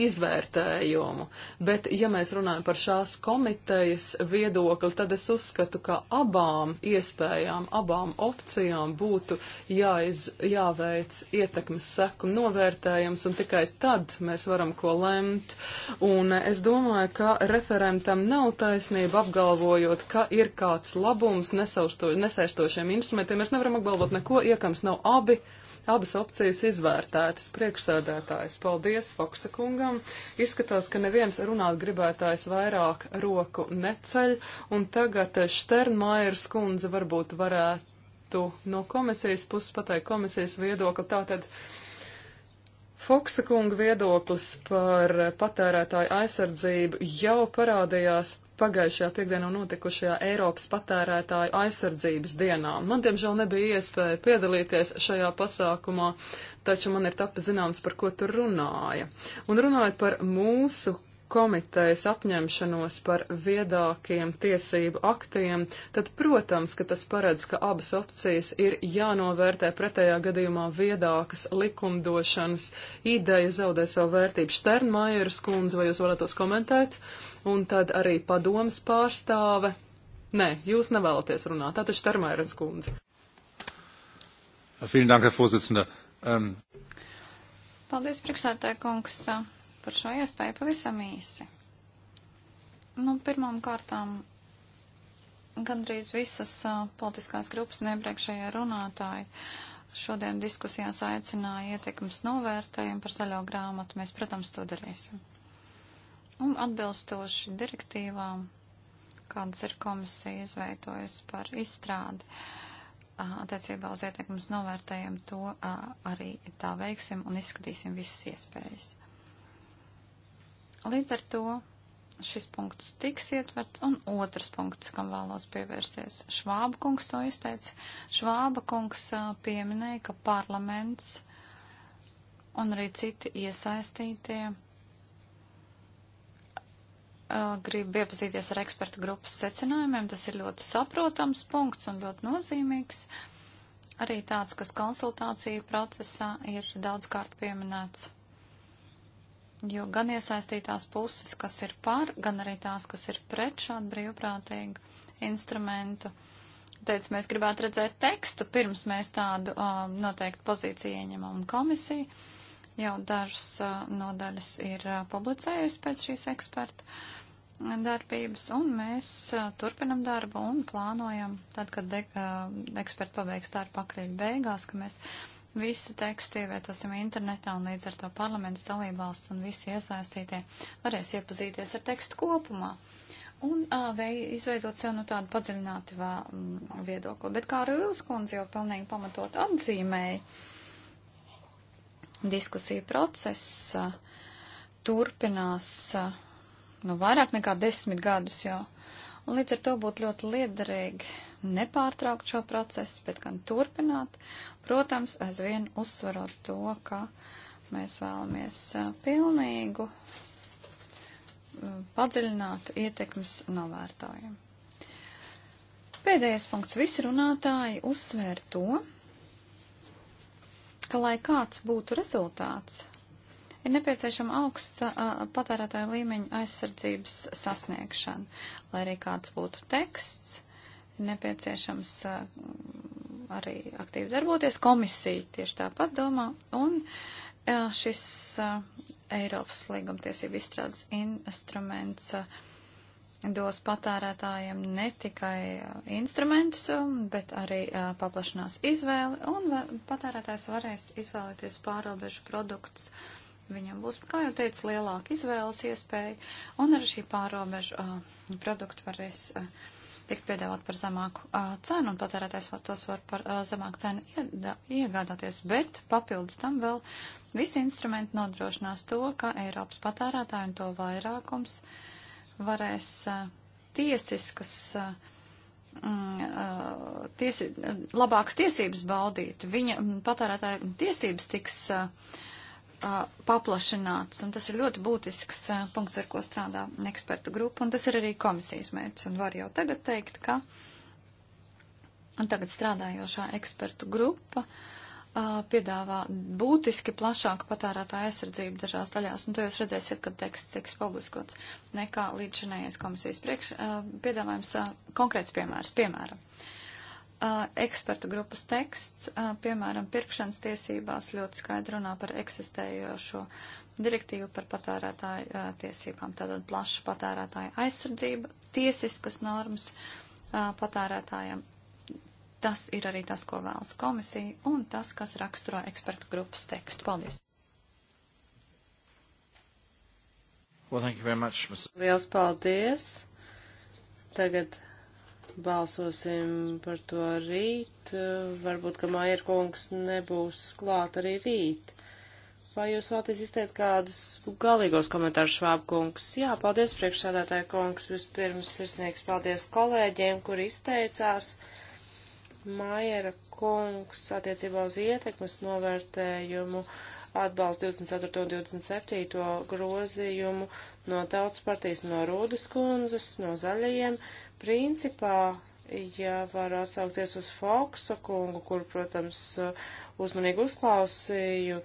izvērtējumu. Bet, ja mēs runājam par šās komitejas viedokli, tad es uzskatu, ka abām iespējām, abām opcijām būtu jāiz, jāveic ietekmes seku novērtējums, un tikai tad mēs varam ko lemt. Un es domāju, ka referentam nav taisnība apgalvojot, ka ir kāds labums nesaistošiem instrumentiem. Mēs nevaram apgalvot neko, iekams nav abi abas opcijas izvērtētas. Priekšsēdētājs, paldies Foksa kungam. Izskatās, ka neviens runāt gribētājs vairāk roku neceļ, un tagad Šternmaiers kundze varbūt varētu no komisijas puses pateikt komisijas viedokli. Tātad, Foksa kunga viedoklis par patērētāju aizsardzību jau parādījās pagājušajā piekdienā notikušajā Eiropas patērētāju aizsardzības dienā. Man, diemžēl, nebija iespēja piedalīties šajā pasākumā, taču man ir tapis zināms, par ko tur runāja. Un runājot par mūsu komitejas apņemšanos par viedākiem tiesību aktiem, tad, protams, ka tas paredz, ka abas opcijas ir jānovērtē pretējā gadījumā viedākas likumdošanas ideja zaudē savu vērtību. Šternmajeras kundze, vai jūs varētu tos komentēt? Uh, un tad arī padomas pārstāve. Nē, jūs nevēlaties runāt. Tātad Štermairens kundze. Vielen Dank, Herr Vorsitzender. Um... Paldies, priekšsētāja kungs, par šo iespēju pavisam īsi. Nu, pirmām kārtām gandrīz visas uh, politiskās grupas un iepriekšējie runātāji šodien diskusijās aicināja ietekmes novērtējumu par zaļo grāmatu. Mēs, protams, to darīsim un atbilstoši direktīvām, kādas ir komisija izveidojusi par izstrādi. Attiecībā uz ietekmes novērtējumu to arī tā veiksim un izskatīsim visas iespējas. Līdz ar to šis punkts tiks ietverts, un otrs punkts, kam vēlos pievērsties. Švāba kungs to izteica. Švāba kungs pieminēja, ka parlaments un arī citi iesaistītie gribu iepazīties ar ekspertu grupas secinājumiem. Tas ir ļoti saprotams punkts un ļoti nozīmīgs. Arī tāds, kas konsultāciju procesā ir daudzkārt pieminēts. Jo gan iesaistītās puses, kas ir par, gan arī tās, kas ir pret šādu brīvprātīgu instrumentu, teica, mēs gribētu redzēt tekstu, pirms mēs tādu um, noteiktu pozīciju ieņemam un komisiju. Uh, jau dažas nodaļas ir publicējusi pēc šīs eksperta darbības, un mēs turpinam darbu un plānojam, tad, kad eksperti pabeigs darbu aprīļa beigās, ka mēs visu tekstu ievietosim internetā, un līdz ar to parlaments dalībvalsts un visi iesaistītie varēs iepazīties ar tekstu kopumā un uh, vei, izveidot sev nu tādu padziļinātu viedokli. Bet kā Rūlis kundze jau pilnīgi pamatot atzīmēja, uh, diskusija process turpinās nu, vairāk nekā desmit gadus jau. Un līdz ar to būtu ļoti liederīgi nepārtraukt šo procesu, bet gan turpināt, protams, aizvien uzsvarot to, ka mēs vēlamies pilnīgu padziļinātu ietekmes novērtājumu. Pēdējais punkts. Visi runātāji uzsvēra to, ka, lai kāds būtu rezultāts, ir nepieciešama augsta uh, patērētāja līmeņa aizsardzības sasniegšana. Lai arī kāds būtu teksts, ir nepieciešams uh, arī aktīvi darboties. Komisija tieši tāpat domā. Un uh, šis uh, Eiropas līgumtiesību izstrādes instruments uh, dos patērētājiem ne tikai instrumentus, um, bet arī paplašinās izvēli, un patērētājs varēs izvēlēties pārobežu produktus. Viņam būs, kā jau teicu, lielāka izvēles iespēja, un arī šī pārobežu uh, produktu varēs uh, tikt piedāvāt par zemāku uh, cenu, un patērētājs var tos var par uh, zemāku cenu iedā, iegādāties, bet papildus tam vēl visi instrumenti nodrošinās to, ka Eiropas patērētāji un to vairākums uh, varēs tiesiskas, mm, tiesi, labākas tiesības baudīt. Viņa mm, patērētāja tiesības tiks paplašināts, un tas ir ļoti būtisks punkts, ar ko strādā ekspertu grupa, un tas ir arī komisijas mērķis, un var jau tagad teikt, ka un tagad strādājošā ekspertu grupa uh, piedāvā būtiski plašāku patērētāju aizsardzību dažās daļās, un to jūs redzēsiet, kad teksts tiks publiskots, nekā līdz šinējais komisijas priekš, uh, piedāvājums uh, konkrēts piemērs, piemēram. Uh, ekspertu grupas teksts, piemēram, pirkšanas tiesībās ļoti skaidri runā par eksistējošo direktīvu par patērētāju tiesībām. Tātad plaša patērētāja aizsardzība, tiesiskas normas patērētājiem Tas ir arī tas, ko vēlas komisija un tas, kas raksturo ekspertu grupas tekstu. Paldies! Well, thank you very much, Mr. Liels paldies! Tagad balsosim par to rīt. Varbūt, ka Maier kungs nebūs klāt arī rīt. Vai jūs vēlaties izteikt kādus galīgos komentārus, Švābkungs? Jā, paldies priekšsādātāja kungs. Vispirms sirsnīgs paldies kolēģiem, kuri izteicās. Maiera kungs attiecībā uz ietekmes novērtējumu atbalsta 24. un 27. grozījumu no Tautas partijas no Rūdas kundzes, no zaļajiem. Principā, ja varu atsaukties uz Foksa kungu, kur, protams, uzmanīgi uzklausīju,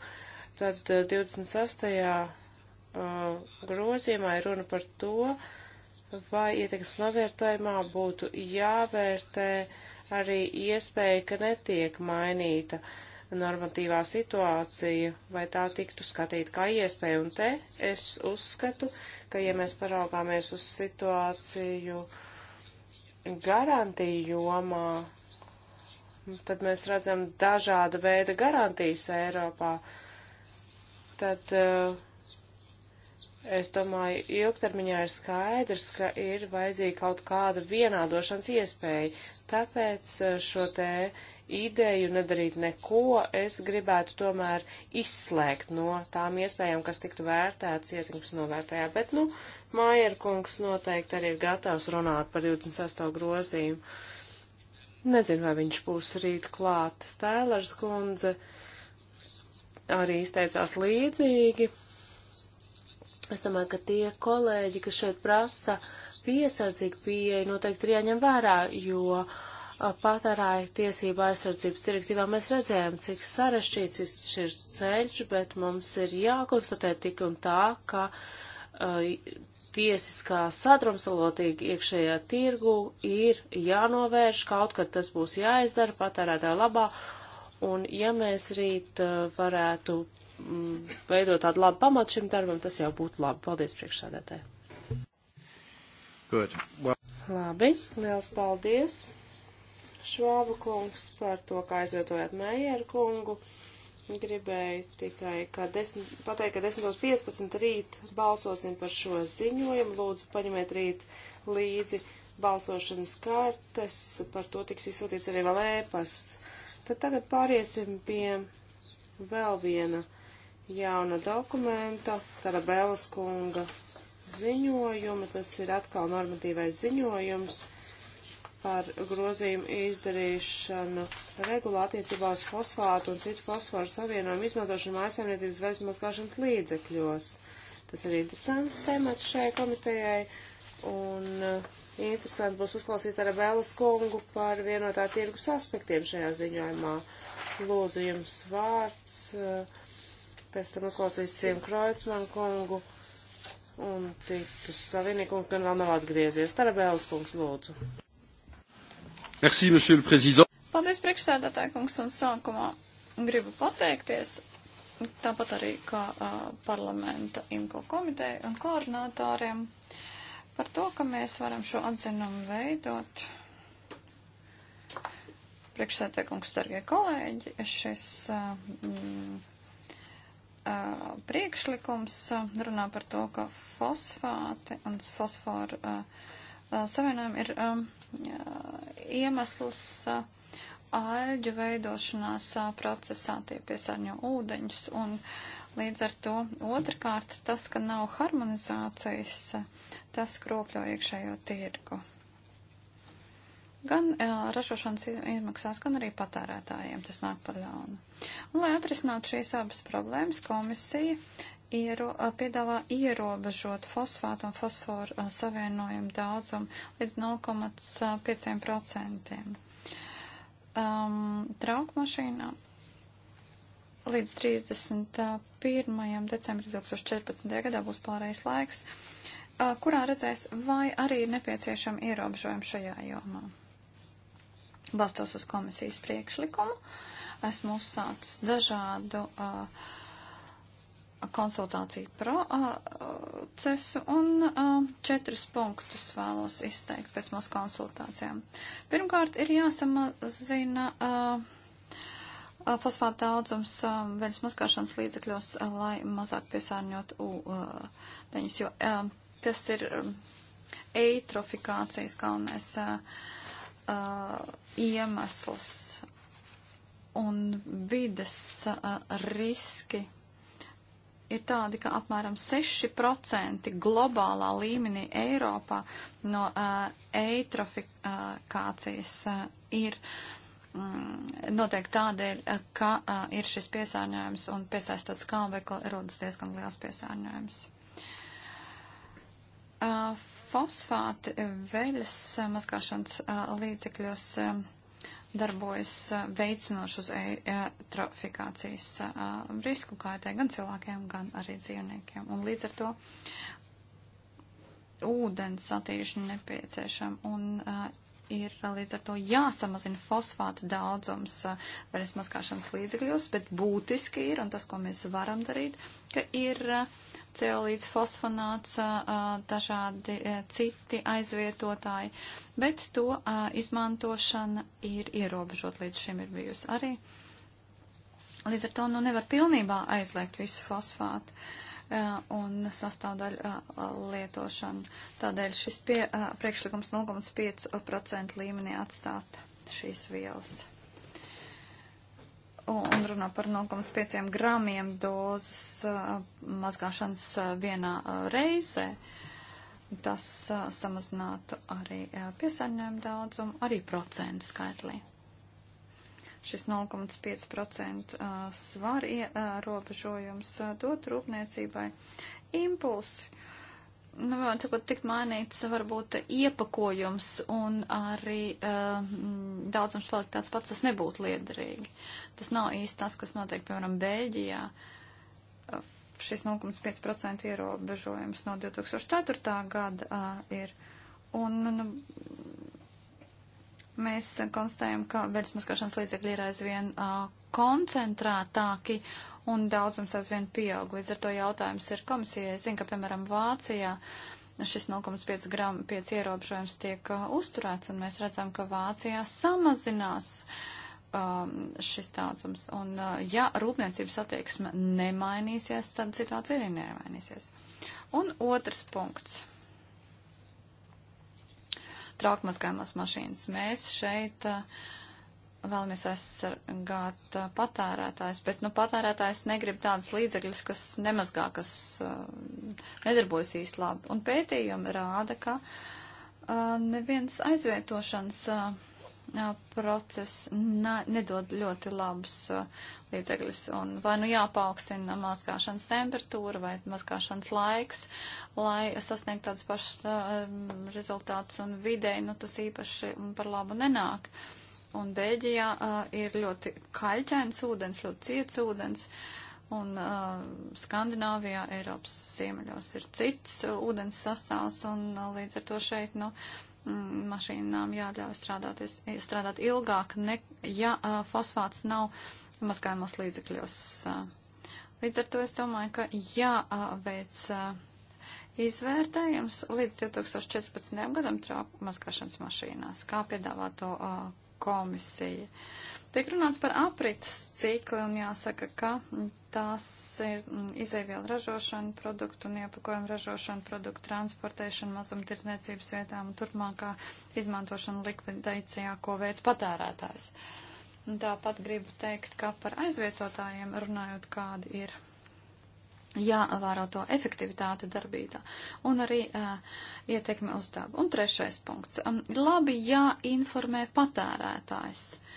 tad 26. Eh, eh, grozījumā ir runa par to, vai ietekmes novērtējumā būtu jāvērtē uh, arī iespēja, ka netiek mainīta normatīvā situācija, vai tā tiktu skatīt kā iespēja. Un te es uzskatu, ka ja mēs paraugāmies uz situāciju garantiju jomā, tad mēs redzam dažāda veida garantijas Eiropā. Tad uh, Es domāju, ilgtermiņā ir skaidrs, ka ir vajadzīga kaut kāda vienādošanas iespēja. Tāpēc eh, šo te ideju nedarīt neko es gribētu tomēr izslēgt no tām iespējām, kas tiktu vērtētas ietekmes novērtējā. Bet, nu, Mājer kungs noteikti arī ir gatavs runāt par 28 grozījumu. Nezinu, vai viņš būs rīt klāt. Stēlers kundze arī izteicās līdzīgi Es domāju, ka tie kolēģi, kas šeit prasa piesardzīgu pieeju, noteikti ir jāņem vērā, jo patērāju tiesību aizsardzības direktīvā mēs redzējām, cik sarežģīts ir ceļš, bet mums ir jākonstatē tik un tā, ka uh, tiesiskā sadrumstalotīga iekšējā tirgu ir jānovērš, kaut kad tas būs jāizdara patērētāja labā, un ja mēs rīt uh, varētu Mm, veidot tādu labu pamatu šim darbam, tas jau būtu labi. Paldies priekšsādētāji. Well... Labi, liels paldies. Švāba kungs par to, kā aizvietojāt Meijeru kungu. Gribēju tikai ka desmit, pateikt, ka 10.15 rīt balsosim par šo ziņojumu. Lūdzu, paņemiet rīt līdzi balsošanas kartes. Par to tiks izsūtīts arī vēl ēpasts. Tad tagad pāriesim pie vēl viena jauna dokumenta, tāda Bēlas kunga ziņojuma, tas ir atkal normatīvais ziņojums par grozījumu izdarīšanu regulā attiecībā uz fosfātu un citu fosforu savienojumu izmantošanu mājasemniecības veismazgāšanas līdzekļos. Tas ir interesants temats šai komitejai, un uh, interesanti būs uzklausīt ar Bēlas kungu par vienotā tirgus aspektiem šajā ziņojumā. Lūdzu, jums vārds. Uh, Pēc tam uzklausīsim Kreutzmanu kungu un citus savienību, un gan vēl nav atgriezies. Tarabēlas kungs, lūdzu. Merci, monsieur le président. Paldies, priekšsēdētāji kungs, un sākumā gribu pateikties, tāpat arī kā uh, parlamenta imko komiteja un koordinātāriem, par to, ka mēs varam šo atzinumu veidot priekšsēdētājkungs, darbie kolēģi, šis mm, uh, priekšlikums uh, runā par to, ka fosfāti un fosforu uh, savienojumi ir um, iemesls āļģu veidošanās procesā, tie piesārņo ūdeņus un līdz ar to otrkārt tas, ka nav harmonizācijas, tas kropļo iekšējo tirgu gan uh, ražošanas izmaksās, gan arī patērētājiem tas nāk par ļaunu. Un, lai atrisinātu šīs abas problēmas, komisija iero, uh, piedāvā ierobežot fosfātu un fosforu uh, savienojumu daudzumu līdz 0,5%. Um, trauku mašīnā līdz 31. decembrim 2014. gadā būs pārējais laiks, kurā redzēs, vai arī ir nepieciešama ierobežojuma šajā jomā. Bastos uz komisijas priekšlikumu. Esmu uzsācis dažādu uh, konsultāciju procesu un uh, četrus punktus vēlos izteikt pēc mūsu konsultācijām. Pirmkārt, ir jāsamazina uh, fosfāta daudzums um, veļas mazgāšanas līdzekļos, uh, lai mazāk piesārņot ūdeņus, uh, jo uh, tas ir eitrofikācijas galvenais uh, uh, iemesls un vides uh, riski ir tādi, ka apmēram 6% globālā līmenī Eiropā no uh, eitrofikācijas uh, ir mm, notiek tādēļ, uh, ka uh, ir šis piesārņojums un piesaistots kābekli rodas diezgan liels piesārņojums. Uh, fosfāti veļas mazgāšanas līdzekļos darbojas veicinoši uz eitrofikācijas e, risku kaitē gan cilvēkiem, gan arī dzīvniekiem. Un līdz ar to ūdens attīrīšana nepieciešama un ir uh, līdz ar to jāsamazina fosfātu daudzums uh, veļas maskāšanas līdzekļos, bet būtiski ir, un tas, ko mēs varam darīt, ka ir uh, CO līdz fosfonāts dažādi citi aizvietotāji, bet to izmantošana ir ierobežot līdz šim ir bijusi arī. Līdz ar to nu nevar pilnībā aizliegt visu fosfātu. Uh, un sastāvdaļu lietošanu. Tādēļ šis pie, priekšlikums 0,5% līmenī atstāt šīs vielas un runā par 0,5 gramiem dozes uh, mazgāšanas uh, vienā uh, reizē. Tas samazinātu arī piesārņojumu daudzumu, arī procentu skaitlī šis 0,5% svara ierobežojums dot rūpniecībai impulsu. Nu, cikot, tik mainīts varbūt iepakojums un arī uh, daudzums palikt tāds pats, tas nebūtu liederīgi. Tas nav īsti tas, kas notiek, piemēram, Bēļģijā. Šis 0,5% ierobežojums no 2004. gada uh, ir. Un, nu, Mēs konstatējam, ka veļasmaskāšanas līdzekļi ir aizvien uh, koncentrētāki un daudzums aizvien pieaug. Līdz ar to jautājums ir komisijai. Es zinu, ka, piemēram, Vācijā šis 0,5 gramu ierobežojums tiek uh, uzturēts, un mēs redzam, ka Vācijā samazinās um, šis daudzums. Un, uh, ja rūpniecības attieksme nemainīsies, tad situācija arī nemainīsies. Un otrs punkts traukmazgājumās mašīnas. Mēs šeit uh, vēlamies aizsargāt uh, patērētājs, bet nu, patērētājs negrib tādas līdzekļus, kas nemazgā, kas uh, nedarbojas īsti labi. Un pētījumi rāda, ka uh, neviens aizvietošanas uh, process ne, nedod ļoti labus līdzekļus. Un vai nu jāpaukstina mazgāšanas temperatūra vai mazgāšanas laiks, lai sasniegtu tādus pašus rezultātus un videi, nu tas īpaši par labu nenāk. Un Bēļģijā uh, ir ļoti kaļķains ūdens, ļoti ciets ūdens. Un uh, Skandināvijā, Eiropas ziemeļos ir cits uh, ūdens sastāvs, un uh, līdz ar to šeit, nu, uh, Mm, mašīnām jāļauj strādāt, strādāt ilgāk, ne, ja uh, fosfāts nav mazgājumos līdzekļos. Līdz ar to es domāju, ka jāveic uh, izvērtējums līdz 2014. gadam trāpu mazgāšanas mašīnās, kā piedāvā to uh, komisija. Uh, Tiek runāts par aprites cikli un jāsaka, ka tās ir mm, izēvielu ražošana, produktu un iepakojumu ražošana, produktu transportēšana, mazumtirdzniecības vietām un turpmākā izmantošana likvidācijā, ko veids patērētājs. Tāpat gribu teikt, ka par aizvietotājiem runājot, kādi ir jāvēro to efektivitāte darbībā un arī uh, ietekme uz dabu. Un trešais punkts. Um, labi jāinformē patērētājs. Uh,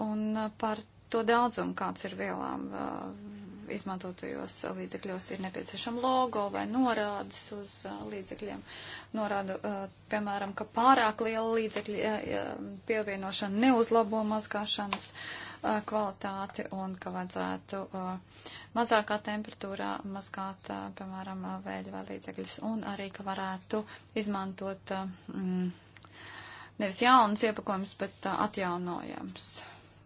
un uh, par to daudzumu, kāds ir vielām uh, izmantotajos uh, līdzekļos, ir nepieciešama logo vai norādes uz līdzekļiem. Norādu, piemēram, ka pārāk liela līdzekļa pievienošana neuzlabo mazgāšanas kvalitāti un ka vajadzētu mazākā temperatūrā mazgāt, piemēram, vēļu vai līdzekļus un arī, ka varētu izmantot mm, nevis jaunas iepakojumus, bet atjaunojams.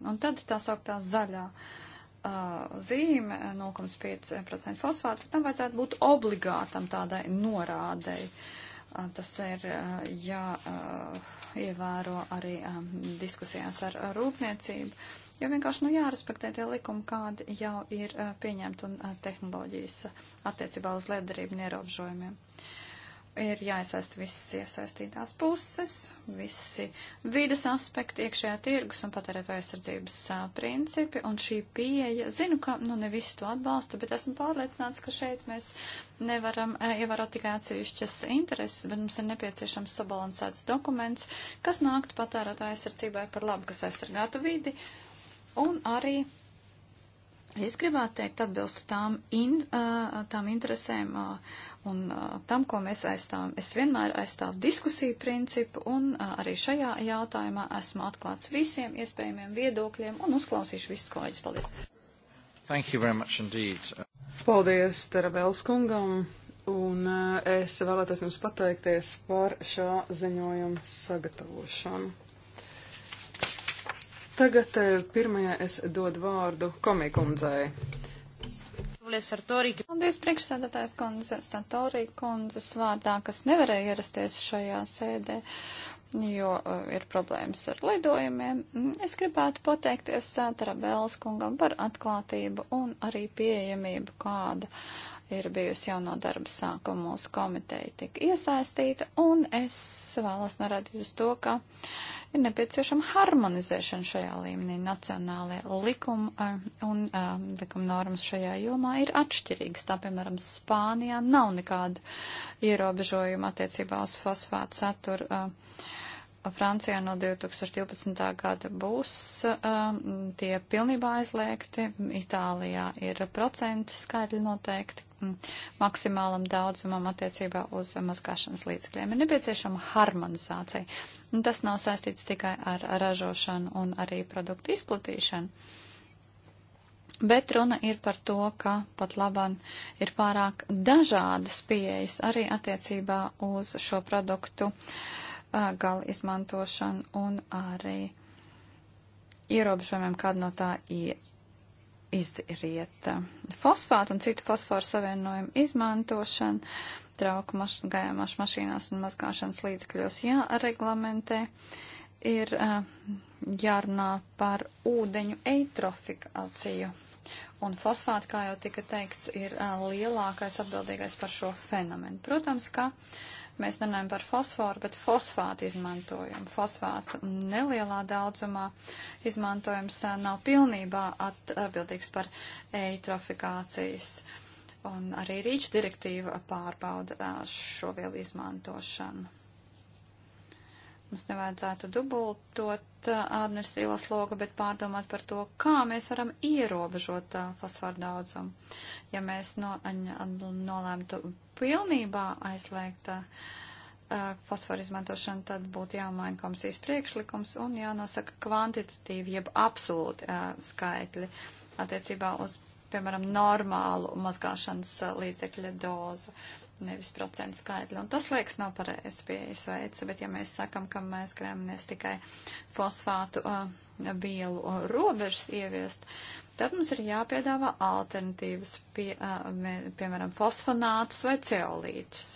Un tad tā sauktā zaļā uh, zīme 0,5% fosfātu tam vajadzētu būt obligātam tādai norādei. Uh, tas ir uh, jāievēro ja, arī um, diskusijās ar rūpniecību, jo vienkārši nu, jārespektē tie likumi, kādi jau ir pieņemti un tehnoloģijas attiecībā uz liederību un ierobežojumiem. Uh, ir jāiesaist visas iesaistītās puses, visi vidas aspekti, iekšējā tirgus un patērētāja aizsardzības principi. Un šī pieeja, zinu, ka nu, ne visi to atbalsta, bet esmu pārliecināts, ka šeit mēs nevaram a, ievērot tikai atsevišķas intereses, bet mums ir nepieciešams sabalansēts dokuments, kas nāktu patērētāja aizsardzībai par labu, kas aizsargātu vidi un arī Es gribētu teikt, atbilstu tām, in, tām interesēm un tam, ko mēs aizstāvam. Es vienmēr aizstāvu diskusiju principu un arī šajā jautājumā esmu atklāts visiem iespējamiem viedokļiem un uzklausīšu visus kolēģus. Paldies! Thank you very much indeed. Paldies, Terabels kungam, un es vēlētos jums pateikties par šā ziņojuma sagatavošanu. Tagad eh, pirmajā es dodu vārdu komikundzei. Paldies priekšsēdētājs kundze, Satorija kundzes vārdā, kas nevarēja ierasties šajā sēdē jo uh, ir problēmas ar lidojumiem. Es gribētu pateikties Sētara eh, Bēles kungam par atklātību un arī pieejamību, kāda ir bijusi jau no darba sākuma mūsu komiteja tik iesaistīta, un es vēlos norādīt uz to, ka ir nepieciešama harmonizēšana šajā līmenī. Nacionālie likumi eh, un um, likuma normas šajā jomā ir atšķirīgas. Tā, piemēram, Spānijā nav nekādu ierobežojumu attiecībā uz fosfātu saturu. Uh, Francijā no 2012. gada būs um, tie pilnībā aizliegti. Itālijā ir procenti skaidri noteikti um, maksimālam daudzumam attiecībā uz mazgāšanas līdzekļiem. Ir nepieciešama harmonizācija. Un tas nav saistīts tikai ar ražošanu un arī produktu izplatīšanu. Bet runa ir par to, ka pat labam ir pārāk dažādas pieejas arī attiecībā uz šo produktu uh, gala izmantošanu un arī ierobežojumiem, kāda no tā izriet. Fosfātu un citu fosforu savienojumu izmantošana trauku maš gājumās mašīnās un mazgāšanas līdzekļos jāreglamentē. Ir uh, jārunā par ūdeņu eitrofikāciju. Un fosfāti, kā jau tika teikts, ir uh, lielākais atbildīgais par šo fenomenu. Protams, ka uh, Mēs runājam par fosforu, bet fosfātu izmantojumu. Fosfātu nelielā daudzumā izmantojums eh, nav pilnībā atbildīgs par eitrofikācijas. Un arī rīča direktīva pārbauda eh, šo vielu izmantošanu. Mums nevajadzētu dubultot eh, administrīvo slogu, bet pārdomāt par to, kā mēs varam ierobežot fosforu daudzumu. Ja mēs no, nolēmtu pilnībā aizliegt uh, fosforu izmantošanu, tad būtu jāmaina komisijas priekšlikums un jānosaka kvantitatīvi, jeb absolūti uh, skaitļi attiecībā uz, piemēram, normālu mazgāšanas uh, līdzekļa dozu, nevis procentu skaitļu. Un tas, liekas, nav pareizs pieejas veids, bet ja mēs sakam, ka mēs grēmamies tikai fosfātu uh, vielu uh, robežas ieviest, uh, Tad mums ir jāpiedāvā alternatīvas, pie, piemēram, fosfonātus vai ceolītus.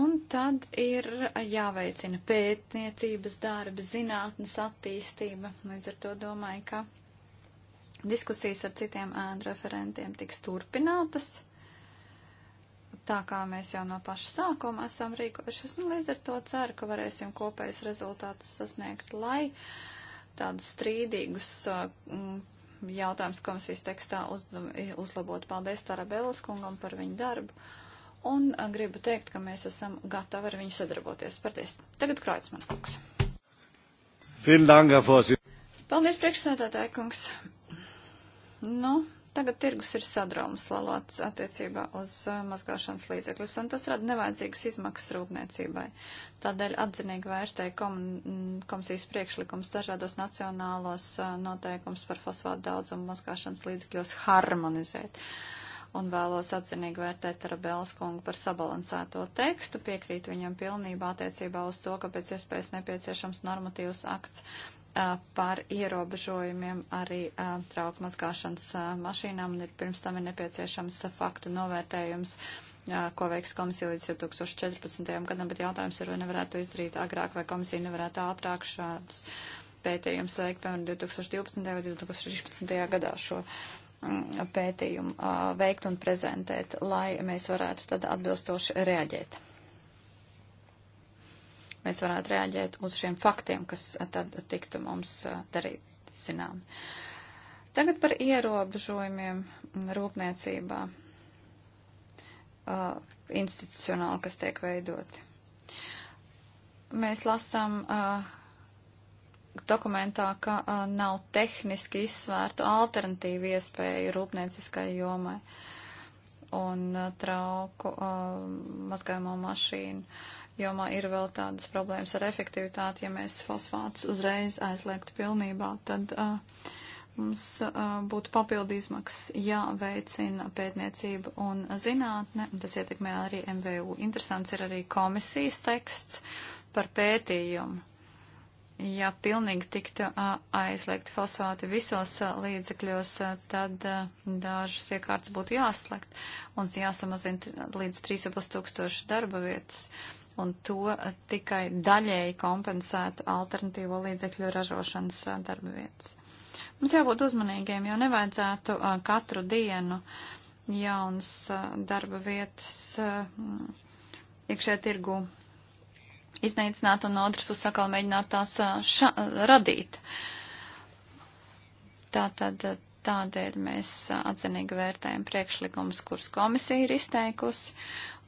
Un tad ir jāveicina pētniecības darba, zinātnes attīstība. Līdz ar to domāju, ka diskusijas ar citiem ēnu referentiem tiks turpinātas tā kā mēs jau no paša sākuma esam rīkojušies, un nu, līdz ar to ceru, ka varēsim kopējas rezultātus sasniegt, lai tādus strīdīgus jautājums komisijas tekstā uz, uzlabot. Paldies Tarabēlas kungam par viņu darbu. Un a, gribu teikt, ka mēs esam gatavi ar viņu sadarboties. Paldies. Tagad Kreutzmann kungs. Paldies, priekšsēdētāji kungs. Nu, Tagad tirgus ir sadrumslalots attiecībā uz uh, mazgāšanas līdzekļus, un tas rada nevajadzīgas izmaksas rūpniecībai. Tādēļ atzinīgi vērstēja kom mm, komisijas priekšlikums dažādos nacionālos uh, noteikums par fosfātu daudzumu mazgāšanas līdzekļos harmonizēt. Un vēlos atzinīgi vērtēt Tarabēlas kungu par sabalansēto tekstu, piekrīt viņam pilnībā attiecībā uz to, ka pēc iespējas nepieciešams normatīvs akts par ierobežojumiem arī trauku mazgāšanas mašīnām, un ir pirms tam ir nepieciešams faktu novērtējums ko veiks komisija līdz 2014. gadam, bet jautājums ir, vai nevarētu izdarīt agrāk, vai komisija nevarētu ātrāk šādus pētījumus veikt, piemēram, 2012. vai 2013. gadā šo mm, pētījumu veikt un prezentēt, lai mēs varētu tad atbilstoši reaģēt mēs varētu reaģēt uz šiem faktiem, kas eh, tad tiktu mums eh, darīt zinām. Tagad par ierobežojumiem rūpniecībā uh, institucionāli, kas tiek veidoti. Mēs lasām uh, dokumentā, ka uh, nav tehniski izsvērtu alternatīvu iespēju rūpnieciskai jomai un uh, trauku uh, mazgājumu mašīnu jomā ir vēl tādas problēmas ar efektivitāti. Ja mēs fosfātus uzreiz aizliegtu pilnībā, tad uh, mums uh, būtu papildu izmaksas jāveicina pētniecība un zinātne. Tas ietekmē arī MVU. Interesants ir arī komisijas teksts par pētījumu. Ja pilnīgi tiktu uh, aizliegt fosfāti visos uh, līdzekļos, uh, tad dažas iekārtas būtu jāslēgt un jāsamazina līdz 3,5 tūkstoši darba vietas. Uh, un to tikai daļēji kompensētu alternatīvo līdzekļu ražošanas darba vietas. Mums jābūt uzmanīgiem, jo nevajadzētu katru dienu jaunas darba vietas iekšē tirgu iznīcināt un no otras puses atkal mēģināt tās ša, radīt. Tātad tādēļ mēs atzinīgi vērtējam priekšlikumus, kurus komisija ir izteikusi,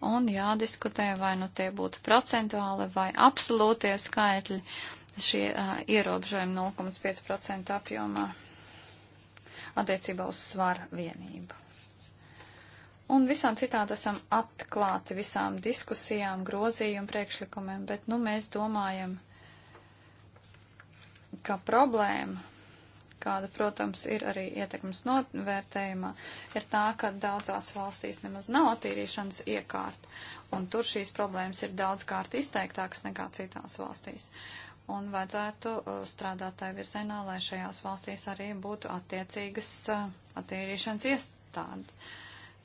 un jādiskutē, vai nu tie būtu procentuāli vai absolūtie skaitļi šie uh, ierobežojumi 0,5% apjomā attiecībā uz svara vienību. Un visām citādi esam atklāti visām diskusijām, grozījumu priekšlikumiem, bet nu mēs domājam, ka problēma kāda, protams, ir arī ietekmes novērtējumā, ir tā, ka daudzās valstīs nemaz nav attīrīšanas iekārta, un tur šīs problēmas ir daudz kārt izteiktākas nekā citās valstīs. Un vajadzētu uh, strādāt tai virzienā, lai šajās valstīs arī būtu attiecīgas uh, attīrīšanas iestādes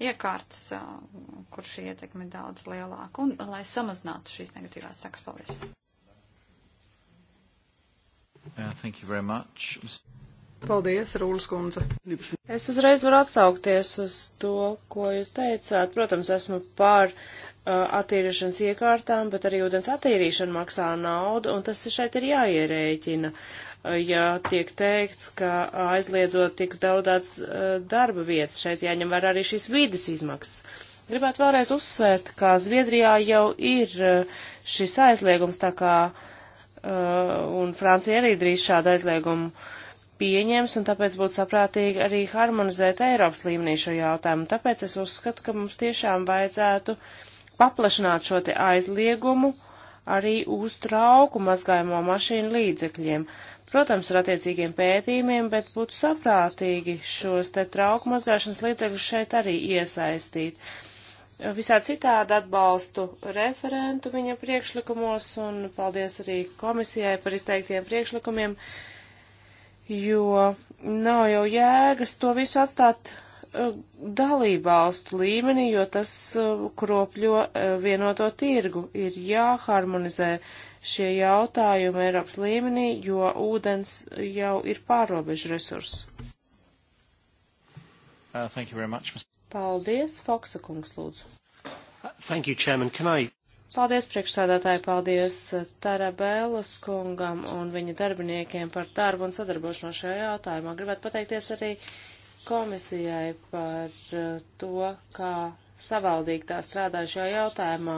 iekārtas, uh, kur šī ietekme ir daudz lielāka, un lai samazinātu šīs negatīvās sekas. Paldies! Uh, thank you very much. Paldies, Rūlis kundze. Es uzreiz varu atsaukties uz to, ko jūs teicāt. Protams, esmu pār uh, attīrīšanas iekārtām, bet arī ūdens attīrīšana maksā naudu, un tas šeit ir jāierēķina. Uh, ja tiek teikts, ka aizliedzot tiks daudāts uh, darba vietas, šeit jāņem vērā arī šīs vides izmaksas. Gribētu vēlreiz uzsvērt, ka Zviedrijā jau ir uh, šis aizliegums, tā kā, uh, un Francija arī drīz šādu aizliegumu uh, pieņems, un tāpēc būtu saprātīgi arī harmonizēt Eiropas līmenī šo jautājumu. Tāpēc es uzskatu, ka mums tiešām vajadzētu paplašināt šo te aizliegumu arī uz trauku mazgājumo mašīnu līdzekļiem. Protams, ar attiecīgiem pētījumiem, bet būtu saprātīgi šos te trauku mazgāšanas līdzekļus šeit arī iesaistīt. Visā citādi atbalstu referentu viņa priekšlikumos un paldies arī komisijai par izteiktiem priekšlikumiem. Uh, jo nav jau jēgas to visu atstāt e, dalībvalstu līmenī, jo tas e, kropļo e, vienoto tirgu. Ir jāharmonizē šie jautājumi Eiropas līmenī, jo ūdens jau ir pārobežu resurs. Uh, much, Paldies, Foksa kungs, lūdzu. Uh, thank you, Chairman. Can I Paldies priekšsādātāji, paldies uh, Tarabēlas kungam un viņa darbiniekiem par darbu un sadarbošanos šajā jautājumā. Gribētu pateikties arī komisijai par uh, to, kā savaldīgi tā strādāja šajā jautājumā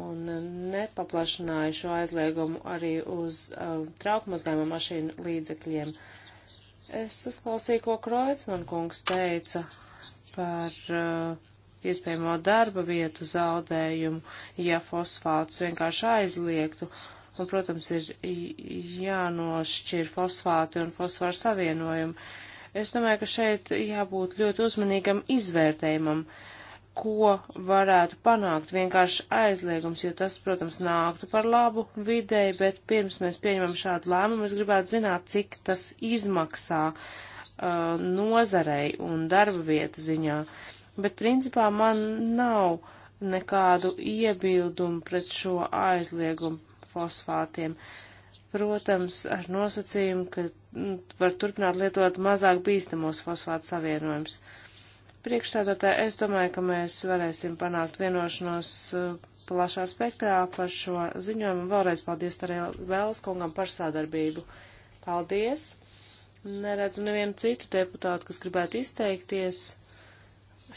un nepaplašināja šo aizliegumu arī uz uh, traukmazgājuma mašīnu līdzekļiem. Es uzklausīju, ko Kroicman kungs teica par uh, iespējamo darba vietu zaudējumu, ja fosfātus vienkārši aizliegtu. Un, protams, ir jānošķir fosfāti un fosfāru savienojumi. Es domāju, ka šeit jābūt ļoti uzmanīgam izvērtējumam, ko varētu panākt vienkārši aizliegums, jo tas, protams, nāktu par labu videi, bet pirms mēs pieņemam šādu lēmumu, es gribētu zināt, cik tas izmaksā uh, nozarei un darba vietu ziņā bet principā man nav nekādu iebildumu pret šo aizliegumu fosfātiem. Protams, ar nosacījumu, ka nu, var turpināt lietot mazāk bīstamos fosfātu savienojumus. Priekšstādātāji, es domāju, ka mēs varēsim panākt vienošanos uh, plašā spektrā par šo ziņojumu. Vēlreiz paldies arī Vēlas kungam par sadarbību. Paldies! Neredzu nevienu citu deputātu, kas gribētu izteikties.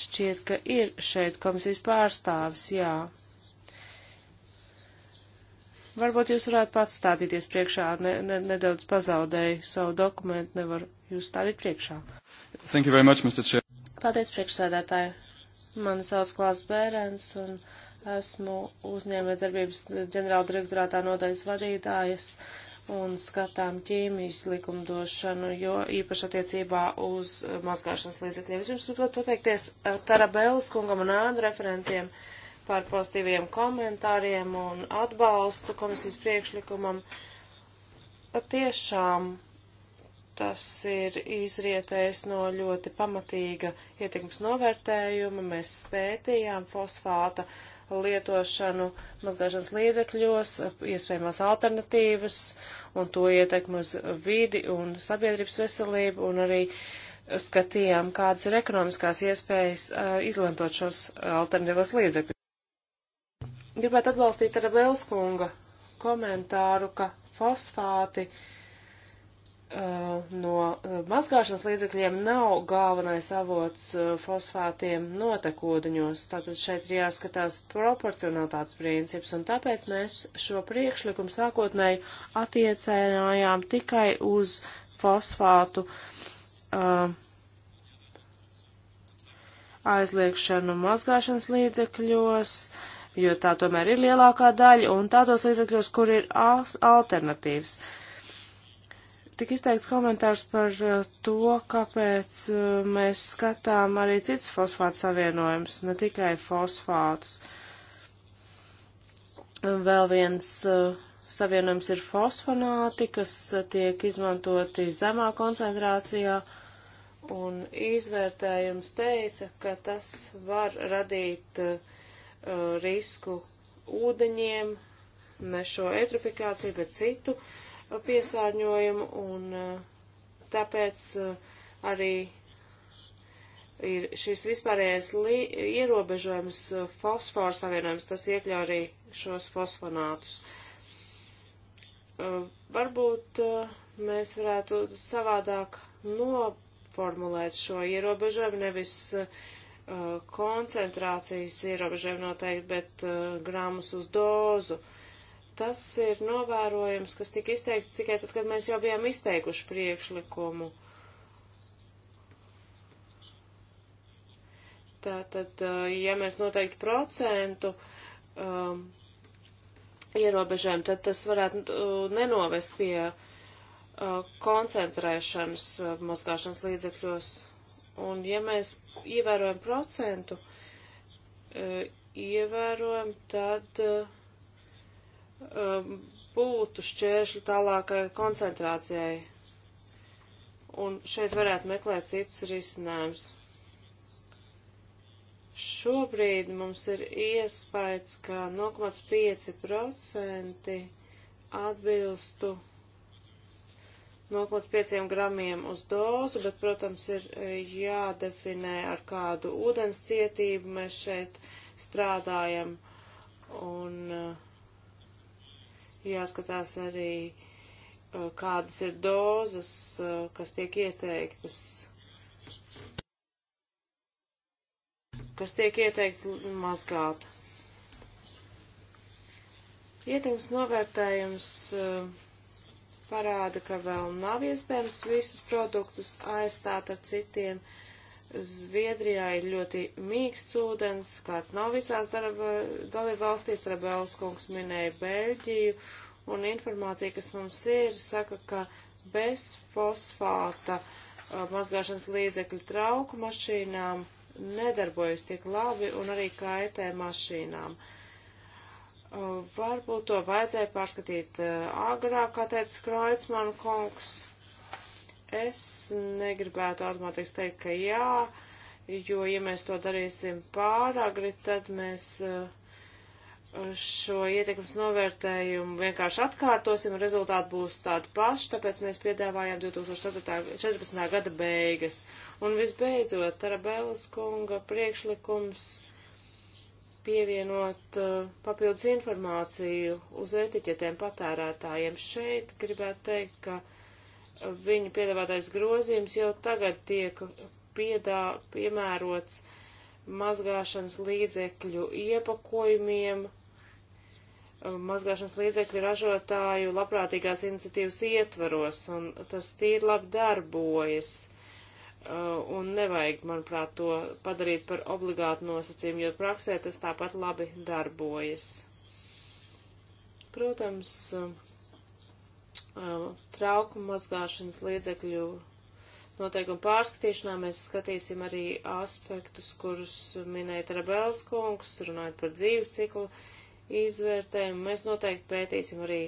Šķiet, ka ir šeit komisijas pārstāvis, jā. Varbūt jūs varētu pats stādīties priekšā, ne, ne, nedaudz pazaudēju savu dokumentu, nevaru jūs stādīt priekšā. Thank you very much, Mr. Chair. Paldies, priekšsēdētāji. Mani sauc Klās Bērens un esmu uzņēmē darbības ģenerāla direktorātā nodaļas vadītājas. Uh, un skatām ķīmijas likumdošanu, jo īpaši attiecībā uz mazgāšanas līdzekļiem. Es jums gribu pateikties eh, Tarabēlas kungam un ādu referentiem par pozitīviem komentāriem un atbalstu komisijas priekšlikumam. Patiešām tas ir izrietējis no ļoti pamatīga ietekmes novērtējuma. Mēs spētījām fosfāta lietošanu mazgāšanas līdzekļos, iespējamās alternatīvas un to ietekmu uz vidi un sabiedrības veselību un arī skatījām, kādas ir ekonomiskās iespējas uh, izlantot šos alternatīvos līdzekļus. Gribētu atbalstīt arī Belskunga komentāru, ka fosfāti uh, Uh, no uh, mazgāšanas līdzekļiem nav galvenais avots uh, fosfātiem notekūdeņos. Tātad šeit ir jāskatās proporcionalitātes princips, un tāpēc mēs šo priekšlikumu sākotnēji attiecinājām tikai uz fosfātu uh, aizliekšanu mazgāšanas līdzekļos, jo tā tomēr ir lielākā daļa, un tādos līdzekļos, kur ir alternatīvas. Uh, Tik izteikts komentārs par uh, to, kāpēc uh, mēs skatām arī citus fosfātu savienojumus, ne tikai fosfātus. Vēl viens uh, savienojums ir fosfonāti, kas tiek izmantoti zemā koncentrācijā un izvērtējums teica, ka tas var radīt uh, risku ūdeņiem, ne šo eitrofikāciju, bet citu, Uh, piesārņojumu, un uh, tāpēc uh, arī ir šis vispārējais ierobežojums fosforu savienojums, tas iekļauj arī šos fosfonātus. Varbūt mēs varētu savādāk noformulēt šo ierobežojumu, nevis koncentrācijas ierobežojumu noteikti, bet gramus uz dozu. Uh, tas ir novērojums, kas tika izteikts tikai tad, kad mēs jau bijām izteikuši priekšlikumu. Tātad, eh, ja mēs noteikti procentu um, ierobežojam, tad tas varētu uh, nenovest pie uh, koncentrēšanas uh, mazgāšanas līdzekļos. Un ja mēs ievērojam procentu, uh, ievērojam, tad. Uh, Um, būtu šķēršļi tālākai koncentrācijai. Un šeit varētu meklēt citus risinājumus. Šobrīd mums ir iespējas, ka 0,5% atbilstu 0,5 gramiem uz dozu, bet, protams, ir e, jādefinē, ar kādu ūdens cietību mēs šeit strādājam. Un, uh, jāskatās arī, uh, kādas ir dozas, uh, kas tiek ieteiktas. kas tiek ieteikts mazgāt. Ietekmes novērtējums uh, parāda, ka vēl nav iespējams visus produktus aizstāt ar citiem, uh, Zviedrijā ir ļoti mīksts ūdens, kāds nav visās dalību valstīs, Rebels kungs minēja Beļģiju, un informācija, kas mums ir, saka, ka bez fosfāta uh, mazgāšanas līdzekļu trauku mašīnām nedarbojas tik labi un arī kaitē mašīnām. Uh, varbūt to vajadzēja pārskatīt uh, agrāk, kā teica Kreutzmann kungs Es negribētu automātiski teikt, ka jā, jo, ja mēs to darīsim pāragri, tad mēs uh, šo ietekmes novērtējumu vienkārši atkārtosim, rezultāti būs tādi paši, tāpēc mēs piedāvājām 2014. gada beigas. Un visbeidzot, Tarabēlas kunga priekšlikums pievienot uh, papildus informāciju uz etiķetēm patērētājiem. Šeit gribētu teikt, ka viņu piedāvātais grozījums jau tagad tiek piedā, piemērots mazgāšanas līdzekļu iepakojumiem, um, mazgāšanas līdzekļu ražotāju labprātīgās iniciatīvas ietvaros, un tas tīri labi darbojas. Uh, un nevajag, manuprāt, to padarīt par obligātu nosacījumu, jo praksē tas tāpat labi darbojas. Protams, uh, um, trauku mazgāšanas līdzekļu noteikumu pārskatīšanā mēs skatīsim arī aspektus, kurus minēja Trabēls kungs, runājot par dzīves ciklu izvērtējumu. Mēs noteikti pētīsim arī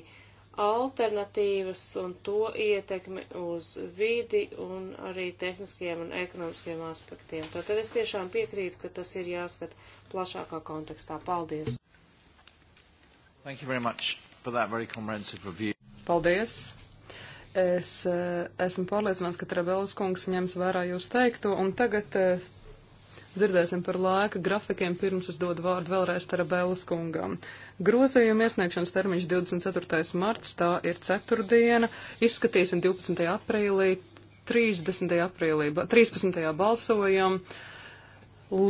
alternatīvas un to ietekmi uz vidi un arī tehniskiem un ekonomiskiem aspektiem. Tātad es tiešām piekrītu, ka tas ir jāskat plašākā kontekstā. Paldies! Thank you very much for that very comprehensive review. Paldies! Es eh, esmu pārliecināts, ka Trebelis kungs ņems vērā jūs teikto, un tagad eh, dzirdēsim par laika grafikiem, pirms es dodu vārdu vēlreiz Trebelis kungam. Grozījuma iesniegšanas termiņš 24. marts, tā ir ceturtdiena, izskatīsim 12. aprīlī, 30. aprīlī, 13. balsojam,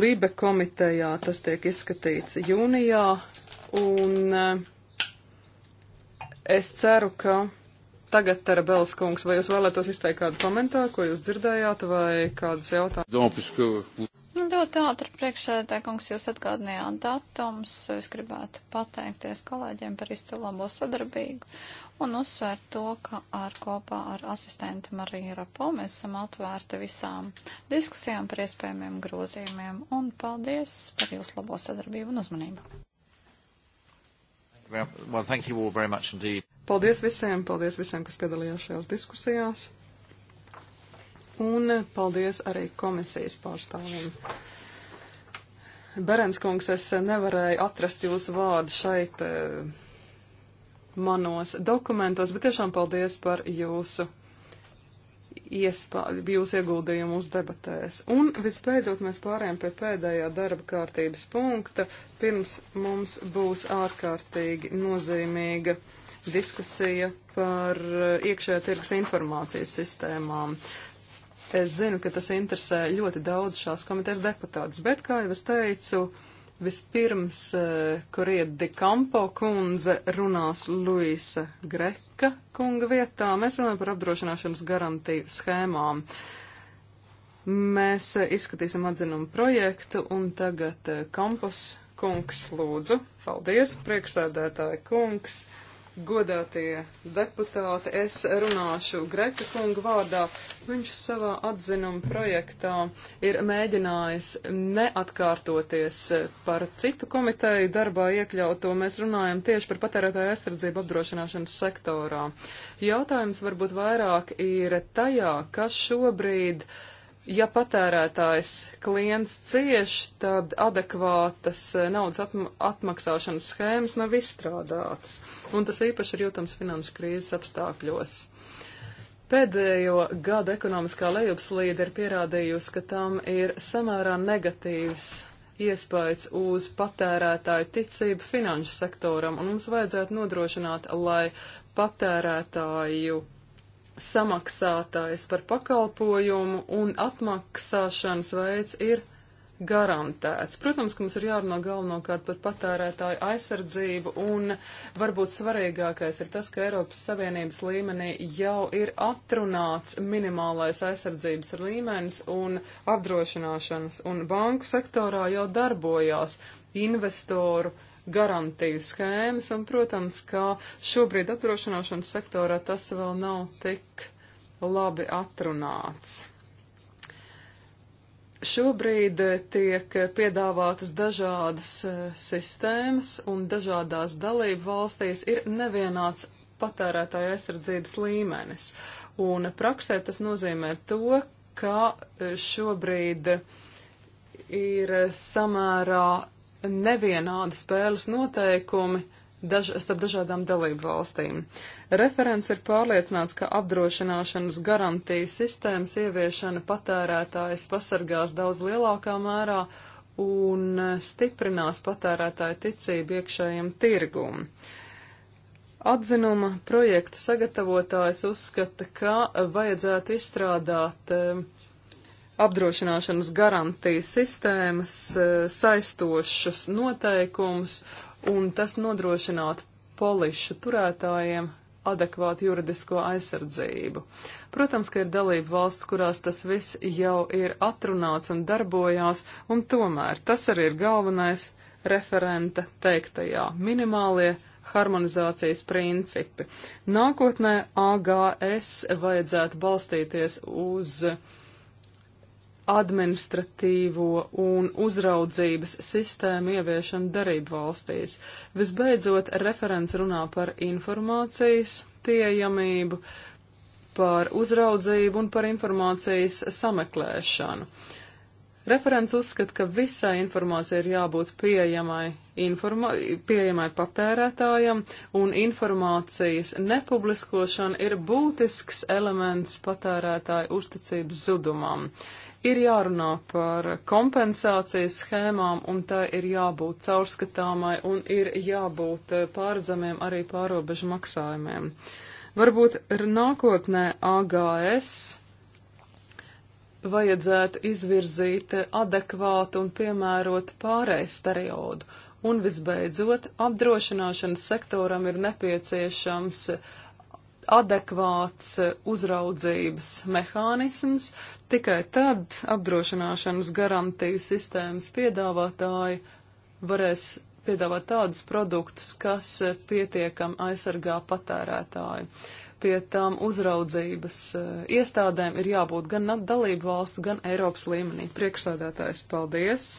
Libe komitejā tas tiek izskatīts jūnijā, un eh, Es ceru, ka tagad Tarabels kungs, vai jūs vēlētos izteikt kādu komentāru, ko jūs dzirdējāt, vai kādus jautājumus? Nu, ļoti ātri priekšsēdētāji kungs, jūs atgādinājāt datums. Es gribētu pateikties kolēģiem par izcilabo sadarbību un uzsvērt to, ka ar kopā ar asistentu Mariju Rapo mēs esam atvērti visām diskusijām par iespējamiem grozījumiem. Un paldies par jūsu labo sadarbību un uzmanību. Well, thank you all very much indeed. Paldies visiem, paldies visiem, kas piedalījās šajās diskusijās. Un paldies arī komisijas pārstāvjiem. Berenskungs, es nevarēju atrast jūsu vārdu šeit eh, manos dokumentos, bet tiešām paldies par jūsu jūsu ieguldījumu uz debatēs. Un vispēcot mēs pārējām pie pēdējā darba kārtības punkta, pirms mums būs ārkārtīgi nozīmīga diskusija par eh, iekšējā tirgus informācijas sistēmām. Es zinu, ka tas interesē ļoti daudz šās komitejas deputātus, bet, kā jau es teicu, uh, Vispirms, kuriet eh, Dikampo kundze runās Luisa Greka kunga vietā, mēs runājam par apdrošināšanas garantiju schēmām. Mēs eh, izskatīsim atzinumu projektu un tagad Kampos eh, kungs lūdzu. Paldies, priekšsēdētāji kungs. Godātie deputāti, es runāšu Greka kunga vārdā. Viņš savā atzinuma projektā ir mēģinājis neatkārtoties par citu komiteju darbā iekļauto. Mēs runājam tieši par patērētāju aizsardzību apdrošināšanas sektorā. Jautājums varbūt vairāk ir tajā, kas šobrīd uh, ja patērētājs klients cieš, tad adekvātas naudas atm atmaksāšanas schēmas nav izstrādātas, un tas īpaši ir jūtams finanšu krīzes apstākļos. Pēdējo gadu ekonomiskā lejupslīde ir pierādījusi, ka tam ir samērā negatīvs iespējas uz patērētāju ticību finanšu sektoram, un mums vajadzētu nodrošināt, lai patērētāju samaksātājs par pakalpojumu un atmaksāšanas veids ir garantēts. Protams, ka mums ir jārunā galvenokārt par patērētāju aizsardzību, un varbūt svarīgākais ir tas, ka Eiropas Savienības līmenī jau ir atrunāts minimālais aizsardzības līmenis un apdrošināšanas, un banku sektorā jau darbojās investoru garantiju schēmas, un, protams, ka šobrīd apdrošināšanas sektorā tas vēl nav tik labi atrunāts. Šobrīd tiek piedāvātas dažādas e, sistēmas, un dažādās dalību valstīs ir nevienāds patērētāja aizsardzības līmenis. Un praksē tas nozīmē to, ka e, šobrīd ir samērā nevienādi spēles noteikumi daž, starp dažādām dalību valstīm. Referents ir pārliecināts, ka apdrošināšanas garantijas sistēmas ieviešana patērētājs pasargās daudz lielākā mērā un stiprinās patērētāju ticību iekšējiem tirgumam. Atzinuma projekta sagatavotājs uzskata, ka vajadzētu izstrādāt uh, apdrošināšanas garantijas sistēmas e, saistošas noteikums, un tas nodrošinātu polišu turētājiem adekvātu juridisko aizsardzību. Protams, ka ir dalība valsts, kurās tas viss jau ir atrunāts un darbojās, un tomēr tas arī ir galvenais referenta teiktajā - minimālie harmonizācijas principi. Nākotnē AGS vajadzētu balstīties uz uh, administratīvo un uzraudzības sistēmu ieviešanu darību valstīs. Visbeidzot, referents runā par informācijas pieejamību, par uzraudzību un par informācijas sameklēšanu. Referents uzskata, ka visai informācija ir jābūt pieejamai, informa pieejamai patērētājam, un informācijas nepubliskošana ir būtisks elements patērētāju uzticības zudumam. Uh, Ir jārunā par kompensācijas schēmām, un tā ir jābūt caurskatāmai, un ir jābūt eh, pārdzamiem arī pārobežu maksājumiem. Varbūt nākotnē AGS vajadzētu izvirzīt eh, adekvātu un piemērotu pārējais periodu. Un visbeidzot, apdrošināšanas sektoram ir nepieciešams adekvāts eh, uzraudzības mehānisms, tikai tad apdrošināšanas garantiju sistēmas piedāvātāji varēs piedāvāt tādus produktus, kas eh, pietiekam aizsargā patērētāju. Pie tām uzraudzības eh, iestādēm ir jābūt gan dalību valstu, gan Eiropas līmenī. Priekšsādātājs, paldies!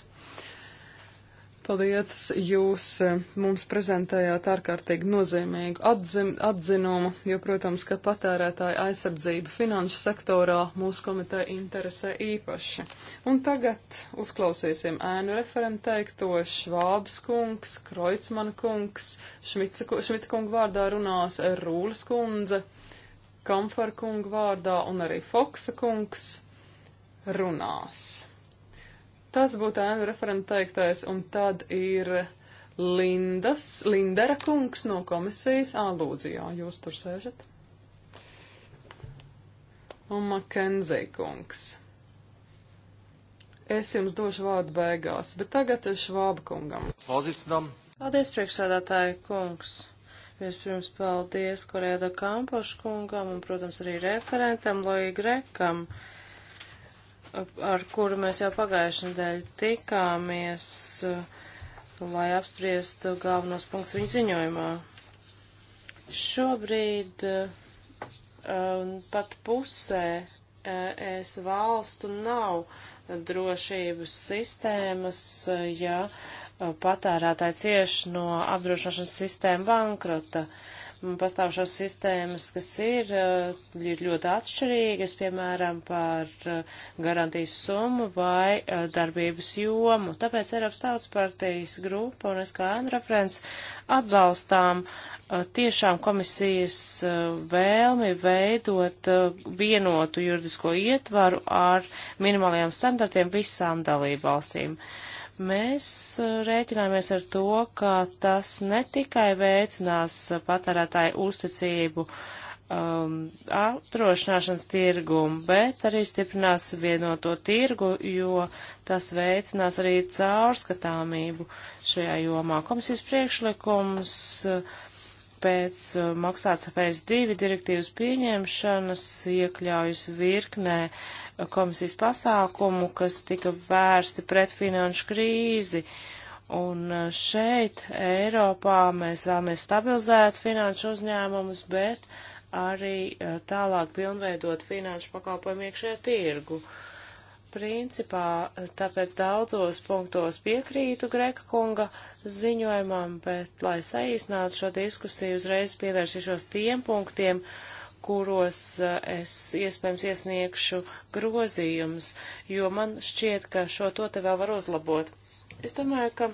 Paldies, jūs eh, mums prezentējāt ārkārtīgi nozīmīgu atzim, atzinumu, jo, protams, ka patērētāja aizsardzība finanšu sektorā mūsu komiteja interesē īpaši. Un tagad uzklausīsim ēnu referentu teikto Švābs kungs, Kreutzmana kungs, Šmita kunga vārdā runās Rūles kundze, Kamfar kunga vārdā un arī Foksa kungs runās. Tas būtu ēnu referenta teiktais, un tad ir Lindas, Lindera kungs no komisijas. Ā, lūdzu, jā, jūs tur sēžat. Un Makenzei kungs. Es jums došu vārdu beigās, bet tagad Švāba kungam. Pozicinam. Paldies, priekšsēdētāji kungs. Vispirms paldies Korēda Kampošu kungam un, protams, arī referentam Loji Grekam. Uh, ar kuru mēs jau pagājušajā nedēļā tikāmies, eh, lai apspriestu galvenos punktus viņa ziņojumā. Šobrīd eh, pat pusē eh, es valstu nav drošības sistēmas, ja patērētāji cieši no apdrošināšanas sistēma bankrota. Uh, pastāvšās sistēmas, kas ir, eh, ir ļoti atšķirīgas, piemēram, par eh, garantijas summu vai eh, darbības jomu. Tāpēc Eiropas Tautas partijas grupa un es kā Andrafrens atbalstām tiešām komisijas vēlmi veidot vienotu juridisko ietvaru ar minimālajiem standartiem visām dalību valstīm. Uh, Mēs uh, rēķināmies ar to, ka tas ne tikai veicinās uh, patērētāju uzticību um, apdrošināšanas tirgumu, bet arī stiprinās vienoto tirgu, jo tas veicinās arī caurskatāmību šajā jomā. Komisijas priekšlikums uh, pēc maksātspējas divi direktīvas pieņemšanas iekļaujas virknē uh, komisijas pasākumu, kas tika vērsti pret finanšu krīzi. Un eh, šeit, Eiropā, mēs vēlamies stabilizēt finanšu uzņēmumus, bet arī eh, tālāk pilnveidot finanšu pakalpojumu iekšējā tirgu. Principā eh, tāpēc daudzos punktos piekrītu Greka kunga ziņojumam, bet, lai saīsinātu šo diskusiju, uzreiz pievērsīšos tiem punktiem, uh, kuros eh, es iespējams iesniegšu grozījumus, jo man šķiet, ka šo to te vēl var uzlabot. Es domāju, ka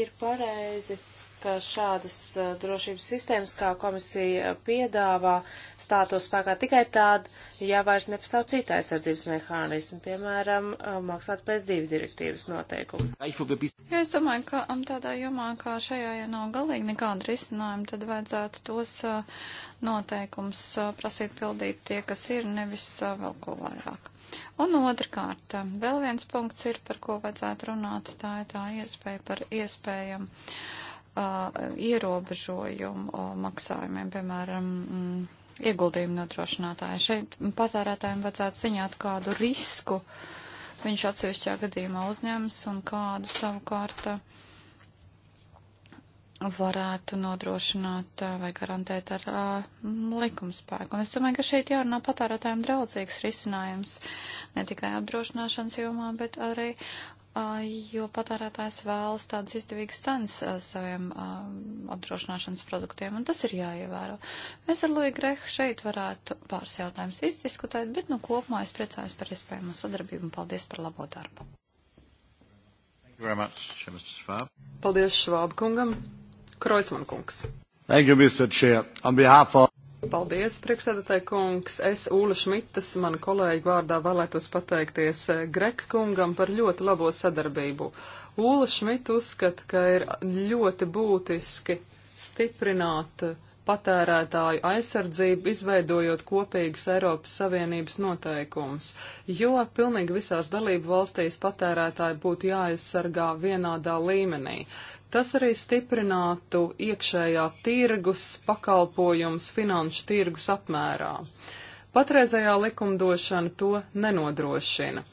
ir pareizi ka šādas uh, drošības sistēmas, kā komisija piedāvā, stātos spēkā tikai tād, ja vairs nepastāv cita aizsardzības mehānismi, piemēram, uh, maksāt pēc divu direktīvas noteikumu. Ja es domāju, ka um, tādā jomā, kā šajā, ja nav galīgi nekāda risinājuma, tad vajadzētu tos uh, noteikums prasīt pildīt tie, kas ir, nevis vēl ko vairāk. Un otrkārt, um, vēl viens punkts ir, par ko vajadzētu runāt, tā ir tā iespēja par iespējamu uh, ierobežojumu maksājumiem, piemēram, mm, ieguldījumu nodrošinātāji. Šeit patērētājiem vajadzētu ziņāt, kādu risku viņš atsevišķā gadījumā uzņems un kādu savukārt varētu nodrošināt vai garantēt ar uh, likumspēku. Un es domāju, ka šeit jārunā patērētājiem draudzīgs risinājums ne tikai apdrošināšanas jomā, bet arī jo patērētājs vēlas tādas izdevīgas cenas saviem apdrošināšanas produktiem, un tas ir jāievēro. Mēs ar Lūiju Grehu šeit varētu pāris jautājumus izdiskutēt, bet nu kopumā es priecājos par iespējamo sadarbību un paldies par labo darbu. Much, Schwab. Paldies Švāba kungam. Kreutzmann kungs. Thank you, Mr. Chair. On behalf of Paldies, priekšsēdētāji kungs. Es, Ūla Šmitas, mana kolēģa vārdā vēlētos pateikties eh, Greka kungam par ļoti labo sadarbību. Ūla Šmita uzskata, ka ir ļoti būtiski stiprināt patērētāju aizsardzību, izveidojot kopīgus Eiropas Savienības noteikumus, jo pilnīgi visās dalību valstīs patērētāji būtu jāaizsargā vienādā līmenī. Tas arī stiprinātu iekšējā tirgus pakalpojums finanšu tirgus apmērā. Patreizējā likumdošana to nenodrošina.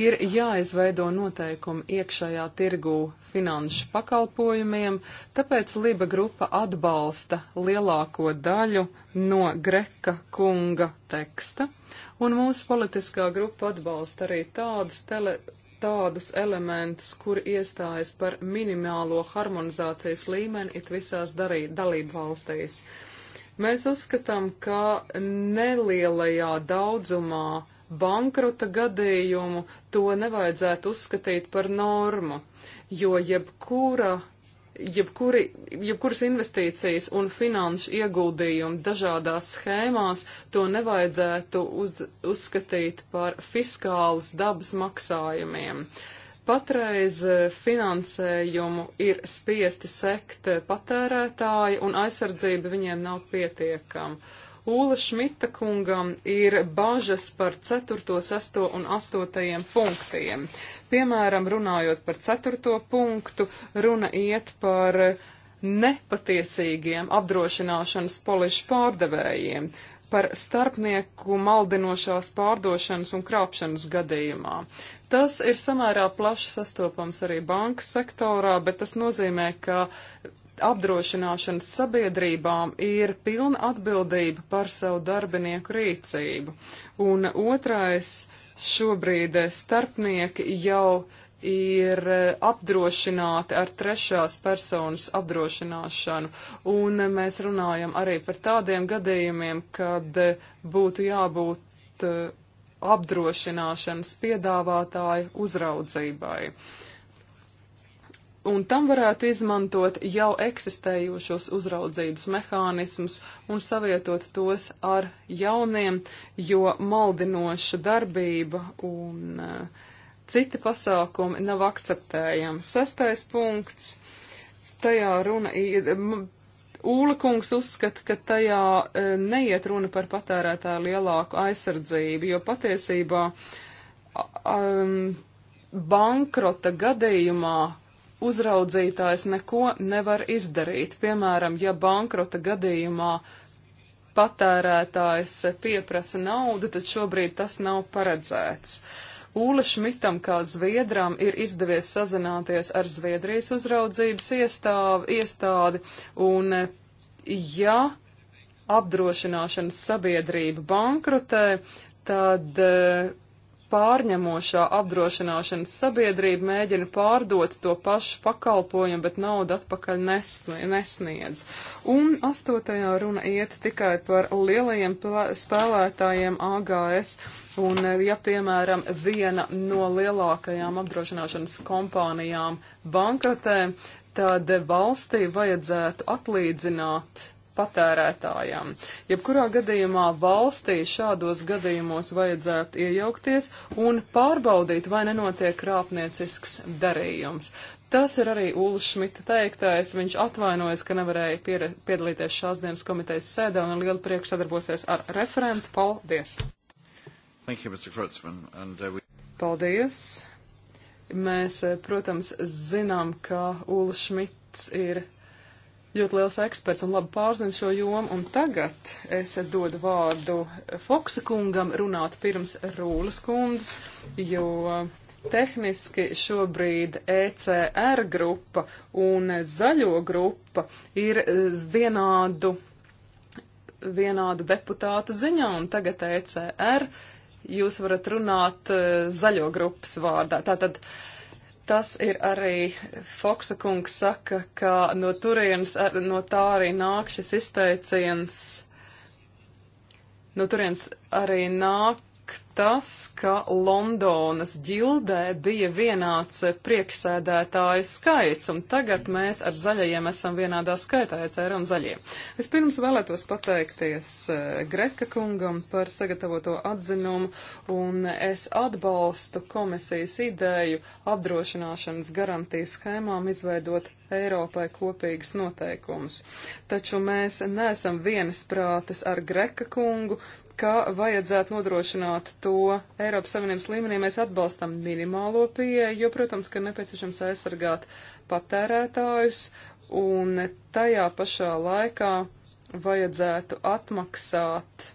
Ir jāizveido noteikumi iekšējā tirgū finanšu pakalpojumiem, tāpēc Liba grupa atbalsta lielāko daļu no Greka kunga teksta, un mūsu politiskā grupa atbalsta arī tādus tele tādus elementus, kuri iestājas par minimālo harmonizācijas līmeni it visās darī, dalību valstīs. Mēs uzskatām, ka nelielajā daudzumā bankrota gadījumu to nevajadzētu uzskatīt par normu, jo jebkura jebkuri, jebkuras investīcijas un finanšu ieguldījumi dažādās schēmās, to nevajadzētu uz, uzskatīt par fiskālas dabas maksājumiem. Patreiz eh, finansējumu ir spiesti sekt eh, patērētāji un aizsardzība viņiem nav pietiekama. Ūla Šmita kungam ir bažas par 4, 6 un 8 punktiem. Uh, Piemēram, runājot par ceturto punktu, runa iet par nepatiesīgiem apdrošināšanas polišu pārdevējiem, par starpnieku maldinošās pārdošanas un krāpšanas gadījumā. Tas ir samērā plaši sastopams arī bankas sektorā, bet tas nozīmē, ka apdrošināšanas sabiedrībām ir pilna atbildība par savu darbinieku rīcību. Un otrais Šobrīd eh, starpnieki jau ir eh, apdrošināti ar trešās personas apdrošināšanu, un eh, mēs runājam arī par tādiem gadījumiem, kad būtu jābūt apdrošināšanas piedāvātāju uzraudzībai. Uh, un tam varētu izmantot jau eksistējošos uzraudzības mehānismus un savietot tos ar jauniem, jo maldinoša darbība un uh, citi pasākumi nav akceptējami. Sastais punkts. Tajā runa, Ūla kungs uzskata, ka tajā uh, neiet runa par patērētāju lielāku aizsardzību, jo patiesībā um, bankrota gadījumā uzraudzītājs neko nevar izdarīt. Piemēram, ja bankrota gadījumā patērētājs pieprasa naudu, tad šobrīd tas nav paredzēts. Ūle Šmitam kā Zviedram ir izdevies sazināties ar Zviedrijas uzraudzības iestāvi, iestādi, un ja apdrošināšanas sabiedrība bankrotē, tad uh, pārņemošā apdrošināšanas sabiedrība mēģina pārdot to pašu pakalpojumu, bet naudu atpakaļ nesniedz. Un astotajā runa iet tikai par lielajiem spēlētājiem AGS. Un, eh, ja, piemēram, viena no lielākajām apdrošināšanas kompānijām bankrotē, tad valstī vajadzētu atlīdzināt patērētājam. Jebkurā gadījumā valstī šādos gadījumos vajadzētu iejaukties un pārbaudīt, vai nenotiek krāpniecisks darījums. Tas ir arī Ulla Šmita teiktais. Viņš atvainojas, ka nevarēja piere, piedalīties šās dienas komitejas sēdē un ar lielu prieku sadarbosies ar referentu. Paldies! Thank you, Mr. Kreutzmann. And, uh, we... Paldies! Mēs, eh, protams, zinām, ka Ulla Šmits ir ļoti liels eksperts un labi pārzina šo jomu, un tagad es dodu vārdu Foksa kungam runāt pirms Rūlas kundzes, jo tehniski šobrīd ECR grupa un zaļo grupa ir vienādu, vienādu deputātu ziņā, un tagad ECR jūs varat runāt eh, zaļo grupas vārdā. Tātad, uh, Tas ir arī Foksa kungs saka, ka no turienes, eh, no tā arī nāk šis izteiciens, no turienes arī nāk tas, ka Londonas ģildē bija vienāds prieksēdētāju skaits, un tagad mēs ar zaļajiem esam vienādā skaitā, ECR un zaļie. Vispirms vēlētos pateikties eh, Greka kungam par sagatavoto atzinumu, un es atbalstu komisijas ideju apdrošināšanas garantijas schēmām izveidot Eiropai kopīgas noteikumus. Taču mēs neesam vienisprātis ar Greka kungu, ka vajadzētu nodrošināt to Eiropas Savienības līmenī. Mēs atbalstam minimālo pieeju, jo, protams, ka nepieciešams aizsargāt patērētājus un tajā pašā laikā vajadzētu atmaksāt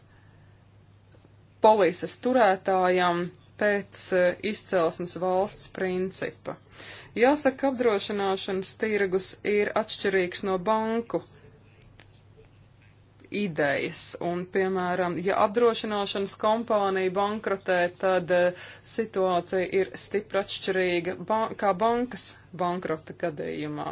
polises turētājam pēc eh, izcelsmes valsts principa. Jāsaka, apdrošināšanas tirgus ir atšķirīgs no banku idejas. Un, piemēram, ja apdrošināšanas kompānija bankrotē, tad uh, situācija ir stipri atšķirīga ba kā bankas bankrota gadījumā.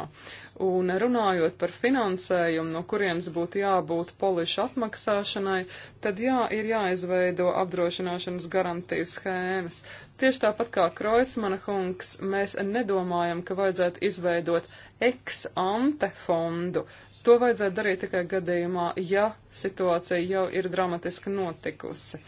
Un runājot par finansējumu, no kuriems būtu jābūt polišu apmaksāšanai, tad jā, ir jāizveido apdrošināšanas garantijas schēmas. Tieši tāpat kā Kreutzmana hungs, mēs nedomājam, ka vajadzētu izveidot ex ante fondu, To vajadzētu darīt tikai gadījumā, ja situācija jau ir dramatiski notikusi.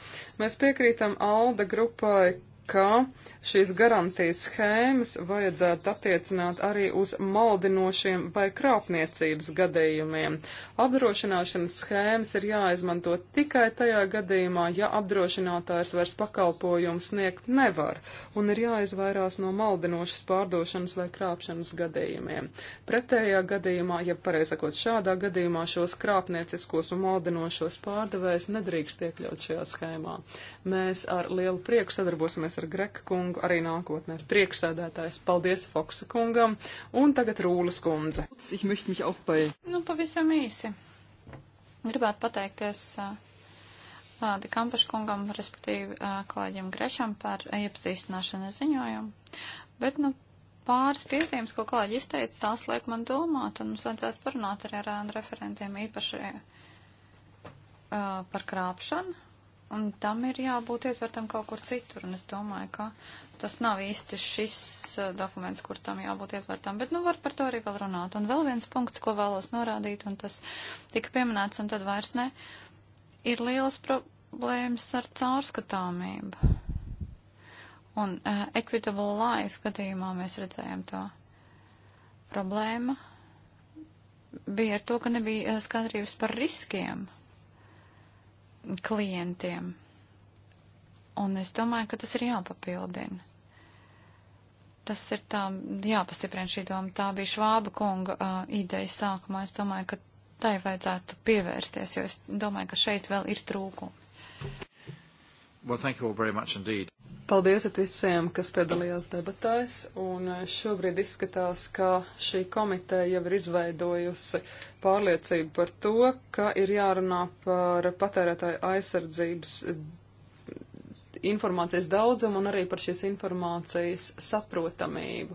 Mēs piekrītam Alda grupai, ka šīs garantijas schēmas vajadzētu attiecināt arī uz maldinošiem vai krāpniecības gadījumiem. Apdrošināšanas schēmas ir jāizmanto tikai tajā gadījumā, ja apdrošinātājs vairs pakalpojumu sniegt nevar, un ir jāizvairās no maldinošas pārdošanas vai krāpšanas gadījumiem. Pretējā gadījumā, ja pareizākot šādā gadījumā, šos krāpnieciskos un maldinošos pārdevējs nedrīkst iekļaut šajā schēmā. Mēs ar lielu prieku sadarbosimies tikties ar Greka kungu arī nākotnē. Priekšsēdētājs, paldies Foksa kungam, un tagad Rūlas kundze. Nu, pavisam īsi. Gribētu pateikties. Uh... Lādi Kampaškungam, respektīvi kolēģiem Grešam par iepazīstināšanu ar ziņojumu. Bet, nu, pāris piezīmes, ko kolēģi izteica, tās liek man domāt, un mums vajadzētu parunāt arī ar referentiem īpaši uh, par krāpšanu. Un tam ir jābūt ietvertam kaut kur citur, un es domāju, ka tas nav īsti šis eh, dokuments, kur tam jābūt ietvertam, bet nu var par to arī vēl runāt. Un vēl viens punkts, ko vēlos norādīt, un tas tika pieminēts, un tad vairs ne, ir lielas problēmas ar caurskatāmību. Un uh, Equitable Life gadījumā mēs redzējām to problēmu. Bija ar to, ka nebija eh, skaidrības par riskiem. Uh, klientiem. Un es domāju, ka tas ir jāpapildina. Tas ir tā, jāpastiprina šī doma. Tā bija Švāba kunga uh, ideja sākumā. Es domāju, ka tai vajadzētu pievērsties, jo es domāju, ka šeit vēl ir trūkumi. Well, thank you all very much indeed. Paldies visiem, kas piedalījās debatēs, un eh, šobrīd izskatās, ka šī komiteja jau ir izveidojusi pārliecību par to, ka ir jārunā par patērētāju aizsardzības informācijas daudzumu un arī par šīs informācijas saprotamību.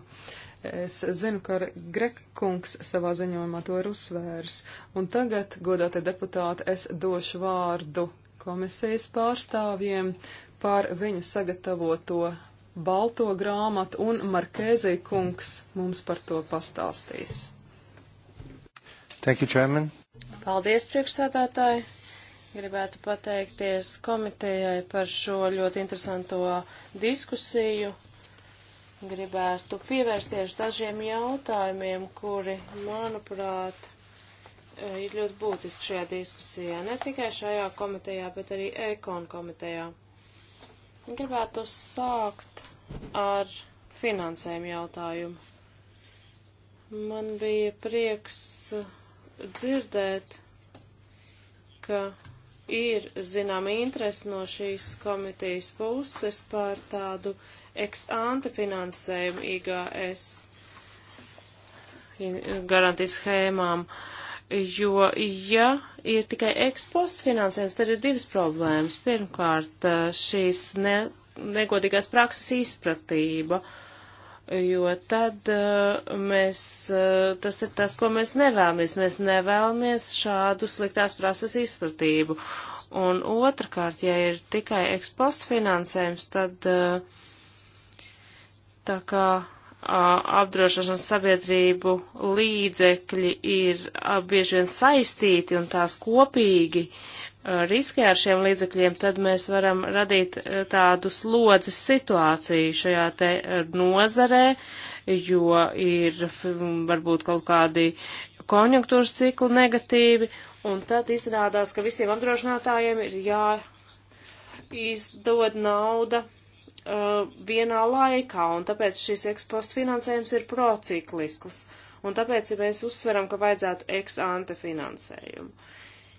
Es zinu, ka Grekkungs savā ziņojumā to ir uzsvērs. Un tagad, godātie deputāti, es došu vārdu komisijas pārstāvjiem, par viņa sagatavoto balto grāmatu, un Markēzī kungs mums par to pastāstīs. Thank you, Chairman. Paldies, priekšsēdētāji. Gribētu pateikties komitejai par šo ļoti interesanto diskusiju. Gribētu pievērsties dažiem jautājumiem, kuri, manuprāt, eh, ir ļoti būtiski šajā diskusijā. Ne tikai šajā komitejā, bet arī ekonu komitejā. Gribētu sākt ar finansējumu jautājumu. Man bija prieks dzirdēt, ka ir zināma interese no šīs komitejas puses par tādu ex-ante finansējumu IGS garantijas schēmām. Uh, jo, ja ir tikai ekspostu finansējums, tad ir divas problēmas. Pirmkārt, eh, šīs ne, negodīgās prakses izpratība, jo tad eh, mēs, eh, tas ir tas, ko mēs nevēlamies. Mēs nevēlamies šādu sliktās prakses izpratību. Un otrkārt, ja ir tikai ekspostu finansējums, tad tā kā apdrošināšanas sabiedrību līdzekļi ir bieži vien saistīti un tās kopīgi riskē ar šiem līdzekļiem, tad mēs varam radīt tādu slodzes situāciju šajā te nozarē, jo ir varbūt kaut kādi konjunktūras cikli negatīvi, un tad izrādās, ka visiem apdrošinātājiem ir jāizdod nauda uh, vienā laikā, un tāpēc šis ekspostu finansējums ir prociklisks, un tāpēc ja mēs uzsveram, ka vajadzētu ex-ante finansējumu.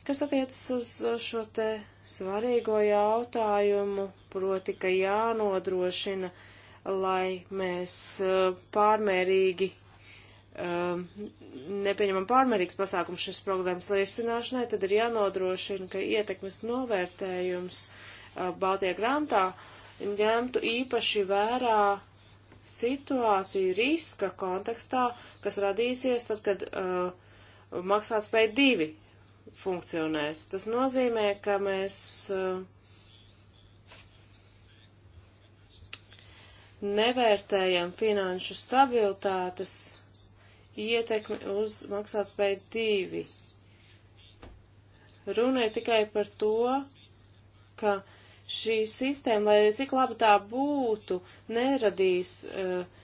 Kas attiecas uz šo te svarīgo jautājumu, proti, ka jānodrošina, lai mēs uh, pārmērīgi Um, nepieņemam pārmērīgs pasākums šis programmas līdzināšanai, tad ir jānodrošina, ka ietekmes novērtējums uh, Baltijā grāmatā uh, ņemtu īpaši vērā situāciju riska kontekstā, kas radīsies tad, kad uh, maksātspēja divi funkcionēs. Tas nozīmē, ka mēs uh, nevērtējam finanšu stabilitātes ietekmi uz maksātspēju divi. Runa ir tikai par to, ka uh, šī sistēma, lai arī cik laba tā būtu, neradīs uh,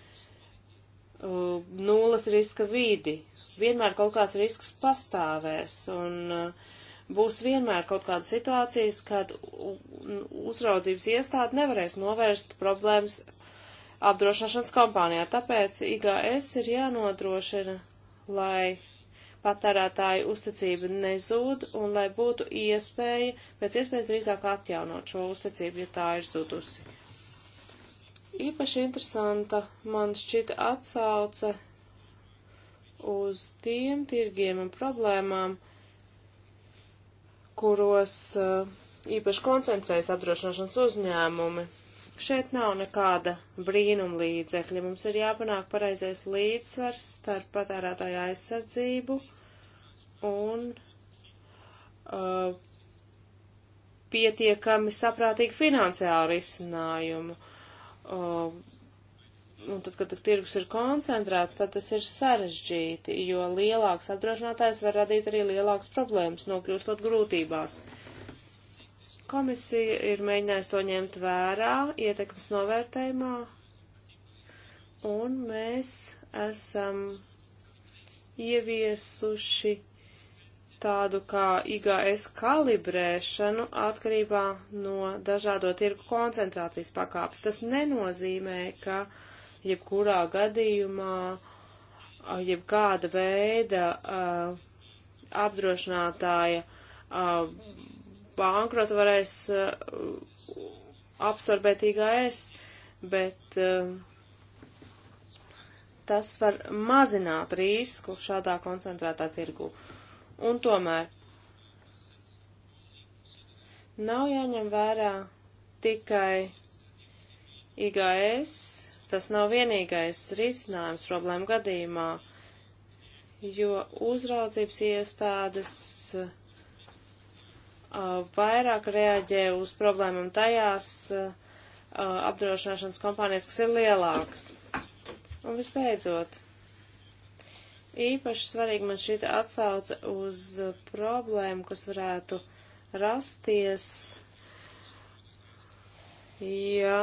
uh, nulles riska vidi. Vienmēr kaut kāds risks pastāvēs un uh, būs vienmēr kaut kādas situācijas, kad uzraudzības iestāde nevarēs novērst problēmas apdrošināšanas kompānijā. Tāpēc IGS ir jānodrošina, lai patērētāju uzticība nezūd un lai būtu iespēja pēc iespējas drīzāk atjaunot šo uzticību, ja tā ir zudusi. Īpaši interesanta man šķita atsauce uz tiem tirgiem un problēmām, kuros uh, īpaši koncentrējas apdrošināšanas uzņēmumi Šeit nav nekāda brīnuma līdzekļa. Mums ir jāpanāk pareizais līdzsvars starp patērētāju aizsardzību un uh, pietiekami saprātīgu finansiālu risinājumu. Uh, un tad, kad tirgus ir koncentrēts, tad tas ir sarežģīti, jo lielāks apdrošinātājs var radīt arī lielākas problēmas, nokļūstot grūtībās. Uh, Komisija ir mēģinājusi to ņemt vērā ietekmes novērtējumā, un mēs esam ieviesuši tādu kā IGS kalibrēšanu atkarībā no dažādo tirgu koncentrācijas pakāpes. Tas nenozīmē, ka jebkurā gadījumā, jebkāda veida uh, apdrošinātāja uh, bankrotu varēs uh, absorbēt IGS, bet uh, tas var mazināt risku šādā koncentrētā tirgu. Un tomēr nav jāņem vērā tikai IGS, tas nav vienīgais risinājums problēmu gadījumā, jo uzraudzības iestādes uh, Uh, vairāk reaģē uz problēmām tajās uh, apdrošināšanas kompānijas, kas ir lielākas. Un visbeidzot, īpaši svarīgi man šita atsauce uz problēmu, kas varētu rasties, ja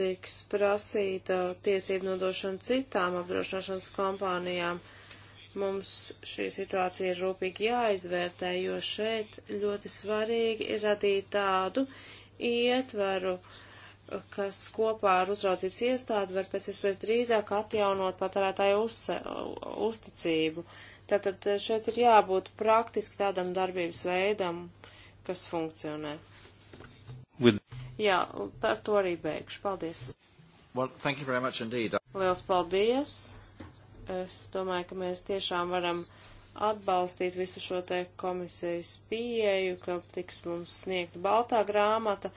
tiks prasīta tiesību nodošana citām apdrošināšanas kompānijām. Uh, Mums šī situācija ir rūpīgi jāizvērtē, jo šeit ļoti svarīgi ir radīt tādu ietvaru, kas kopā ar uzraudzības iestādi var pēc iespējas drīzāk atjaunot patērētāju uz, uzticību. Tātad šeit ir jābūt praktiski tādam darbības veidam, kas funkcionē. With... Jā, ar to arī beigšu. Paldies. Well, thank you very much indeed. Liels paldies. Es domāju, ka mēs tiešām varam atbalstīt visu šo te komisijas pieeju, ka tiks mums sniegta baltā grāmata,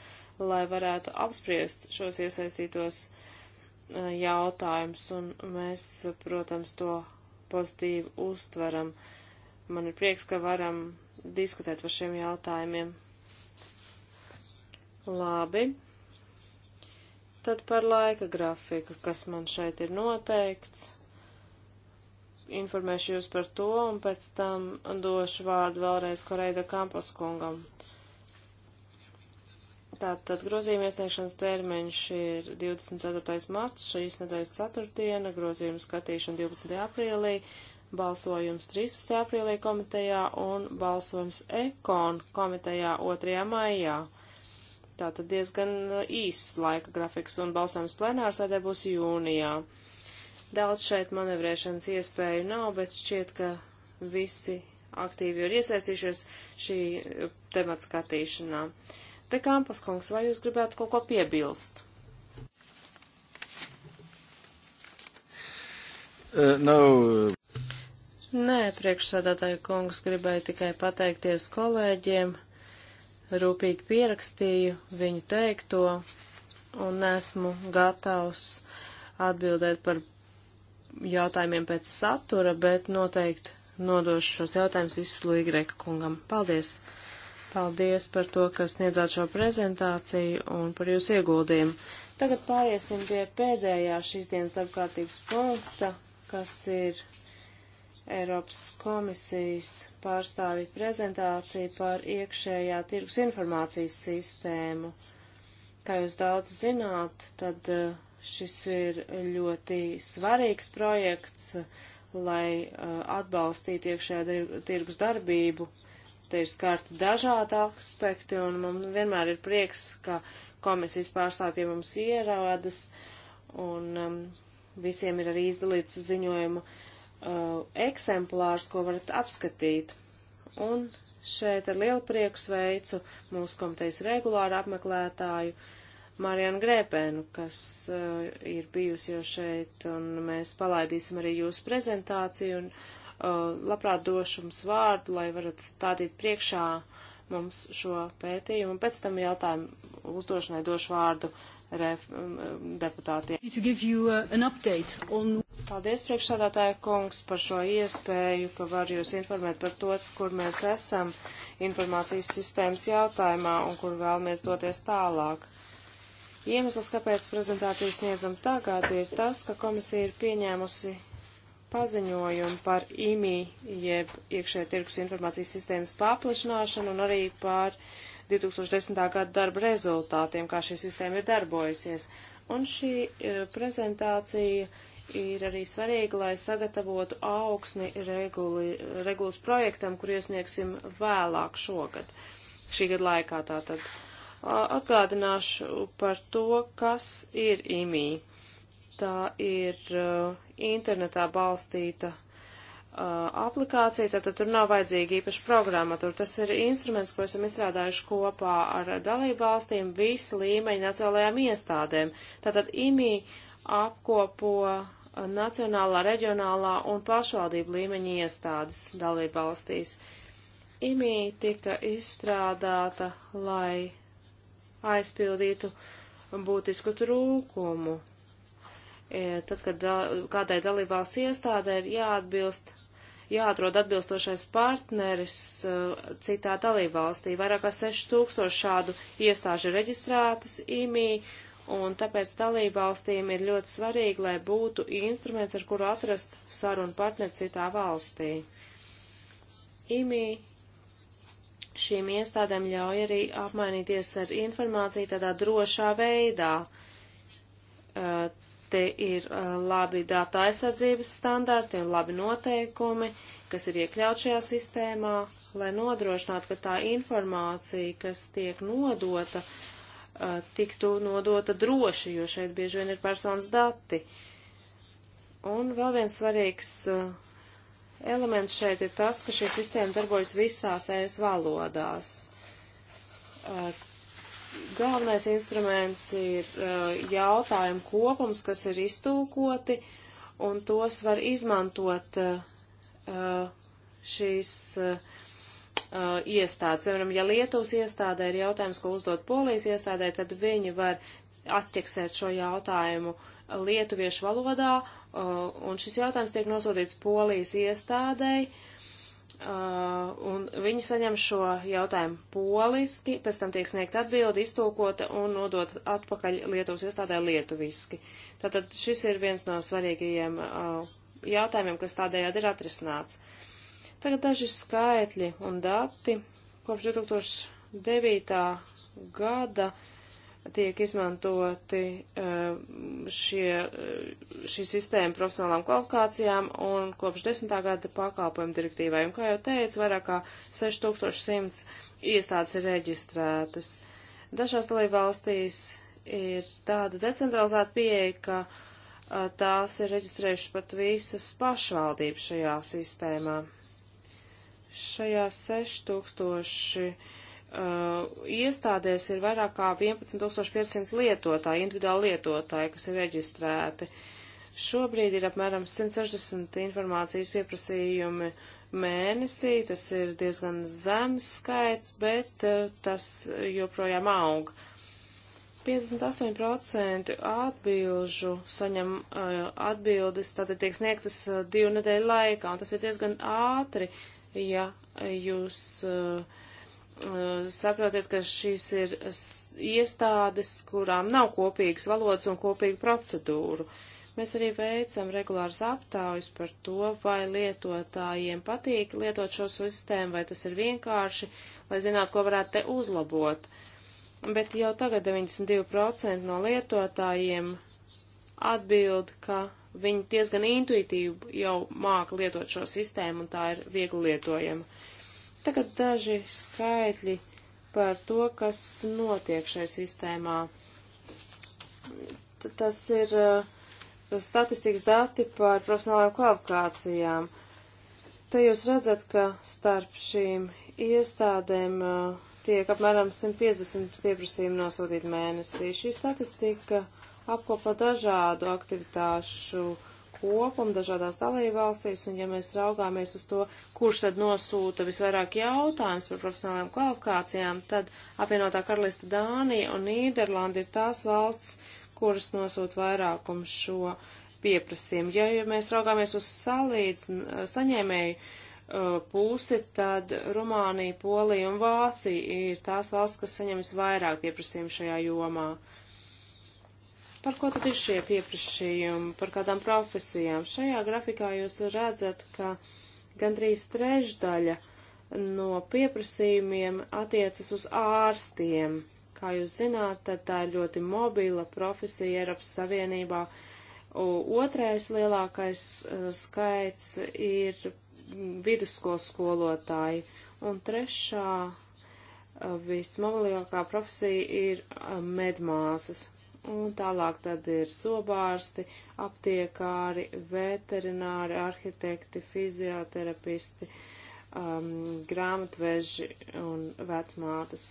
lai varētu apspriest šos iesaistītos e, jautājumus, un mēs, protams, to pozitīvi uztveram. Man ir prieks, ka varam diskutēt par šiem jautājumiem. Labi. Tad par laika grafiku, kas man šeit ir noteikts informēšu jūs par to un pēc tam došu vārdu vēlreiz Koreida Kampas kungam. Tātad grozījuma iesniegšanas termiņš ir 24. marts, šīs nedēļas ceturtdiena, grozījuma skatīšana 12. aprīlī, balsojums 13. aprīlī komitejā un balsojums ekon komitejā 2. maijā. Tātad diezgan uh, īss laika grafiks un balsojums plenārsēdē būs jūnijā. Uh, Daudz šeit manevrēšanas iespēju nav, bet šķiet, ka visi aktīvi ir iesaistījušies šī temata skatīšanā. Te Kampas kungs, vai jūs gribētu kaut ko piebilst? Uh, no. Nē, priekšsādātāju kungs gribēja tikai pateikties kolēģiem, rūpīgi pierakstīju viņu teikto un esmu gatavs atbildēt par jautājumiem pēc satura, bet noteikti nodošu šos jautājumus visus Līgreka kungam. Paldies! Paldies par to, ka sniedzāt šo prezentāciju un par jūsu ieguldījumu. Tagad pāriesim pie pēdējā šīs dienas darbkārtības punkta, kas ir Eiropas komisijas pārstāvja prezentācija par iekšējā tirgus informācijas sistēmu. Kā jūs daudz zināt, tad uh, Šis ir ļoti svarīgs projekts, lai uh, atbalstītu iekšējā tirgus darbību. Te ir skārti dažādi aspekti, un man vienmēr ir prieks, ka komisijas pārstāvji pie mums ierādas, un um, visiem ir arī izdalīts ziņojuma uh, eksemplārs, ko varat apskatīt. Un šeit ar lielu prieku sveicu mūsu komitejas regulāru apmeklētāju. Uh, Marianu Grēpēnu, kas uh, ir bijusi jau šeit, un mēs palaidīsim arī jūsu prezentāciju, un uh, labprāt došu jums vārdu, lai varat stādīt priekšā mums šo pētījumu, un pēc tam jautājumu uzdošanai došu vārdu ref, um, deputātiem. Uh, on... Paldies, priekšsādātāja kungs, par šo iespēju, ka var jūs informēt par to, kur mēs esam informācijas sistēmas jautājumā un kur vēlamies doties tālāk. Iemesls, kāpēc prezentāciju sniedzam tagad, ir tas, ka komisija ir pieņēmusi paziņojumu par IMI, jeb iekšē tirgus informācijas sistēmas paplašināšanu un arī par 2010. gada darba rezultātiem, kā šī sistēma ir darbojusies. Un šī uh, prezentācija ir arī svarīga, lai sagatavotu augsni reguli, regulas projektam, kur iesniegsim vēlāk šogad, šī gada laikā tātad. Uh, Atgādināšu par to, kas ir IMI. Tā ir uh, internetā balstīta uh, aplikācija, tātad tur nav vajadzīga īpaša programmatūra. Tas ir instruments, ko esam izstrādājuši kopā ar dalību valstīm visu līmeņu nacionālajām iestādēm. Tātad IMI apkopo uh, nacionālā, reģionālā un pašvaldību līmeņa iestādes dalībvalstīs. IMI tika izstrādāta, lai aizpildītu būtisku trūkumu. E, tad, kad kādai dalībās iestādē ir jāatbilst, jāatrod atbilstošais partneris e, citā dalībvalstī. Vairāk kā 6000 šādu iestāžu reģistrētas IMI, un tāpēc dalībvalstīm ir ļoti svarīgi, lai būtu instruments, ar kuru atrast sarunu partneri citā valstī. IMI šīm iestādēm ļauj arī apmainīties ar informāciju tādā drošā veidā. Te ir labi datu aizsardzības standarti un labi noteikumi, kas ir iekļaut šajā sistēmā, lai nodrošinātu, ka tā informācija, kas tiek nodota, tiktu nodota droši, jo šeit bieži vien ir personas dati. Un vēl viens svarīgs uh, elements šeit ir tas, ka šī sistēma darbojas visās ES valodās. Uh, galvenais instruments ir uh, jautājumu kopums, kas ir iztūkoti, un tos var izmantot uh, šīs iestādes. Piemēram, ja Lietuvas iestādē ir jautājums, ko uzdot Polijas iestādē, tad viņi var atķeksēt šo jautājumu lietuviešu valodā Uh, un šis jautājums tiek nosūtīts polijas iestādēji. Uh, un viņi saņem šo jautājumu poliski, pēc tam tiek sniegt atbildi, iztūkota un nodot atpakaļ Lietuvas iestādē lietuviski. Tātad šis ir viens no svarīgajiem uh, jautājumiem, kas tādējādi ir atrisināts. Tagad daži skaitļi un dati. Kopš 2009. gada uh, tiek izmantoti eh, šie, eh, šī sistēma profesionālām kvalifikācijām un kopš desmitā gada pakalpojumu direktīvai. Un, kā jau teicu, vairāk kā 6100 iestādes ir reģistrētas. Dažās dalībvalstīs ir tāda decentralizēta pieeja, ka a, eh, tās ir reģistrējušas pat visas pašvaldības šajā sistēmā. Šajā 6000 uh, iestādēs ir vairāk kā 11500 lietotāji, individuāli lietotāji, kas ir reģistrēti. Šobrīd ir apmēram 160 informācijas pieprasījumi mēnesī, tas ir diezgan zems skaits, bet uh, tas joprojām aug. 58% atbilžu saņem uh, atbildes, tātad tiek sniegtas uh, divu nedēļu laikā, un tas ir diezgan ātri, ja jūs uh, Eh, saprotiet, ka šīs ir iestādes, kurām nav kopīgas valodas un kopīga procedūra. Mēs arī veicam regulārs aptaujas par to, vai lietotājiem patīk lietot šo sistēmu, vai tas ir vienkārši, lai zinātu, ko varētu te uzlabot. Bet jau tagad 92% no lietotājiem atbild, ka viņi diezgan intuitīvi jau māca lietot šo sistēmu un tā ir viegli lietojama. Tagad daži skaitļi par to, kas notiek šai sistēmā. Tas ir uh, statistikas dati par profesionālajām kvalifikācijām. Te jūs redzat, ka starp šīm iestādēm uh, tiek apmēram 150 pieprasījumu nosūtīt mēnesī. Šī statistika apkopo dažādu aktivitāšu uh, kopumu dažādās dalībvalstīs, un ja mēs raugāmies uz to, kurš tad nosūta visvairāk jautājums par profesionālajām kvalifikācijām, tad apvienotā karalista Dānija un Nīderlanda ir tās valstis, kuras nosūta vairākumu šo pieprasījumu. Ja, ja mēs raugāmies uz salīdz, saņēmēju uh, pusi, tad Rumānija, Polija un Vācija ir tās valsts, kas saņems vairāk pieprasījumu šajā jomā. Uh, Par ko tad ir šie pieprasījumi, par kādām profesijām? Šajā grafikā jūs redzat, ka gandrīz trešdaļa no pieprasījumiem attiecas uz ārstiem. Kā jūs zināt, tad tā ir ļoti mobila profesija Eiropas Savienībā. Otrais lielākais e, skaits ir vidusskolas skolotāji, un trešā e, vismobilākā profesija ir e, medmāsas. Un tālāk tad ir sobārsti, aptiekāri, veterināri, arhitekti, fizioterapisti, um, grāmatveži un vecmātes.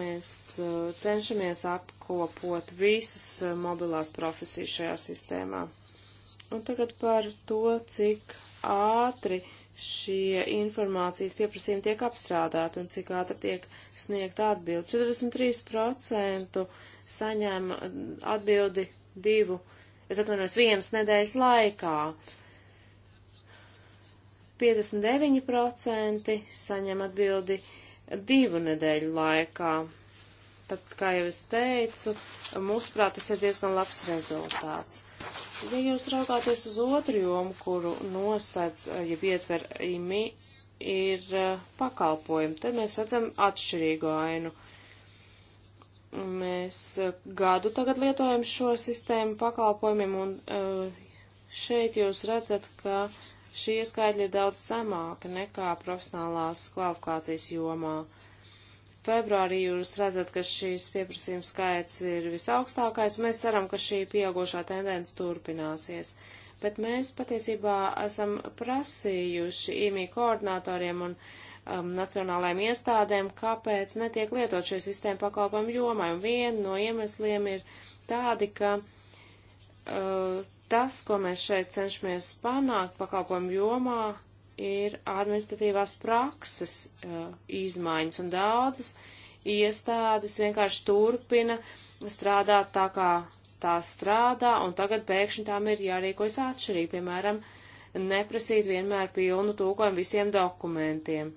Mēs uh, cenšamies apkopot visas uh, mobilās profesijas šajā sistēmā. Un tagad par to, cik ātri uh, šie informācijas pieprasījumi tiek apstrādāti un cik ātri tiek sniegta atbildi. 43% saņem atbildi divu, es atvainojos, vienas nedēļas laikā. 59% saņem atbildi divu nedēļu laikā. Tad, kā jau es teicu, mūsuprāt, tas ir diezgan labs rezultāts. Ja jūs raugāties uz otru jomu, kuru nosac, eh, ja ietver imi, ir eh, pakalpojumi, tad mēs redzam atšķirīgu ainu. Mēs eh, gadu tagad lietojam šo sistēmu pakalpojumiem, un šeit jūs redzat, ka šie skaitļi ir daudz samāki nekā profesionālās kvalifikācijas jomā. Februārī jūs redzat, ka šīs pieprasījums skaits ir visaugstākais, un mēs ceram, ka šī pieaugošā tendence turpināsies. Bet mēs patiesībā esam prasījuši īmī koordinatoriem un um, nacionālajiem iestādēm, kāpēc netiek lietot šie sistēma pakalpojumu jomai. Un viena no iemesliem ir tādi, ka uh, tas, ko mēs šeit cenšamies panākt pakalpojumu jomā, ir administratīvās prakses uh, izmaiņas, un daudzas iestādes vienkārši turpina strādāt tā, kā tās strādā, un tagad pēkšņi tām ir jārīkojas atšķirīgi, piemēram, neprasīt vienmēr pilnu tūkojumu visiem dokumentiem,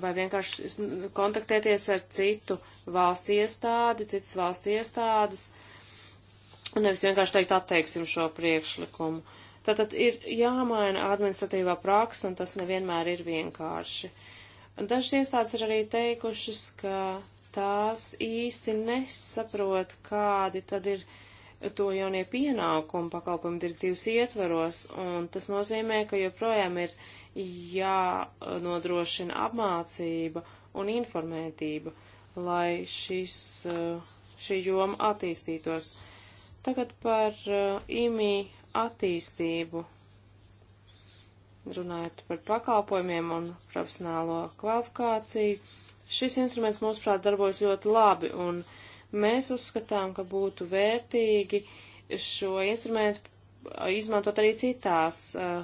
vai vienkārši kontaktēties ar citu valsts iestādi, citas valsts iestādes, un nevis vienkārši teikt atteiksim šo priekšlikumu. Uh, Tātad ir jāmaina administratīvā praksa, un tas nevienmēr ir vienkārši. Dažas iestādes ir arī teikušas, ka tās īsti nesaprot, kādi tad ir to jaunie pienākumi pakalpojumu direktīvas ietveros, un tas nozīmē, ka joprojām ir jānodrošina apmācība un informētība, lai šis, šī joma attīstītos. Tagad par IMI uh, attīstību, runājot par pakalpojumiem un profesionālo kvalifikāciju. Šis instruments, mūsuprāt, darbojas ļoti labi, un mēs uzskatām, ka būtu vērtīgi šo instrumentu izmantot arī citās uh,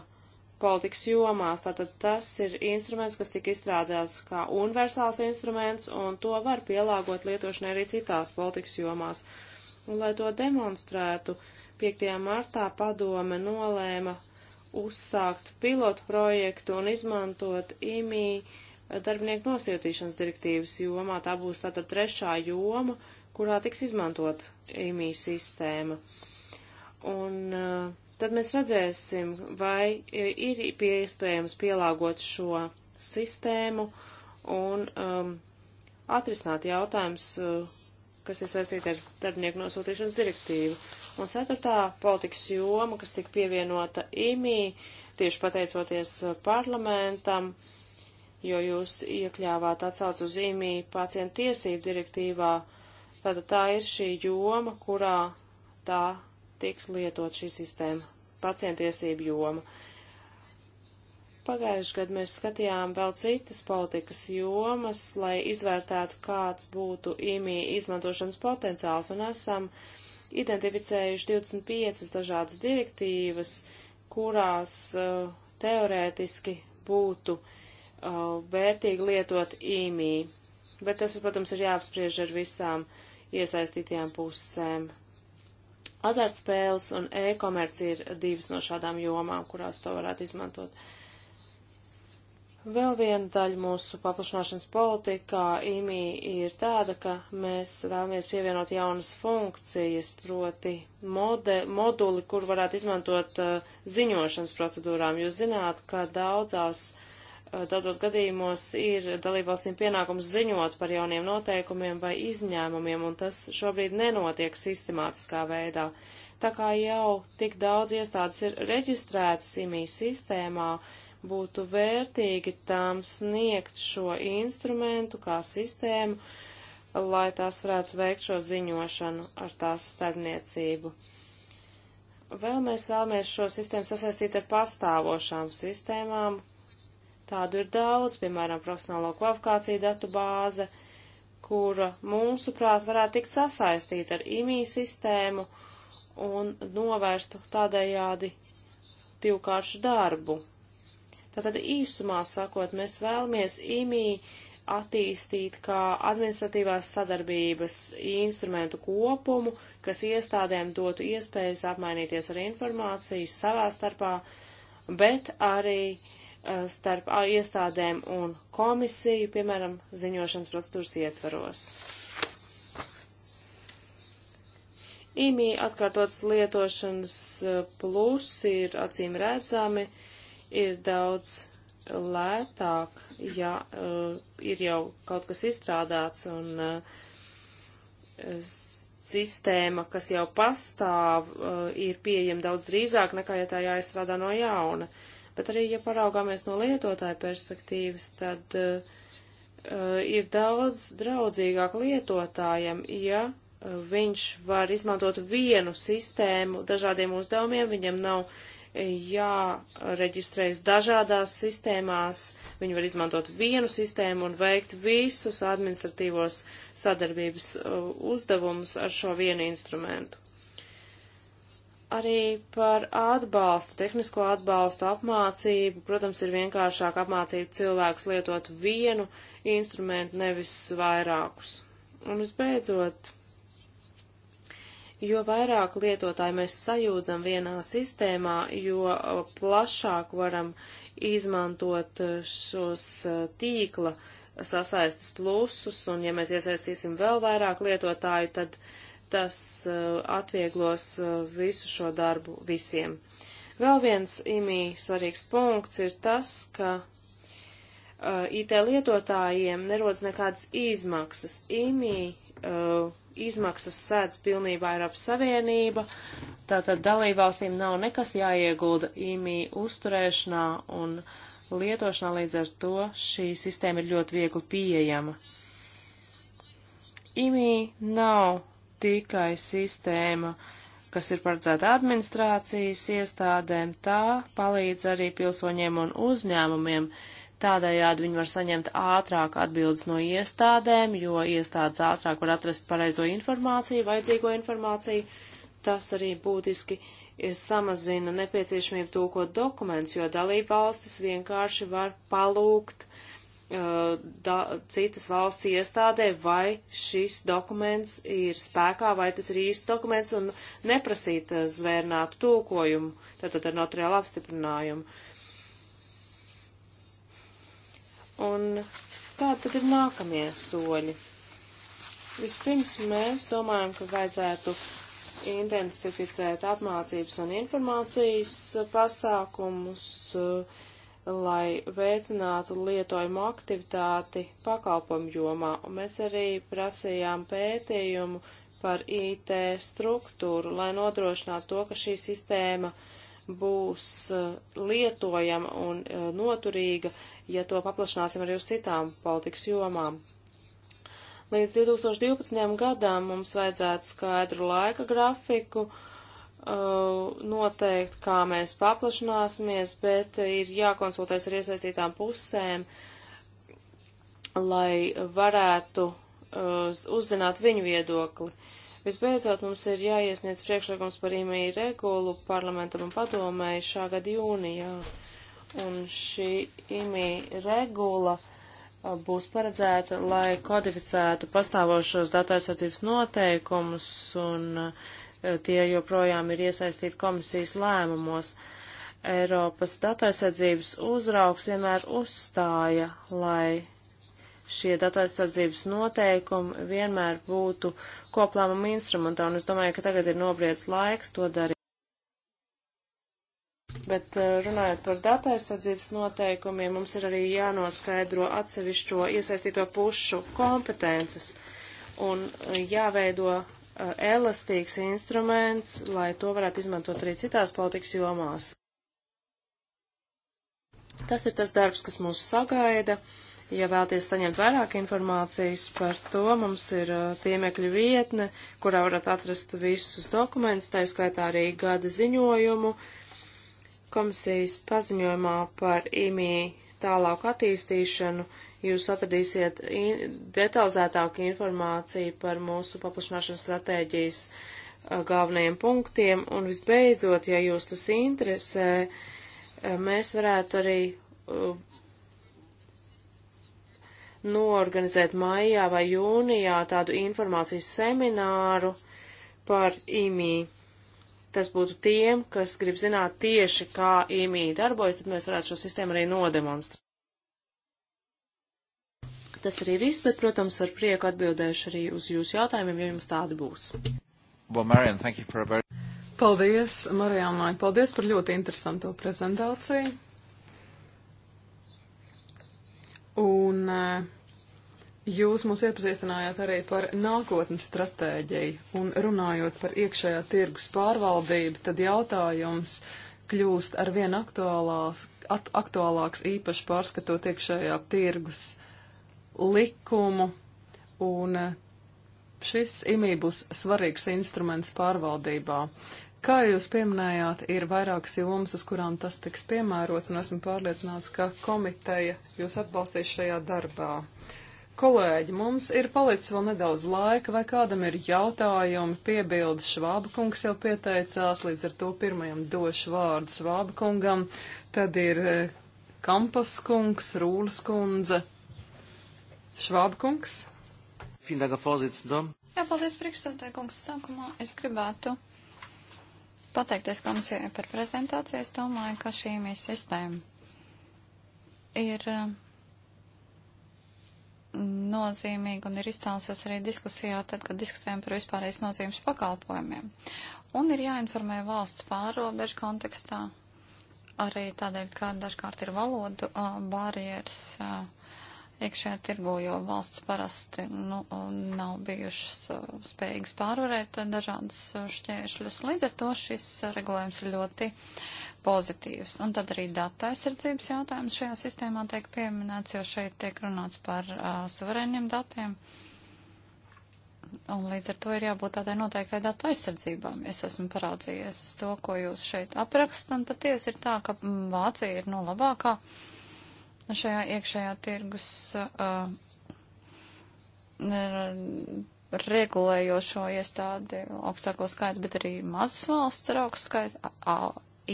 politikas jomās. Tātad tas ir instruments, kas tika izstrādāts kā universāls instruments, un to var pielāgot lietošanai arī citās politikas jomās. Un, lai to demonstrētu, 5. martā padome nolēma uzsākt pilotu projektu un izmantot IMI darbinieku nosietīšanas direktīvas jomā. Tā būs tātad trešā joma, kurā tiks izmantot IMI sistēma. Un eh, tad mēs redzēsim, vai eh, ir iespējams pielāgot šo sistēmu un um, atrisināt jautājums, uh, kas ir saistīta ar darbinieku nosūtīšanas direktīvu. Un ceturtā politikas joma, kas tika pievienota IMI, tieši pateicoties uh, parlamentam, jo jūs iekļāvāt atsauc uz IMI pacientu tiesību direktīvā, tad tā ir šī joma, kurā tā tiks lietot šī sistēma, pacientu tiesību joma. Uh, Pagājuši gadu mēs skatījām vēl citas politikas jomas, lai izvērtētu, kāds būtu IMI izmantošanas potenciāls, un esam identificējuši 25 dažādas direktīvas, kurās uh, teorētiski būtu uh, vērtīgi lietot IMI. Bet tas, protams, ir jāapspriež ar visām iesaistītajām pusēm. Azartspēles un e-komerci ir divas no šādām jomām, kurās to varētu izmantot. Uh, Vēl viena daļa mūsu paplašināšanas politikā IMI ir tāda, ka mēs vēlamies pievienot jaunas funkcijas, proti mode, moduli, kur varētu izmantot uh, ziņošanas procedūrām. Jūs zināt, ka daudzās, uh, daudzos gadījumos ir dalībvalstīm pienākums ziņot par jauniem noteikumiem vai izņēmumiem, un tas šobrīd nenotiek sistemātiskā veidā. Tā kā jau tik daudz iestādes ir reģistrētas IMI sistēmā, uh, būtu vērtīgi tām sniegt šo instrumentu kā sistēmu, lai tās varētu veikt šo ziņošanu ar tās starpniecību. Vēl mēs vēlamies šo sistēmu sasaistīt ar pastāvošām sistēmām. Tādu ir daudz, piemēram, profesionālo kvalifikāciju datu bāze, kura mūsuprāt varētu tikt sasaistīta ar imī sistēmu un novērstu tādējādi divkāršu darbu. Tātad īsumā sakot, mēs vēlamies IMI attīstīt kā administratīvās sadarbības instrumentu kopumu, kas iestādēm dotu iespējas apmainīties ar informāciju savā starpā, bet arī eh, starp iestādēm un komisiju, piemēram, ziņošanas procedūras ietvaros. IMI atkārtotas lietošanas eh, plusi ir acīm redzami. Uh, ir daudz lētāk, ja uh, ir jau kaut kas izstrādāts un uh, sistēma, kas jau pastāv, uh, ir pieejama daudz drīzāk nekā, ja tā jāizstrādā no jauna. Bet arī, ja paraugāmies no lietotāja perspektīvas, tad uh, ir daudz draudzīgāk lietotājam, ja viņš var izmantot vienu sistēmu dažādiem uzdevumiem, viņam nav jāreģistrējas dažādās sistēmās, viņi var izmantot vienu sistēmu un veikt visus administratīvos sadarbības uh, uzdevumus ar šo vienu instrumentu. Arī par atbalstu, tehnisko atbalstu apmācību, protams, ir vienkāršāk apmācīt cilvēkus lietot vienu instrumentu, nevis vairākus. Un visbeidzot, Jo vairāk lietotāji mēs sajūdzam vienā sistēmā, jo uh, plašāk varam izmantot uh, šos uh, tīkla sasaistas plusus, un ja mēs iesaistīsim vēl vairāk lietotāju, tad tas atvieglos visu šo darbu visiem. Vēl viens imī svarīgs punkts ir tas, ka IT lietotājiem nerodas nekādas izmaksas. IMI uh, izmaksas sēdz pilnībā Eiropas Savienība, tātad dalībvalstīm nav nekas jāiegulda īmī uzturēšanā un lietošanā, līdz ar to šī sistēma ir ļoti viegli pieejama. IMI nav tikai sistēma, kas ir paredzēta administrācijas iestādēm, tā palīdz arī pilsoņiem un uzņēmumiem, uh, Tādējādi viņi var saņemt ātrāk atbildes no iestādēm, jo iestādes ātrāk var atrast pareizo informāciju, vajadzīgo informāciju. Tas arī būtiski e, samazina nepieciešamību tūkot dokumentus, jo dalība valstis vienkārši var palūgt uh, da, citas valsts iestādē, vai šis dokuments ir spēkā, vai tas ir īsts dokuments, un neprasīt e, zvērnātu tūkojumu, tātad ar notariālu apstiprinājumu. Uh, Un kā tad ir nākamie soļi? Vispirms mēs domājam, ka vajadzētu intensificēt apmācības un informācijas pasākumus, lai veicinātu lietojumu aktivitāti pakalpojumu jomā. Un mēs arī prasījām pētījumu par IT struktūru, lai nodrošinātu to, ka šī sistēma būs lietojama un eh, noturīga ja to paplašināsim arī uz citām politikas jomām. Līdz 2012. gadam mums vajadzētu skaidru laika grafiku, uh, noteikt, kā mēs paplašināsimies, bet ir jākonsultēs ar iesaistītām pusēm, lai varētu uh, uzzināt viņu viedokli. Visbeidzot, mums ir jāiesniedz priekšlikums par īmī regulu parlamentam un padomēji šā gada jūnijā. Un šī IMI regula būs paredzēta, lai kodificētu pastāvošos datu aizsardzības noteikumus, un tie joprojām ir iesaistīti komisijas lēmumos. Eiropas datu aizsardzības uzraugs vienmēr uzstāja, lai šie datu aizsardzības noteikumi vienmēr būtu koplāmuma instrumentā, un es domāju, ka tagad ir nobriedz laiks to darīt. Bet eh, runājot par datu aizsardzības noteikumiem, mums ir arī jānoskaidro atsevišķo iesaistīto pušu kompetences un eh, jāveido eh, elastīgs instruments, lai to varētu izmantot arī citās politikas jomās. Tas ir tas darbs, kas mūs sagaida. Ja vēlaties saņemt vairāk informācijas par to, mums ir tiemekļa vietne, kurā varat atrast visus dokumentus, tā skaitā arī gada ziņojumu, uh, Komisijas paziņojumā par IMI tālāku attīstīšanu jūs atradīsiet in detalizētāku informāciju par mūsu paplašināšanas stratēģijas galvenajiem punktiem. Un visbeidzot, ja jūs tas interesē, mēs varētu arī noorganizēt maijā vai jūnijā tādu informācijas semināru par IMI tas būtu tiem, kas grib zināt tieši, kā IMI darbojas, tad mēs varētu šo sistēmu arī nodemonstrēt. Tas arī viss, bet, protams, ar prieku atbildēšu arī uz jūsu jautājumiem, ja jums tādi būs. Well, Marian, thank you for a very... Paldies, Marijānai, paldies par ļoti interesanto prezentāciju. Un uh, Jūs mūs iepazīstinājāt arī par nākotnes stratēģiju un runājot par iekšējā tirgus pārvaldību, tad jautājums kļūst ar vien aktuālās, at, aktuālāks īpaši pārskatot iekšējā tirgus likumu un šis imī būs svarīgs instruments pārvaldībā. Kā jūs pieminējāt, ir vairākas jomas, uz kurām tas tiks piemērots, un esmu pārliecināts, ka komiteja jūs atbalstīs šajā darbā. Kolēģi, mums ir palicis vēl nedaudz laika, vai kādam ir jautājumi, piebildes Švāba kungs jau pieteicās, līdz ar to pirmajam došu vārdu Švāba kungam, tad ir eh, Kampas kungs, Rūlas kundze, Švāba kungs. Jā, paldies priekšsēdētāji kungs. Sākumā es gribētu pateikties komisijai par prezentāciju. Es domāju, ka šī mīs sistēma ir eh, nozīmīga un ir izcēlusies arī diskusijā, tad, kad diskutējam par vispārējais nozīmes pakalpojumiem. Un ir jāinformē valsts pārobežu kontekstā, arī tādēļ, ka dažkārt ir valodu uh, barjeras. Uh, iekšējā tirgu, jo valsts parasti nu, nav bijušas uh, spējīgas pārvarēt dažādas uh, šķēršļus. Līdz ar to šis uh, regulējums ir ļoti pozitīvs. Un tad arī datu aizsardzības jautājums šajā sistēmā tiek pieminēts, jo šeit tiek runāts par uh, suverēniem datiem. Un līdz ar to ir jābūt tādai noteiktai datu aizsardzībām. Es esmu parādzījies uz to, ko jūs šeit aprakst, un patiesi ir tā, ka mm, Vācija ir no nu, labākā. Uh, Nu, šajā iekšējā tirgus uh, regulējošo iestādi augstāko skaitu, bet arī mazas valsts ar augstu skaitu.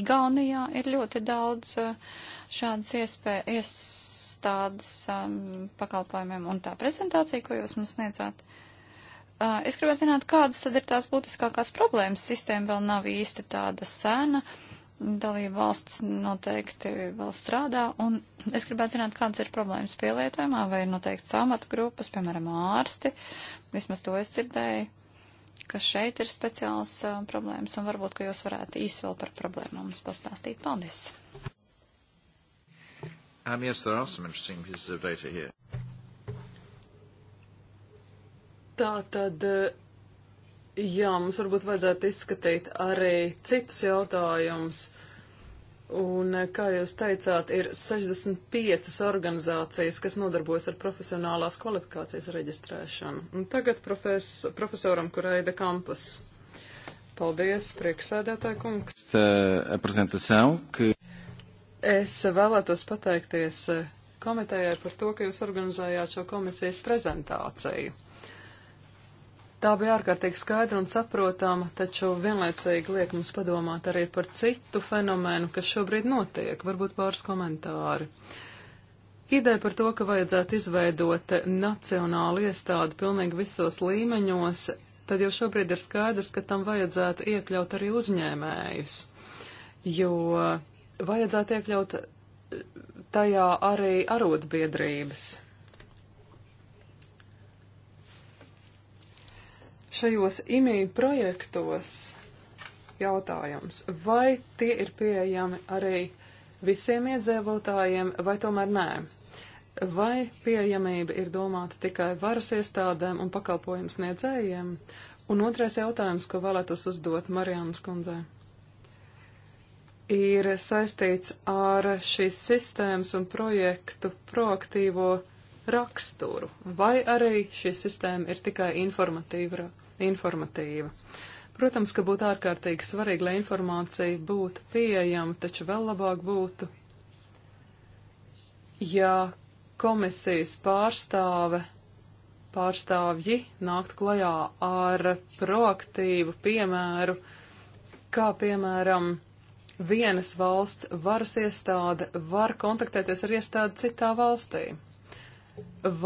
Igaunijā ir ļoti daudz uh, šādas iespēja, iestādes um, pakalpojumiem un tā prezentācija, ko jūs mums sniedzāt. Uh, es gribētu zināt, kādas tad ir tās būtiskākās problēmas. Sistēma vēl nav īsti tāda sena. Uh, dalība valsts noteikti vēl strādā, un es gribētu zināt, kādas ir problēmas pielietojumā, vai ir noteikti samatu grupas, piemēram, ārsti, vismaz to es dzirdēju, ka šeit ir speciāls uh, problēmas, un varbūt, ka jūs varētu īsi vēl par problēmu mums pastāstīt. Paldies! Um, yes, there are some interesting pieces of data here. Tā tad Jā, mums varbūt vajadzētu izskatīt arī citus jautājumus. Un, eh, kā jūs teicāt, ir 65 organizācijas, kas nodarbojas ar profesionālās kvalifikācijas reģistrēšanu. Un tagad profes, profesoram Kureida Kampas. Paldies, prieksēdētāji kungs. Eh, es vēlētos pateikties eh, komitējai par to, ka jūs organizējāt šo komisijas prezentāciju. Tā bija ārkārtīgi skaidra un saprotama, taču vienlaicīgi liek mums padomāt arī par citu fenomenu, kas šobrīd notiek, varbūt pāris komentāri. Ideja par to, ka vajadzētu izveidot nacionālu iestādi pilnīgi visos līmeņos, tad jau šobrīd ir skaidrs, ka tam vajadzētu iekļaut arī uzņēmējus, jo vajadzētu iekļaut tajā arī arotbiedrības. šajos imī projektos jautājums, vai tie ir pieejami arī visiem iedzīvotājiem, vai tomēr nē? Vai pieejamība ir domāta tikai varas iestādēm un pakalpojumu sniedzējiem? Un otrais jautājums, ko vēlētos uzdot Marijānas kundzei, ir saistīts ar šīs sistēmas un projektu proaktīvo raksturu, vai arī šī sistēma ir tikai informatīva raksturu? informatīva. Protams, ka būtu ārkārtīgi svarīgi, lai informācija būtu pieejama, taču vēl labāk būtu, ja komisijas pārstāve pārstāvji nākt klajā ar proaktīvu piemēru, kā piemēram vienas valsts varas iestāde var kontaktēties ar iestādi citā valstī.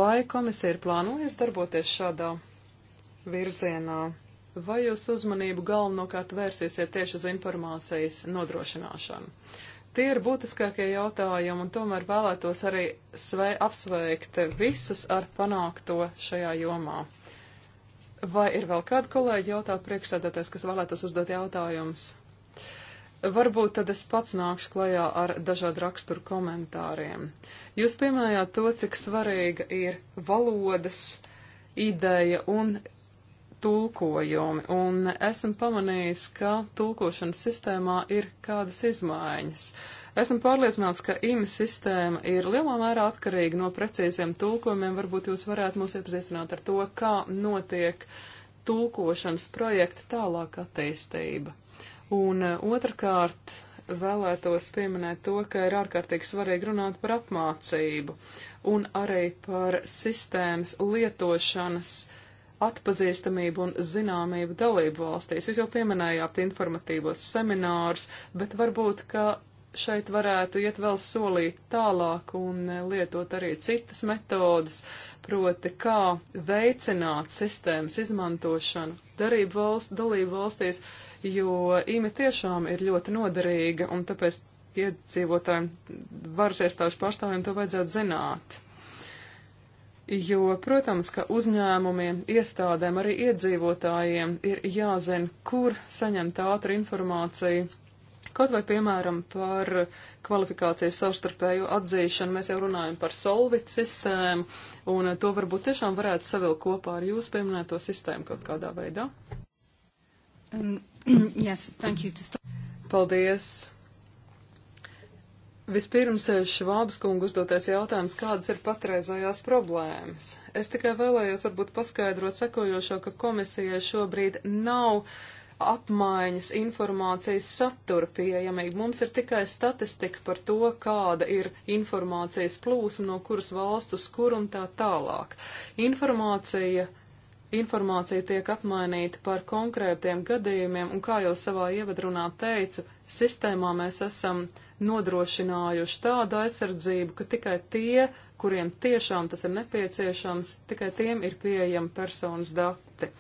Vai komisija ir plānojusi darboties šādā virzienā. Vai jūs uzmanību galvenokārt vērsīsiet tieši uz informācijas nodrošināšanu? Tie ir būtiskākie jautājumi, un tomēr vēlētos arī svei apsveikt visus ar panākto šajā jomā. Vai ir vēl kādi kolēģi jautā priekšsēdētājs, kas vēlētos uzdot jautājumus? Varbūt tad es pats nākšu klajā ar dažādu raksturu komentāriem. Jūs pieminējāt to, cik svarīga ir valodas ideja un tulkojumi, un esmu pamanījis, ka tulkošanas sistēmā ir kādas izmaiņas. Esmu pārliecināts, ka IMI sistēma ir lielā mērā atkarīga no precīziem tulkojumiem. Varbūt jūs varētu mūs iepazīstināt ar to, kā notiek tulkošanas projekta tālāk attīstība. Un e, otrkārt, vēlētos pieminēt to, ka ir ārkārtīgi svarīgi runāt par apmācību un arī par sistēmas lietošanas uh, atpazīstamību un zināmību dalību valstīs. Jūs jau pieminējāt informatīvos seminārus, bet varbūt, ka šeit varētu iet vēl solīt tālāk un lietot arī citas metodas, proti kā veicināt sistēmas izmantošanu darību valst, dalību valstīs, jo īme tiešām ir ļoti noderīga un tāpēc iedzīvotājiem varas iestāžu pārstāvjiem to vajadzētu zināt. Jo, protams, ka uzņēmumiem, iestādēm, arī iedzīvotājiem ir jāzina, kur saņemt ātru informāciju. Kaut vai, piemēram, par kvalifikācijas savstarpēju atzīšanu mēs jau runājam par solvit sistēmu, un to varbūt tiešām varētu savilkt kopā ar jūsu pieminēto sistēmu kaut kādā veidā. Um, yes, thank you. Paldies. Vispirms eh, Švābas kungu uzdotais jautājums, kādas ir patreizējās problēmas. Es tikai vēlējos varbūt paskaidrot sekojošo, ka komisijai šobrīd nav apmaiņas informācijas satura pieejamība. Mums ir tikai statistika par to, kāda ir informācijas plūsma, no kuras valsts uz kur un tā tālāk. Informācija informācija tiek apmainīta par konkrētiem gadījumiem, un kā jau savā ievadrunā teicu, sistēmā mēs esam nodrošinājuši tādu aizsardzību, ka tikai tie, kuriem tiešām tas ir nepieciešams, tikai tiem ir pieejami personas dati.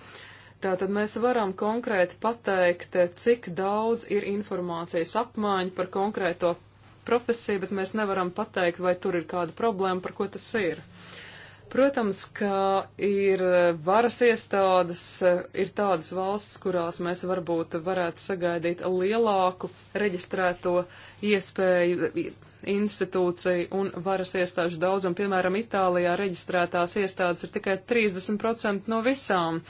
Tātad mēs varam konkrēti pateikt, cik daudz ir informācijas apmaiņa par konkrēto profesiju, bet mēs nevaram pateikt, vai tur ir kāda problēma, par ko tas ir. Uh, Protams, ka ir varas iestādes, ir tādas valsts, kurās mēs varbūt varētu sagaidīt lielāku reģistrēto iespēju institūciju un varas iestāžu daudzumu. Piemēram, Itālijā reģistrētās iestādes ir tikai 30% no visām,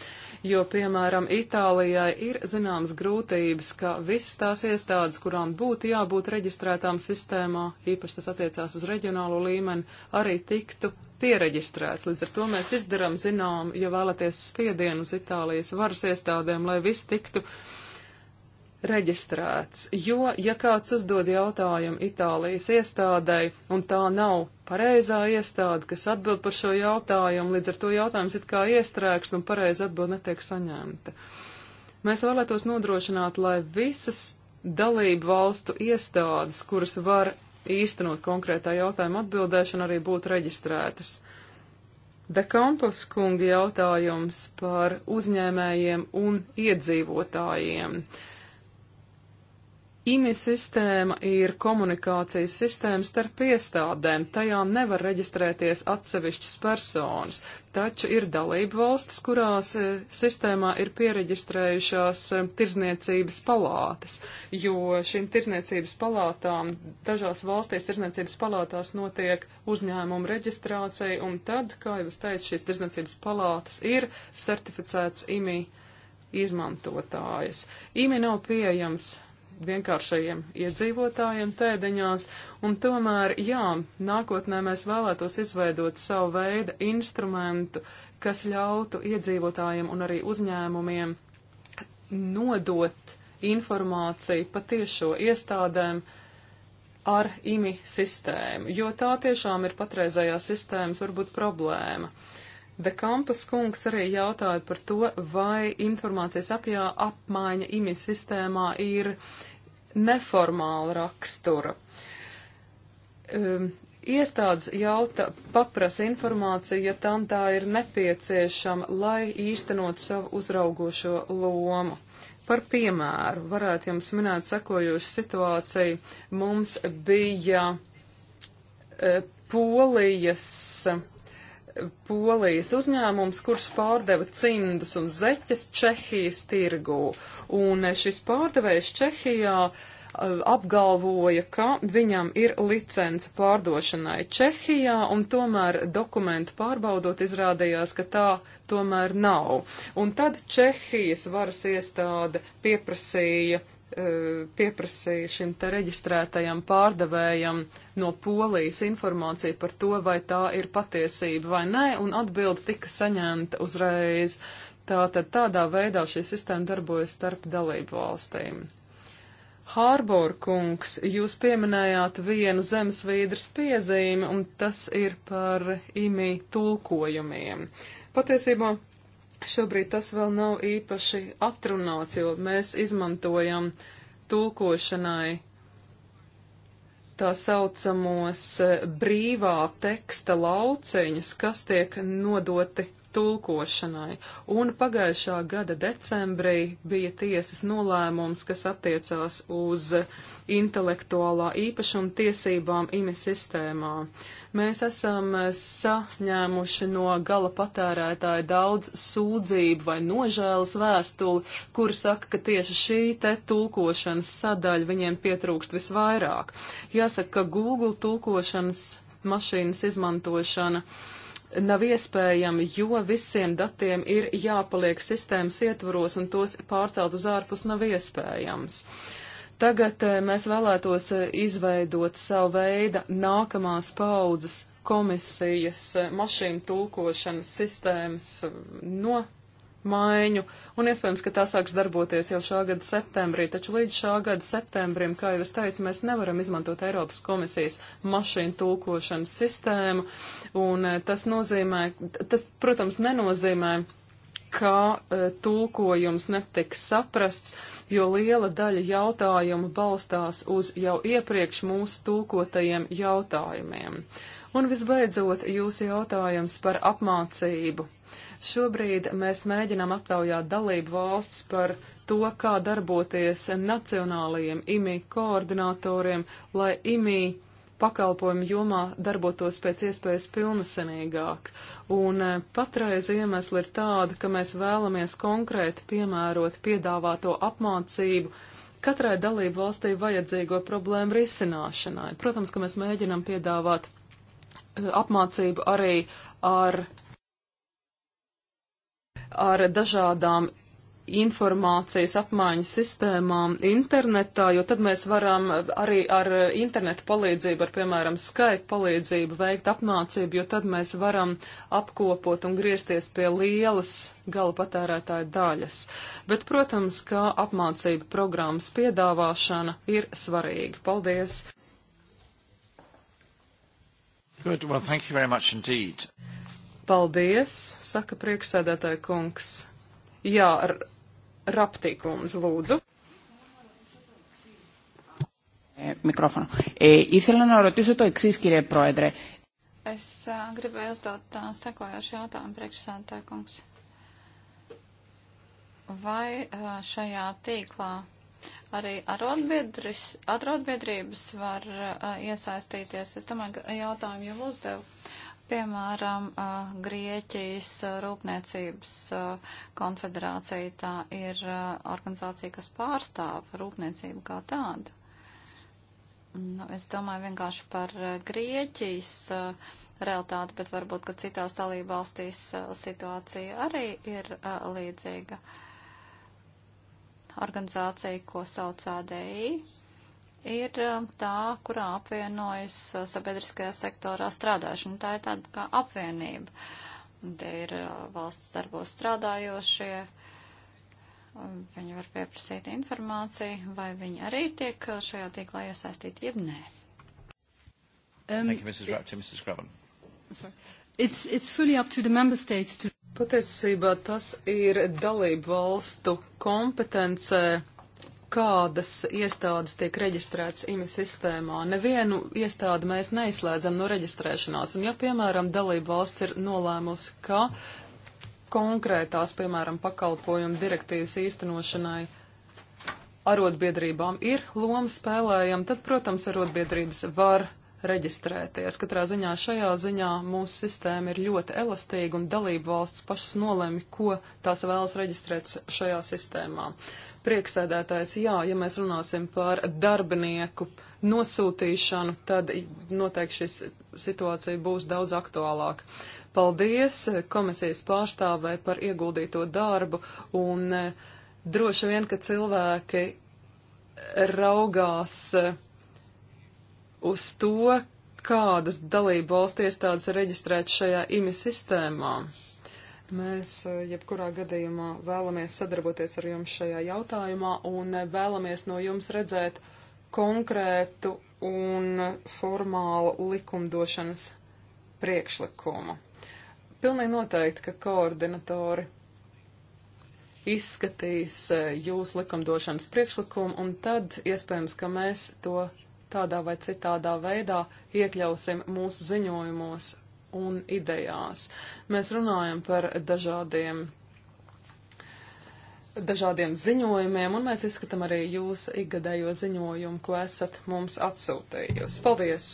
jo, piemēram, Itālijai ir zināmas grūtības, ka visas tās iestādes, kurām būtu jābūt reģistrētām sistēmā, īpaši tas attiecās uz reģionālo līmeni, arī tiktu piereģistrēts. Līdz ar to mēs izdarām zinām, ja vēlaties spiedienu uz Itālijas varas iestādēm, lai viss tiktu reģistrēts, jo, ja kāds uzdod jautājumu Itālijas iestādai, un tā nav pareizā iestāde, kas atbild par šo jautājumu, līdz ar to jautājums it kā iestrēgs un pareiza atbild netiek saņemta. Mēs vēlētos nodrošināt, lai visas dalību valstu iestādes, kuras var īstenot konkrētā jautājuma atbildēšanu, arī būtu reģistrētas. Dekampos kunga jautājums par uzņēmējiem un iedzīvotājiem. Uh, IMI sistēma ir komunikācijas sistēma starp iestādēm, tajā nevar reģistrēties atsevišķas personas, taču ir dalība valstis, kurās e, sistēmā ir piereģistrējušās e, tirzniecības palātas, jo šīm tirzniecības palātām dažās valstīs tirzniecības palātās notiek uzņēmuma reģistrācija, un tad, kā jau es teicu, šīs tirzniecības palātas ir certificēts IMI izmantotājas. IMI nav pieejams vienkāršajiem iedzīvotājiem tēdeņās, un tomēr, jā, nākotnē mēs vēlētos izveidot savu veidu instrumentu, kas ļautu iedzīvotājiem un arī uzņēmumiem nodot informāciju patiešo iestādēm, ar IMI sistēmu, jo tā tiešām ir patreizējā sistēmas varbūt problēma. De Kampas kungs arī jautāja par to, vai informācijas apjā apmaiņa IMI sistēmā ir neformāla rakstura. Um, Iestādes jauta paprasa informāciju, ja tam tā ir nepieciešama, lai īstenot savu uzraugošo lomu. Par piemēru varētu jums minēt sekojošu situāciju. Mums bija e, Polijas polijas uzņēmums, kurš pārdeva cimdus un zeķes Čehijas tirgū. Un šis pārdevējs Čehijā uh, apgalvoja, ka viņam ir licence pārdošanai Čehijā, un tomēr dokumentu pārbaudot izrādījās, ka tā tomēr nav. Un tad Čehijas varas iestāde pieprasīja E, pieprasīja šim te reģistrētajam pārdevējam no polijas informāciju par to, vai tā ir patiesība vai nē, un atbildi tika saņemta uzreiz. Tātad tādā veidā šī sistēma darbojas starp dalību valstīm. Hārbor kungs, jūs pieminējāt vienu zemesvīdras piezīmi, un tas ir par imī tulkojumiem. Patiesībā Šobrīd tas vēl nav īpaši atrunāts, jo mēs izmantojam tulkošanai tā saucamos eh, brīvā teksta lauceņus, kas tiek nodoti tulkošanai. Un pagājušā gada decembrī bija tiesas nolēmums, kas attiecās uz intelektuālā īpašuma tiesībām IMI sistēmā. Mēs esam saņēmuši no gala patērētāja daudz sūdzību vai nožēlas vēstuli, kur saka, ka tieši šī te tulkošanas sadaļa viņiem pietrūkst visvairāk. Jāsaka, ka Google tulkošanas mašīnas izmantošana uh, nav iespējami, jo visiem datiem ir jāpaliek sistēmas ietvaros un tos pārcelt uz ārpus nav iespējams. Tagad eh, mēs vēlētos eh, izveidot savu veidu nākamās paudzes komisijas eh, mašīnu tulkošanas sistēmas no maiņu, un iespējams, ka tā sāks darboties jau šā gada septembrī, taču līdz šā gada septembrim, kā jau es teicu, mēs nevaram izmantot Eiropas komisijas mašīnu tulkošanas sistēmu, un eh, tas nozīmē, tas, protams, nenozīmē, ka e, tulkojums netiks saprasts, jo liela daļa jautājumu balstās uz jau iepriekš mūsu tulkotajiem jautājumiem. Un visbeidzot, jūsu jautājums par apmācību Šobrīd mēs mēģinām aptaujāt dalību valsts par to, kā darboties nacionālajiem IMI koordinatoriem, lai IMI pakalpojumu jomā darbotos pēc iespējas pilnasenīgāk. Un e, patreiz iemesli ir tāda, ka mēs vēlamies konkrēti piemērot piedāvāto apmācību katrai dalību valstī vajadzīgo problēmu risināšanai. Protams, ka mēs mēģinam piedāvāt e, apmācību arī ar ar dažādām informācijas apmaiņas sistēmām internetā, jo tad mēs varam arī ar internetu palīdzību, ar piemēram Skype palīdzību veikt apmācību, jo tad mēs varam apkopot un griezties pie lielas gala patērētāja daļas. Bet, protams, kā apmācība programmas piedāvāšana ir svarīga. Paldies! Good, well, thank you very much indeed. Paldies, saka prieksēdētāja kungs. Jā, raptīkums, lūdzu. Mikrofonu. Ήθελα να ρωτήσω το εξής, κύριε Πρόεδρε. Es uh, gribēju uzdot uh, sekojošu jautājumu priekšsēdētāju kungs. Vai uh, šajā tīklā arī arotbiedrības var uh, iesaistīties? Es domāju, ka jautājumu jau uzdevu. Piemēram, Grieķijas Rūpniecības konfederācija tā ir organizācija, kas pārstāv rūpniecību kā tādu. Nu, es domāju vienkārši par Grieķijas realitāti, bet varbūt, ka citās dalībvalstīs situācija arī ir līdzīga. Organizācija, ko sauc ADI, ir eh, tā, kurā apvienojas eh, sabiedriskajā sektorā strādāšana. Tā ir tāda kā apvienība. Te ir eh, valsts darbos strādājošie, um, viņi var pieprasīt informāciju, vai viņi arī tiek šajā tīklā iesaistīti, jeb nē. Um, Thank you, Mrs. Rapti, Mrs. Graben. It's, it's fully up to the member states to. Patiesībā tas ir dalību valstu kompetencē kādas iestādes tiek reģistrētas IMI sistēmā. Nevienu iestādi mēs neizslēdzam no reģistrēšanās. Un ja, piemēram, dalība valsts ir nolēmusi, ka konkrētās, piemēram, pakalpojumu direktīvas īstenošanai arotbiedrībām ir loma spēlējama, tad, protams, arotbiedrības var reģistrēties. Katrā ziņā šajā ziņā mūsu sistēma ir ļoti elastīga un dalību valsts pašas nolēma, ko tās vēlas reģistrēt šajā sistēmā. Prieksēdētājs, jā, ja mēs runāsim par darbinieku nosūtīšanu, tad noteikti šī situācija būs daudz aktuālāka. Paldies komisijas pārstāvē par ieguldīto darbu un eh, droši vien, ka cilvēki raugās uh, uz to, kādas dalību valsts iestādes ir reģistrētas šajā IMI sistēmā. Mēs eh, jebkurā gadījumā vēlamies sadarboties ar jums šajā jautājumā un eh, vēlamies no jums redzēt konkrētu un formālu likumdošanas priekšlikumu. Pilnīgi noteikti, ka koordinatori izskatīs eh, jūsu likumdošanas priekšlikumu un tad iespējams, ka mēs to tādā vai citādā veidā iekļausim mūsu ziņojumos un idejās. Mēs runājam par dažādiem, dažādiem ziņojumiem, un mēs izskatām arī jūsu ikgadējo ziņojumu, ko esat mums atsūtījusi. Paldies!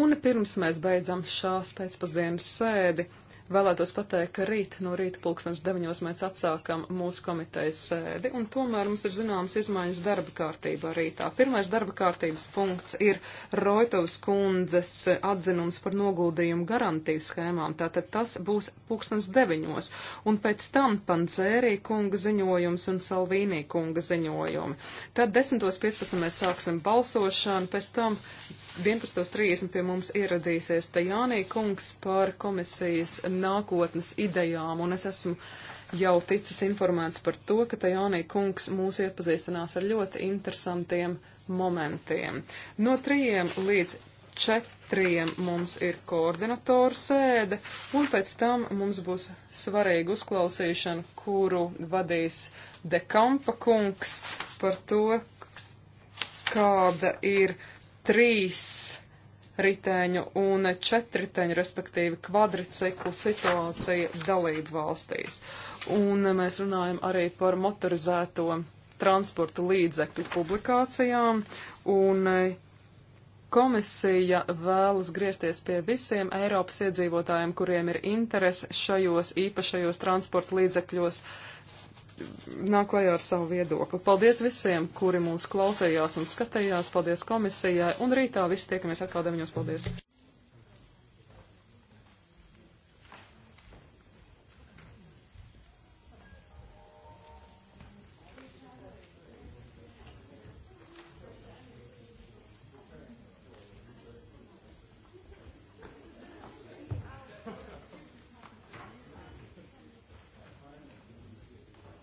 Un pirms mēs beidzam šās pēcpusdienas sēdi, Vēlētos pateikt, ka rīt no rīta pulkstens deviņos mēs atsākam mūsu komitejas sēdi, un tomēr mums ir zināmas izmaiņas darba kārtībā rītā. Pirmais darba kārtības punkts ir Roitovas kundzes atzinums par noguldījumu garantiju schēmām, tātad tas būs pulkstens deviņos, un pēc tam Pancērī kunga ziņojums un Salvīnī kunga ziņojumi. Tad 10.15 mēs sāksim balsošanu, pēc tam 11.30 pie mums ieradīsies Tajānī kungs par komisijas nākotnes idejām, un es esmu jau ticis informēts par to, ka Tajānī kungs mūs iepazīstinās ar ļoti interesantiem momentiem. No trījiem līdz četriem mums ir koordinatoru sēde, un pēc tam mums būs svarīga uzklausīšana, kuru vadīs Dekampa kungs par to, kāda ir trīs riteņu un četriteņu, respektīvi kvadriciklu situācija dalību valstīs. Un mēs runājam arī par motorizēto transporta līdzekļu publikācijām, un eh, komisija vēlas griezties pie visiem Eiropas iedzīvotājiem, kuriem ir interese šajos īpašajos transporta līdzekļos nāk klajā ar savu viedokli. Paldies visiem, kuri mūs klausījās un skatījās. Paldies komisijai. Un rītā viss tiekamies atkal deviņos. Paldies!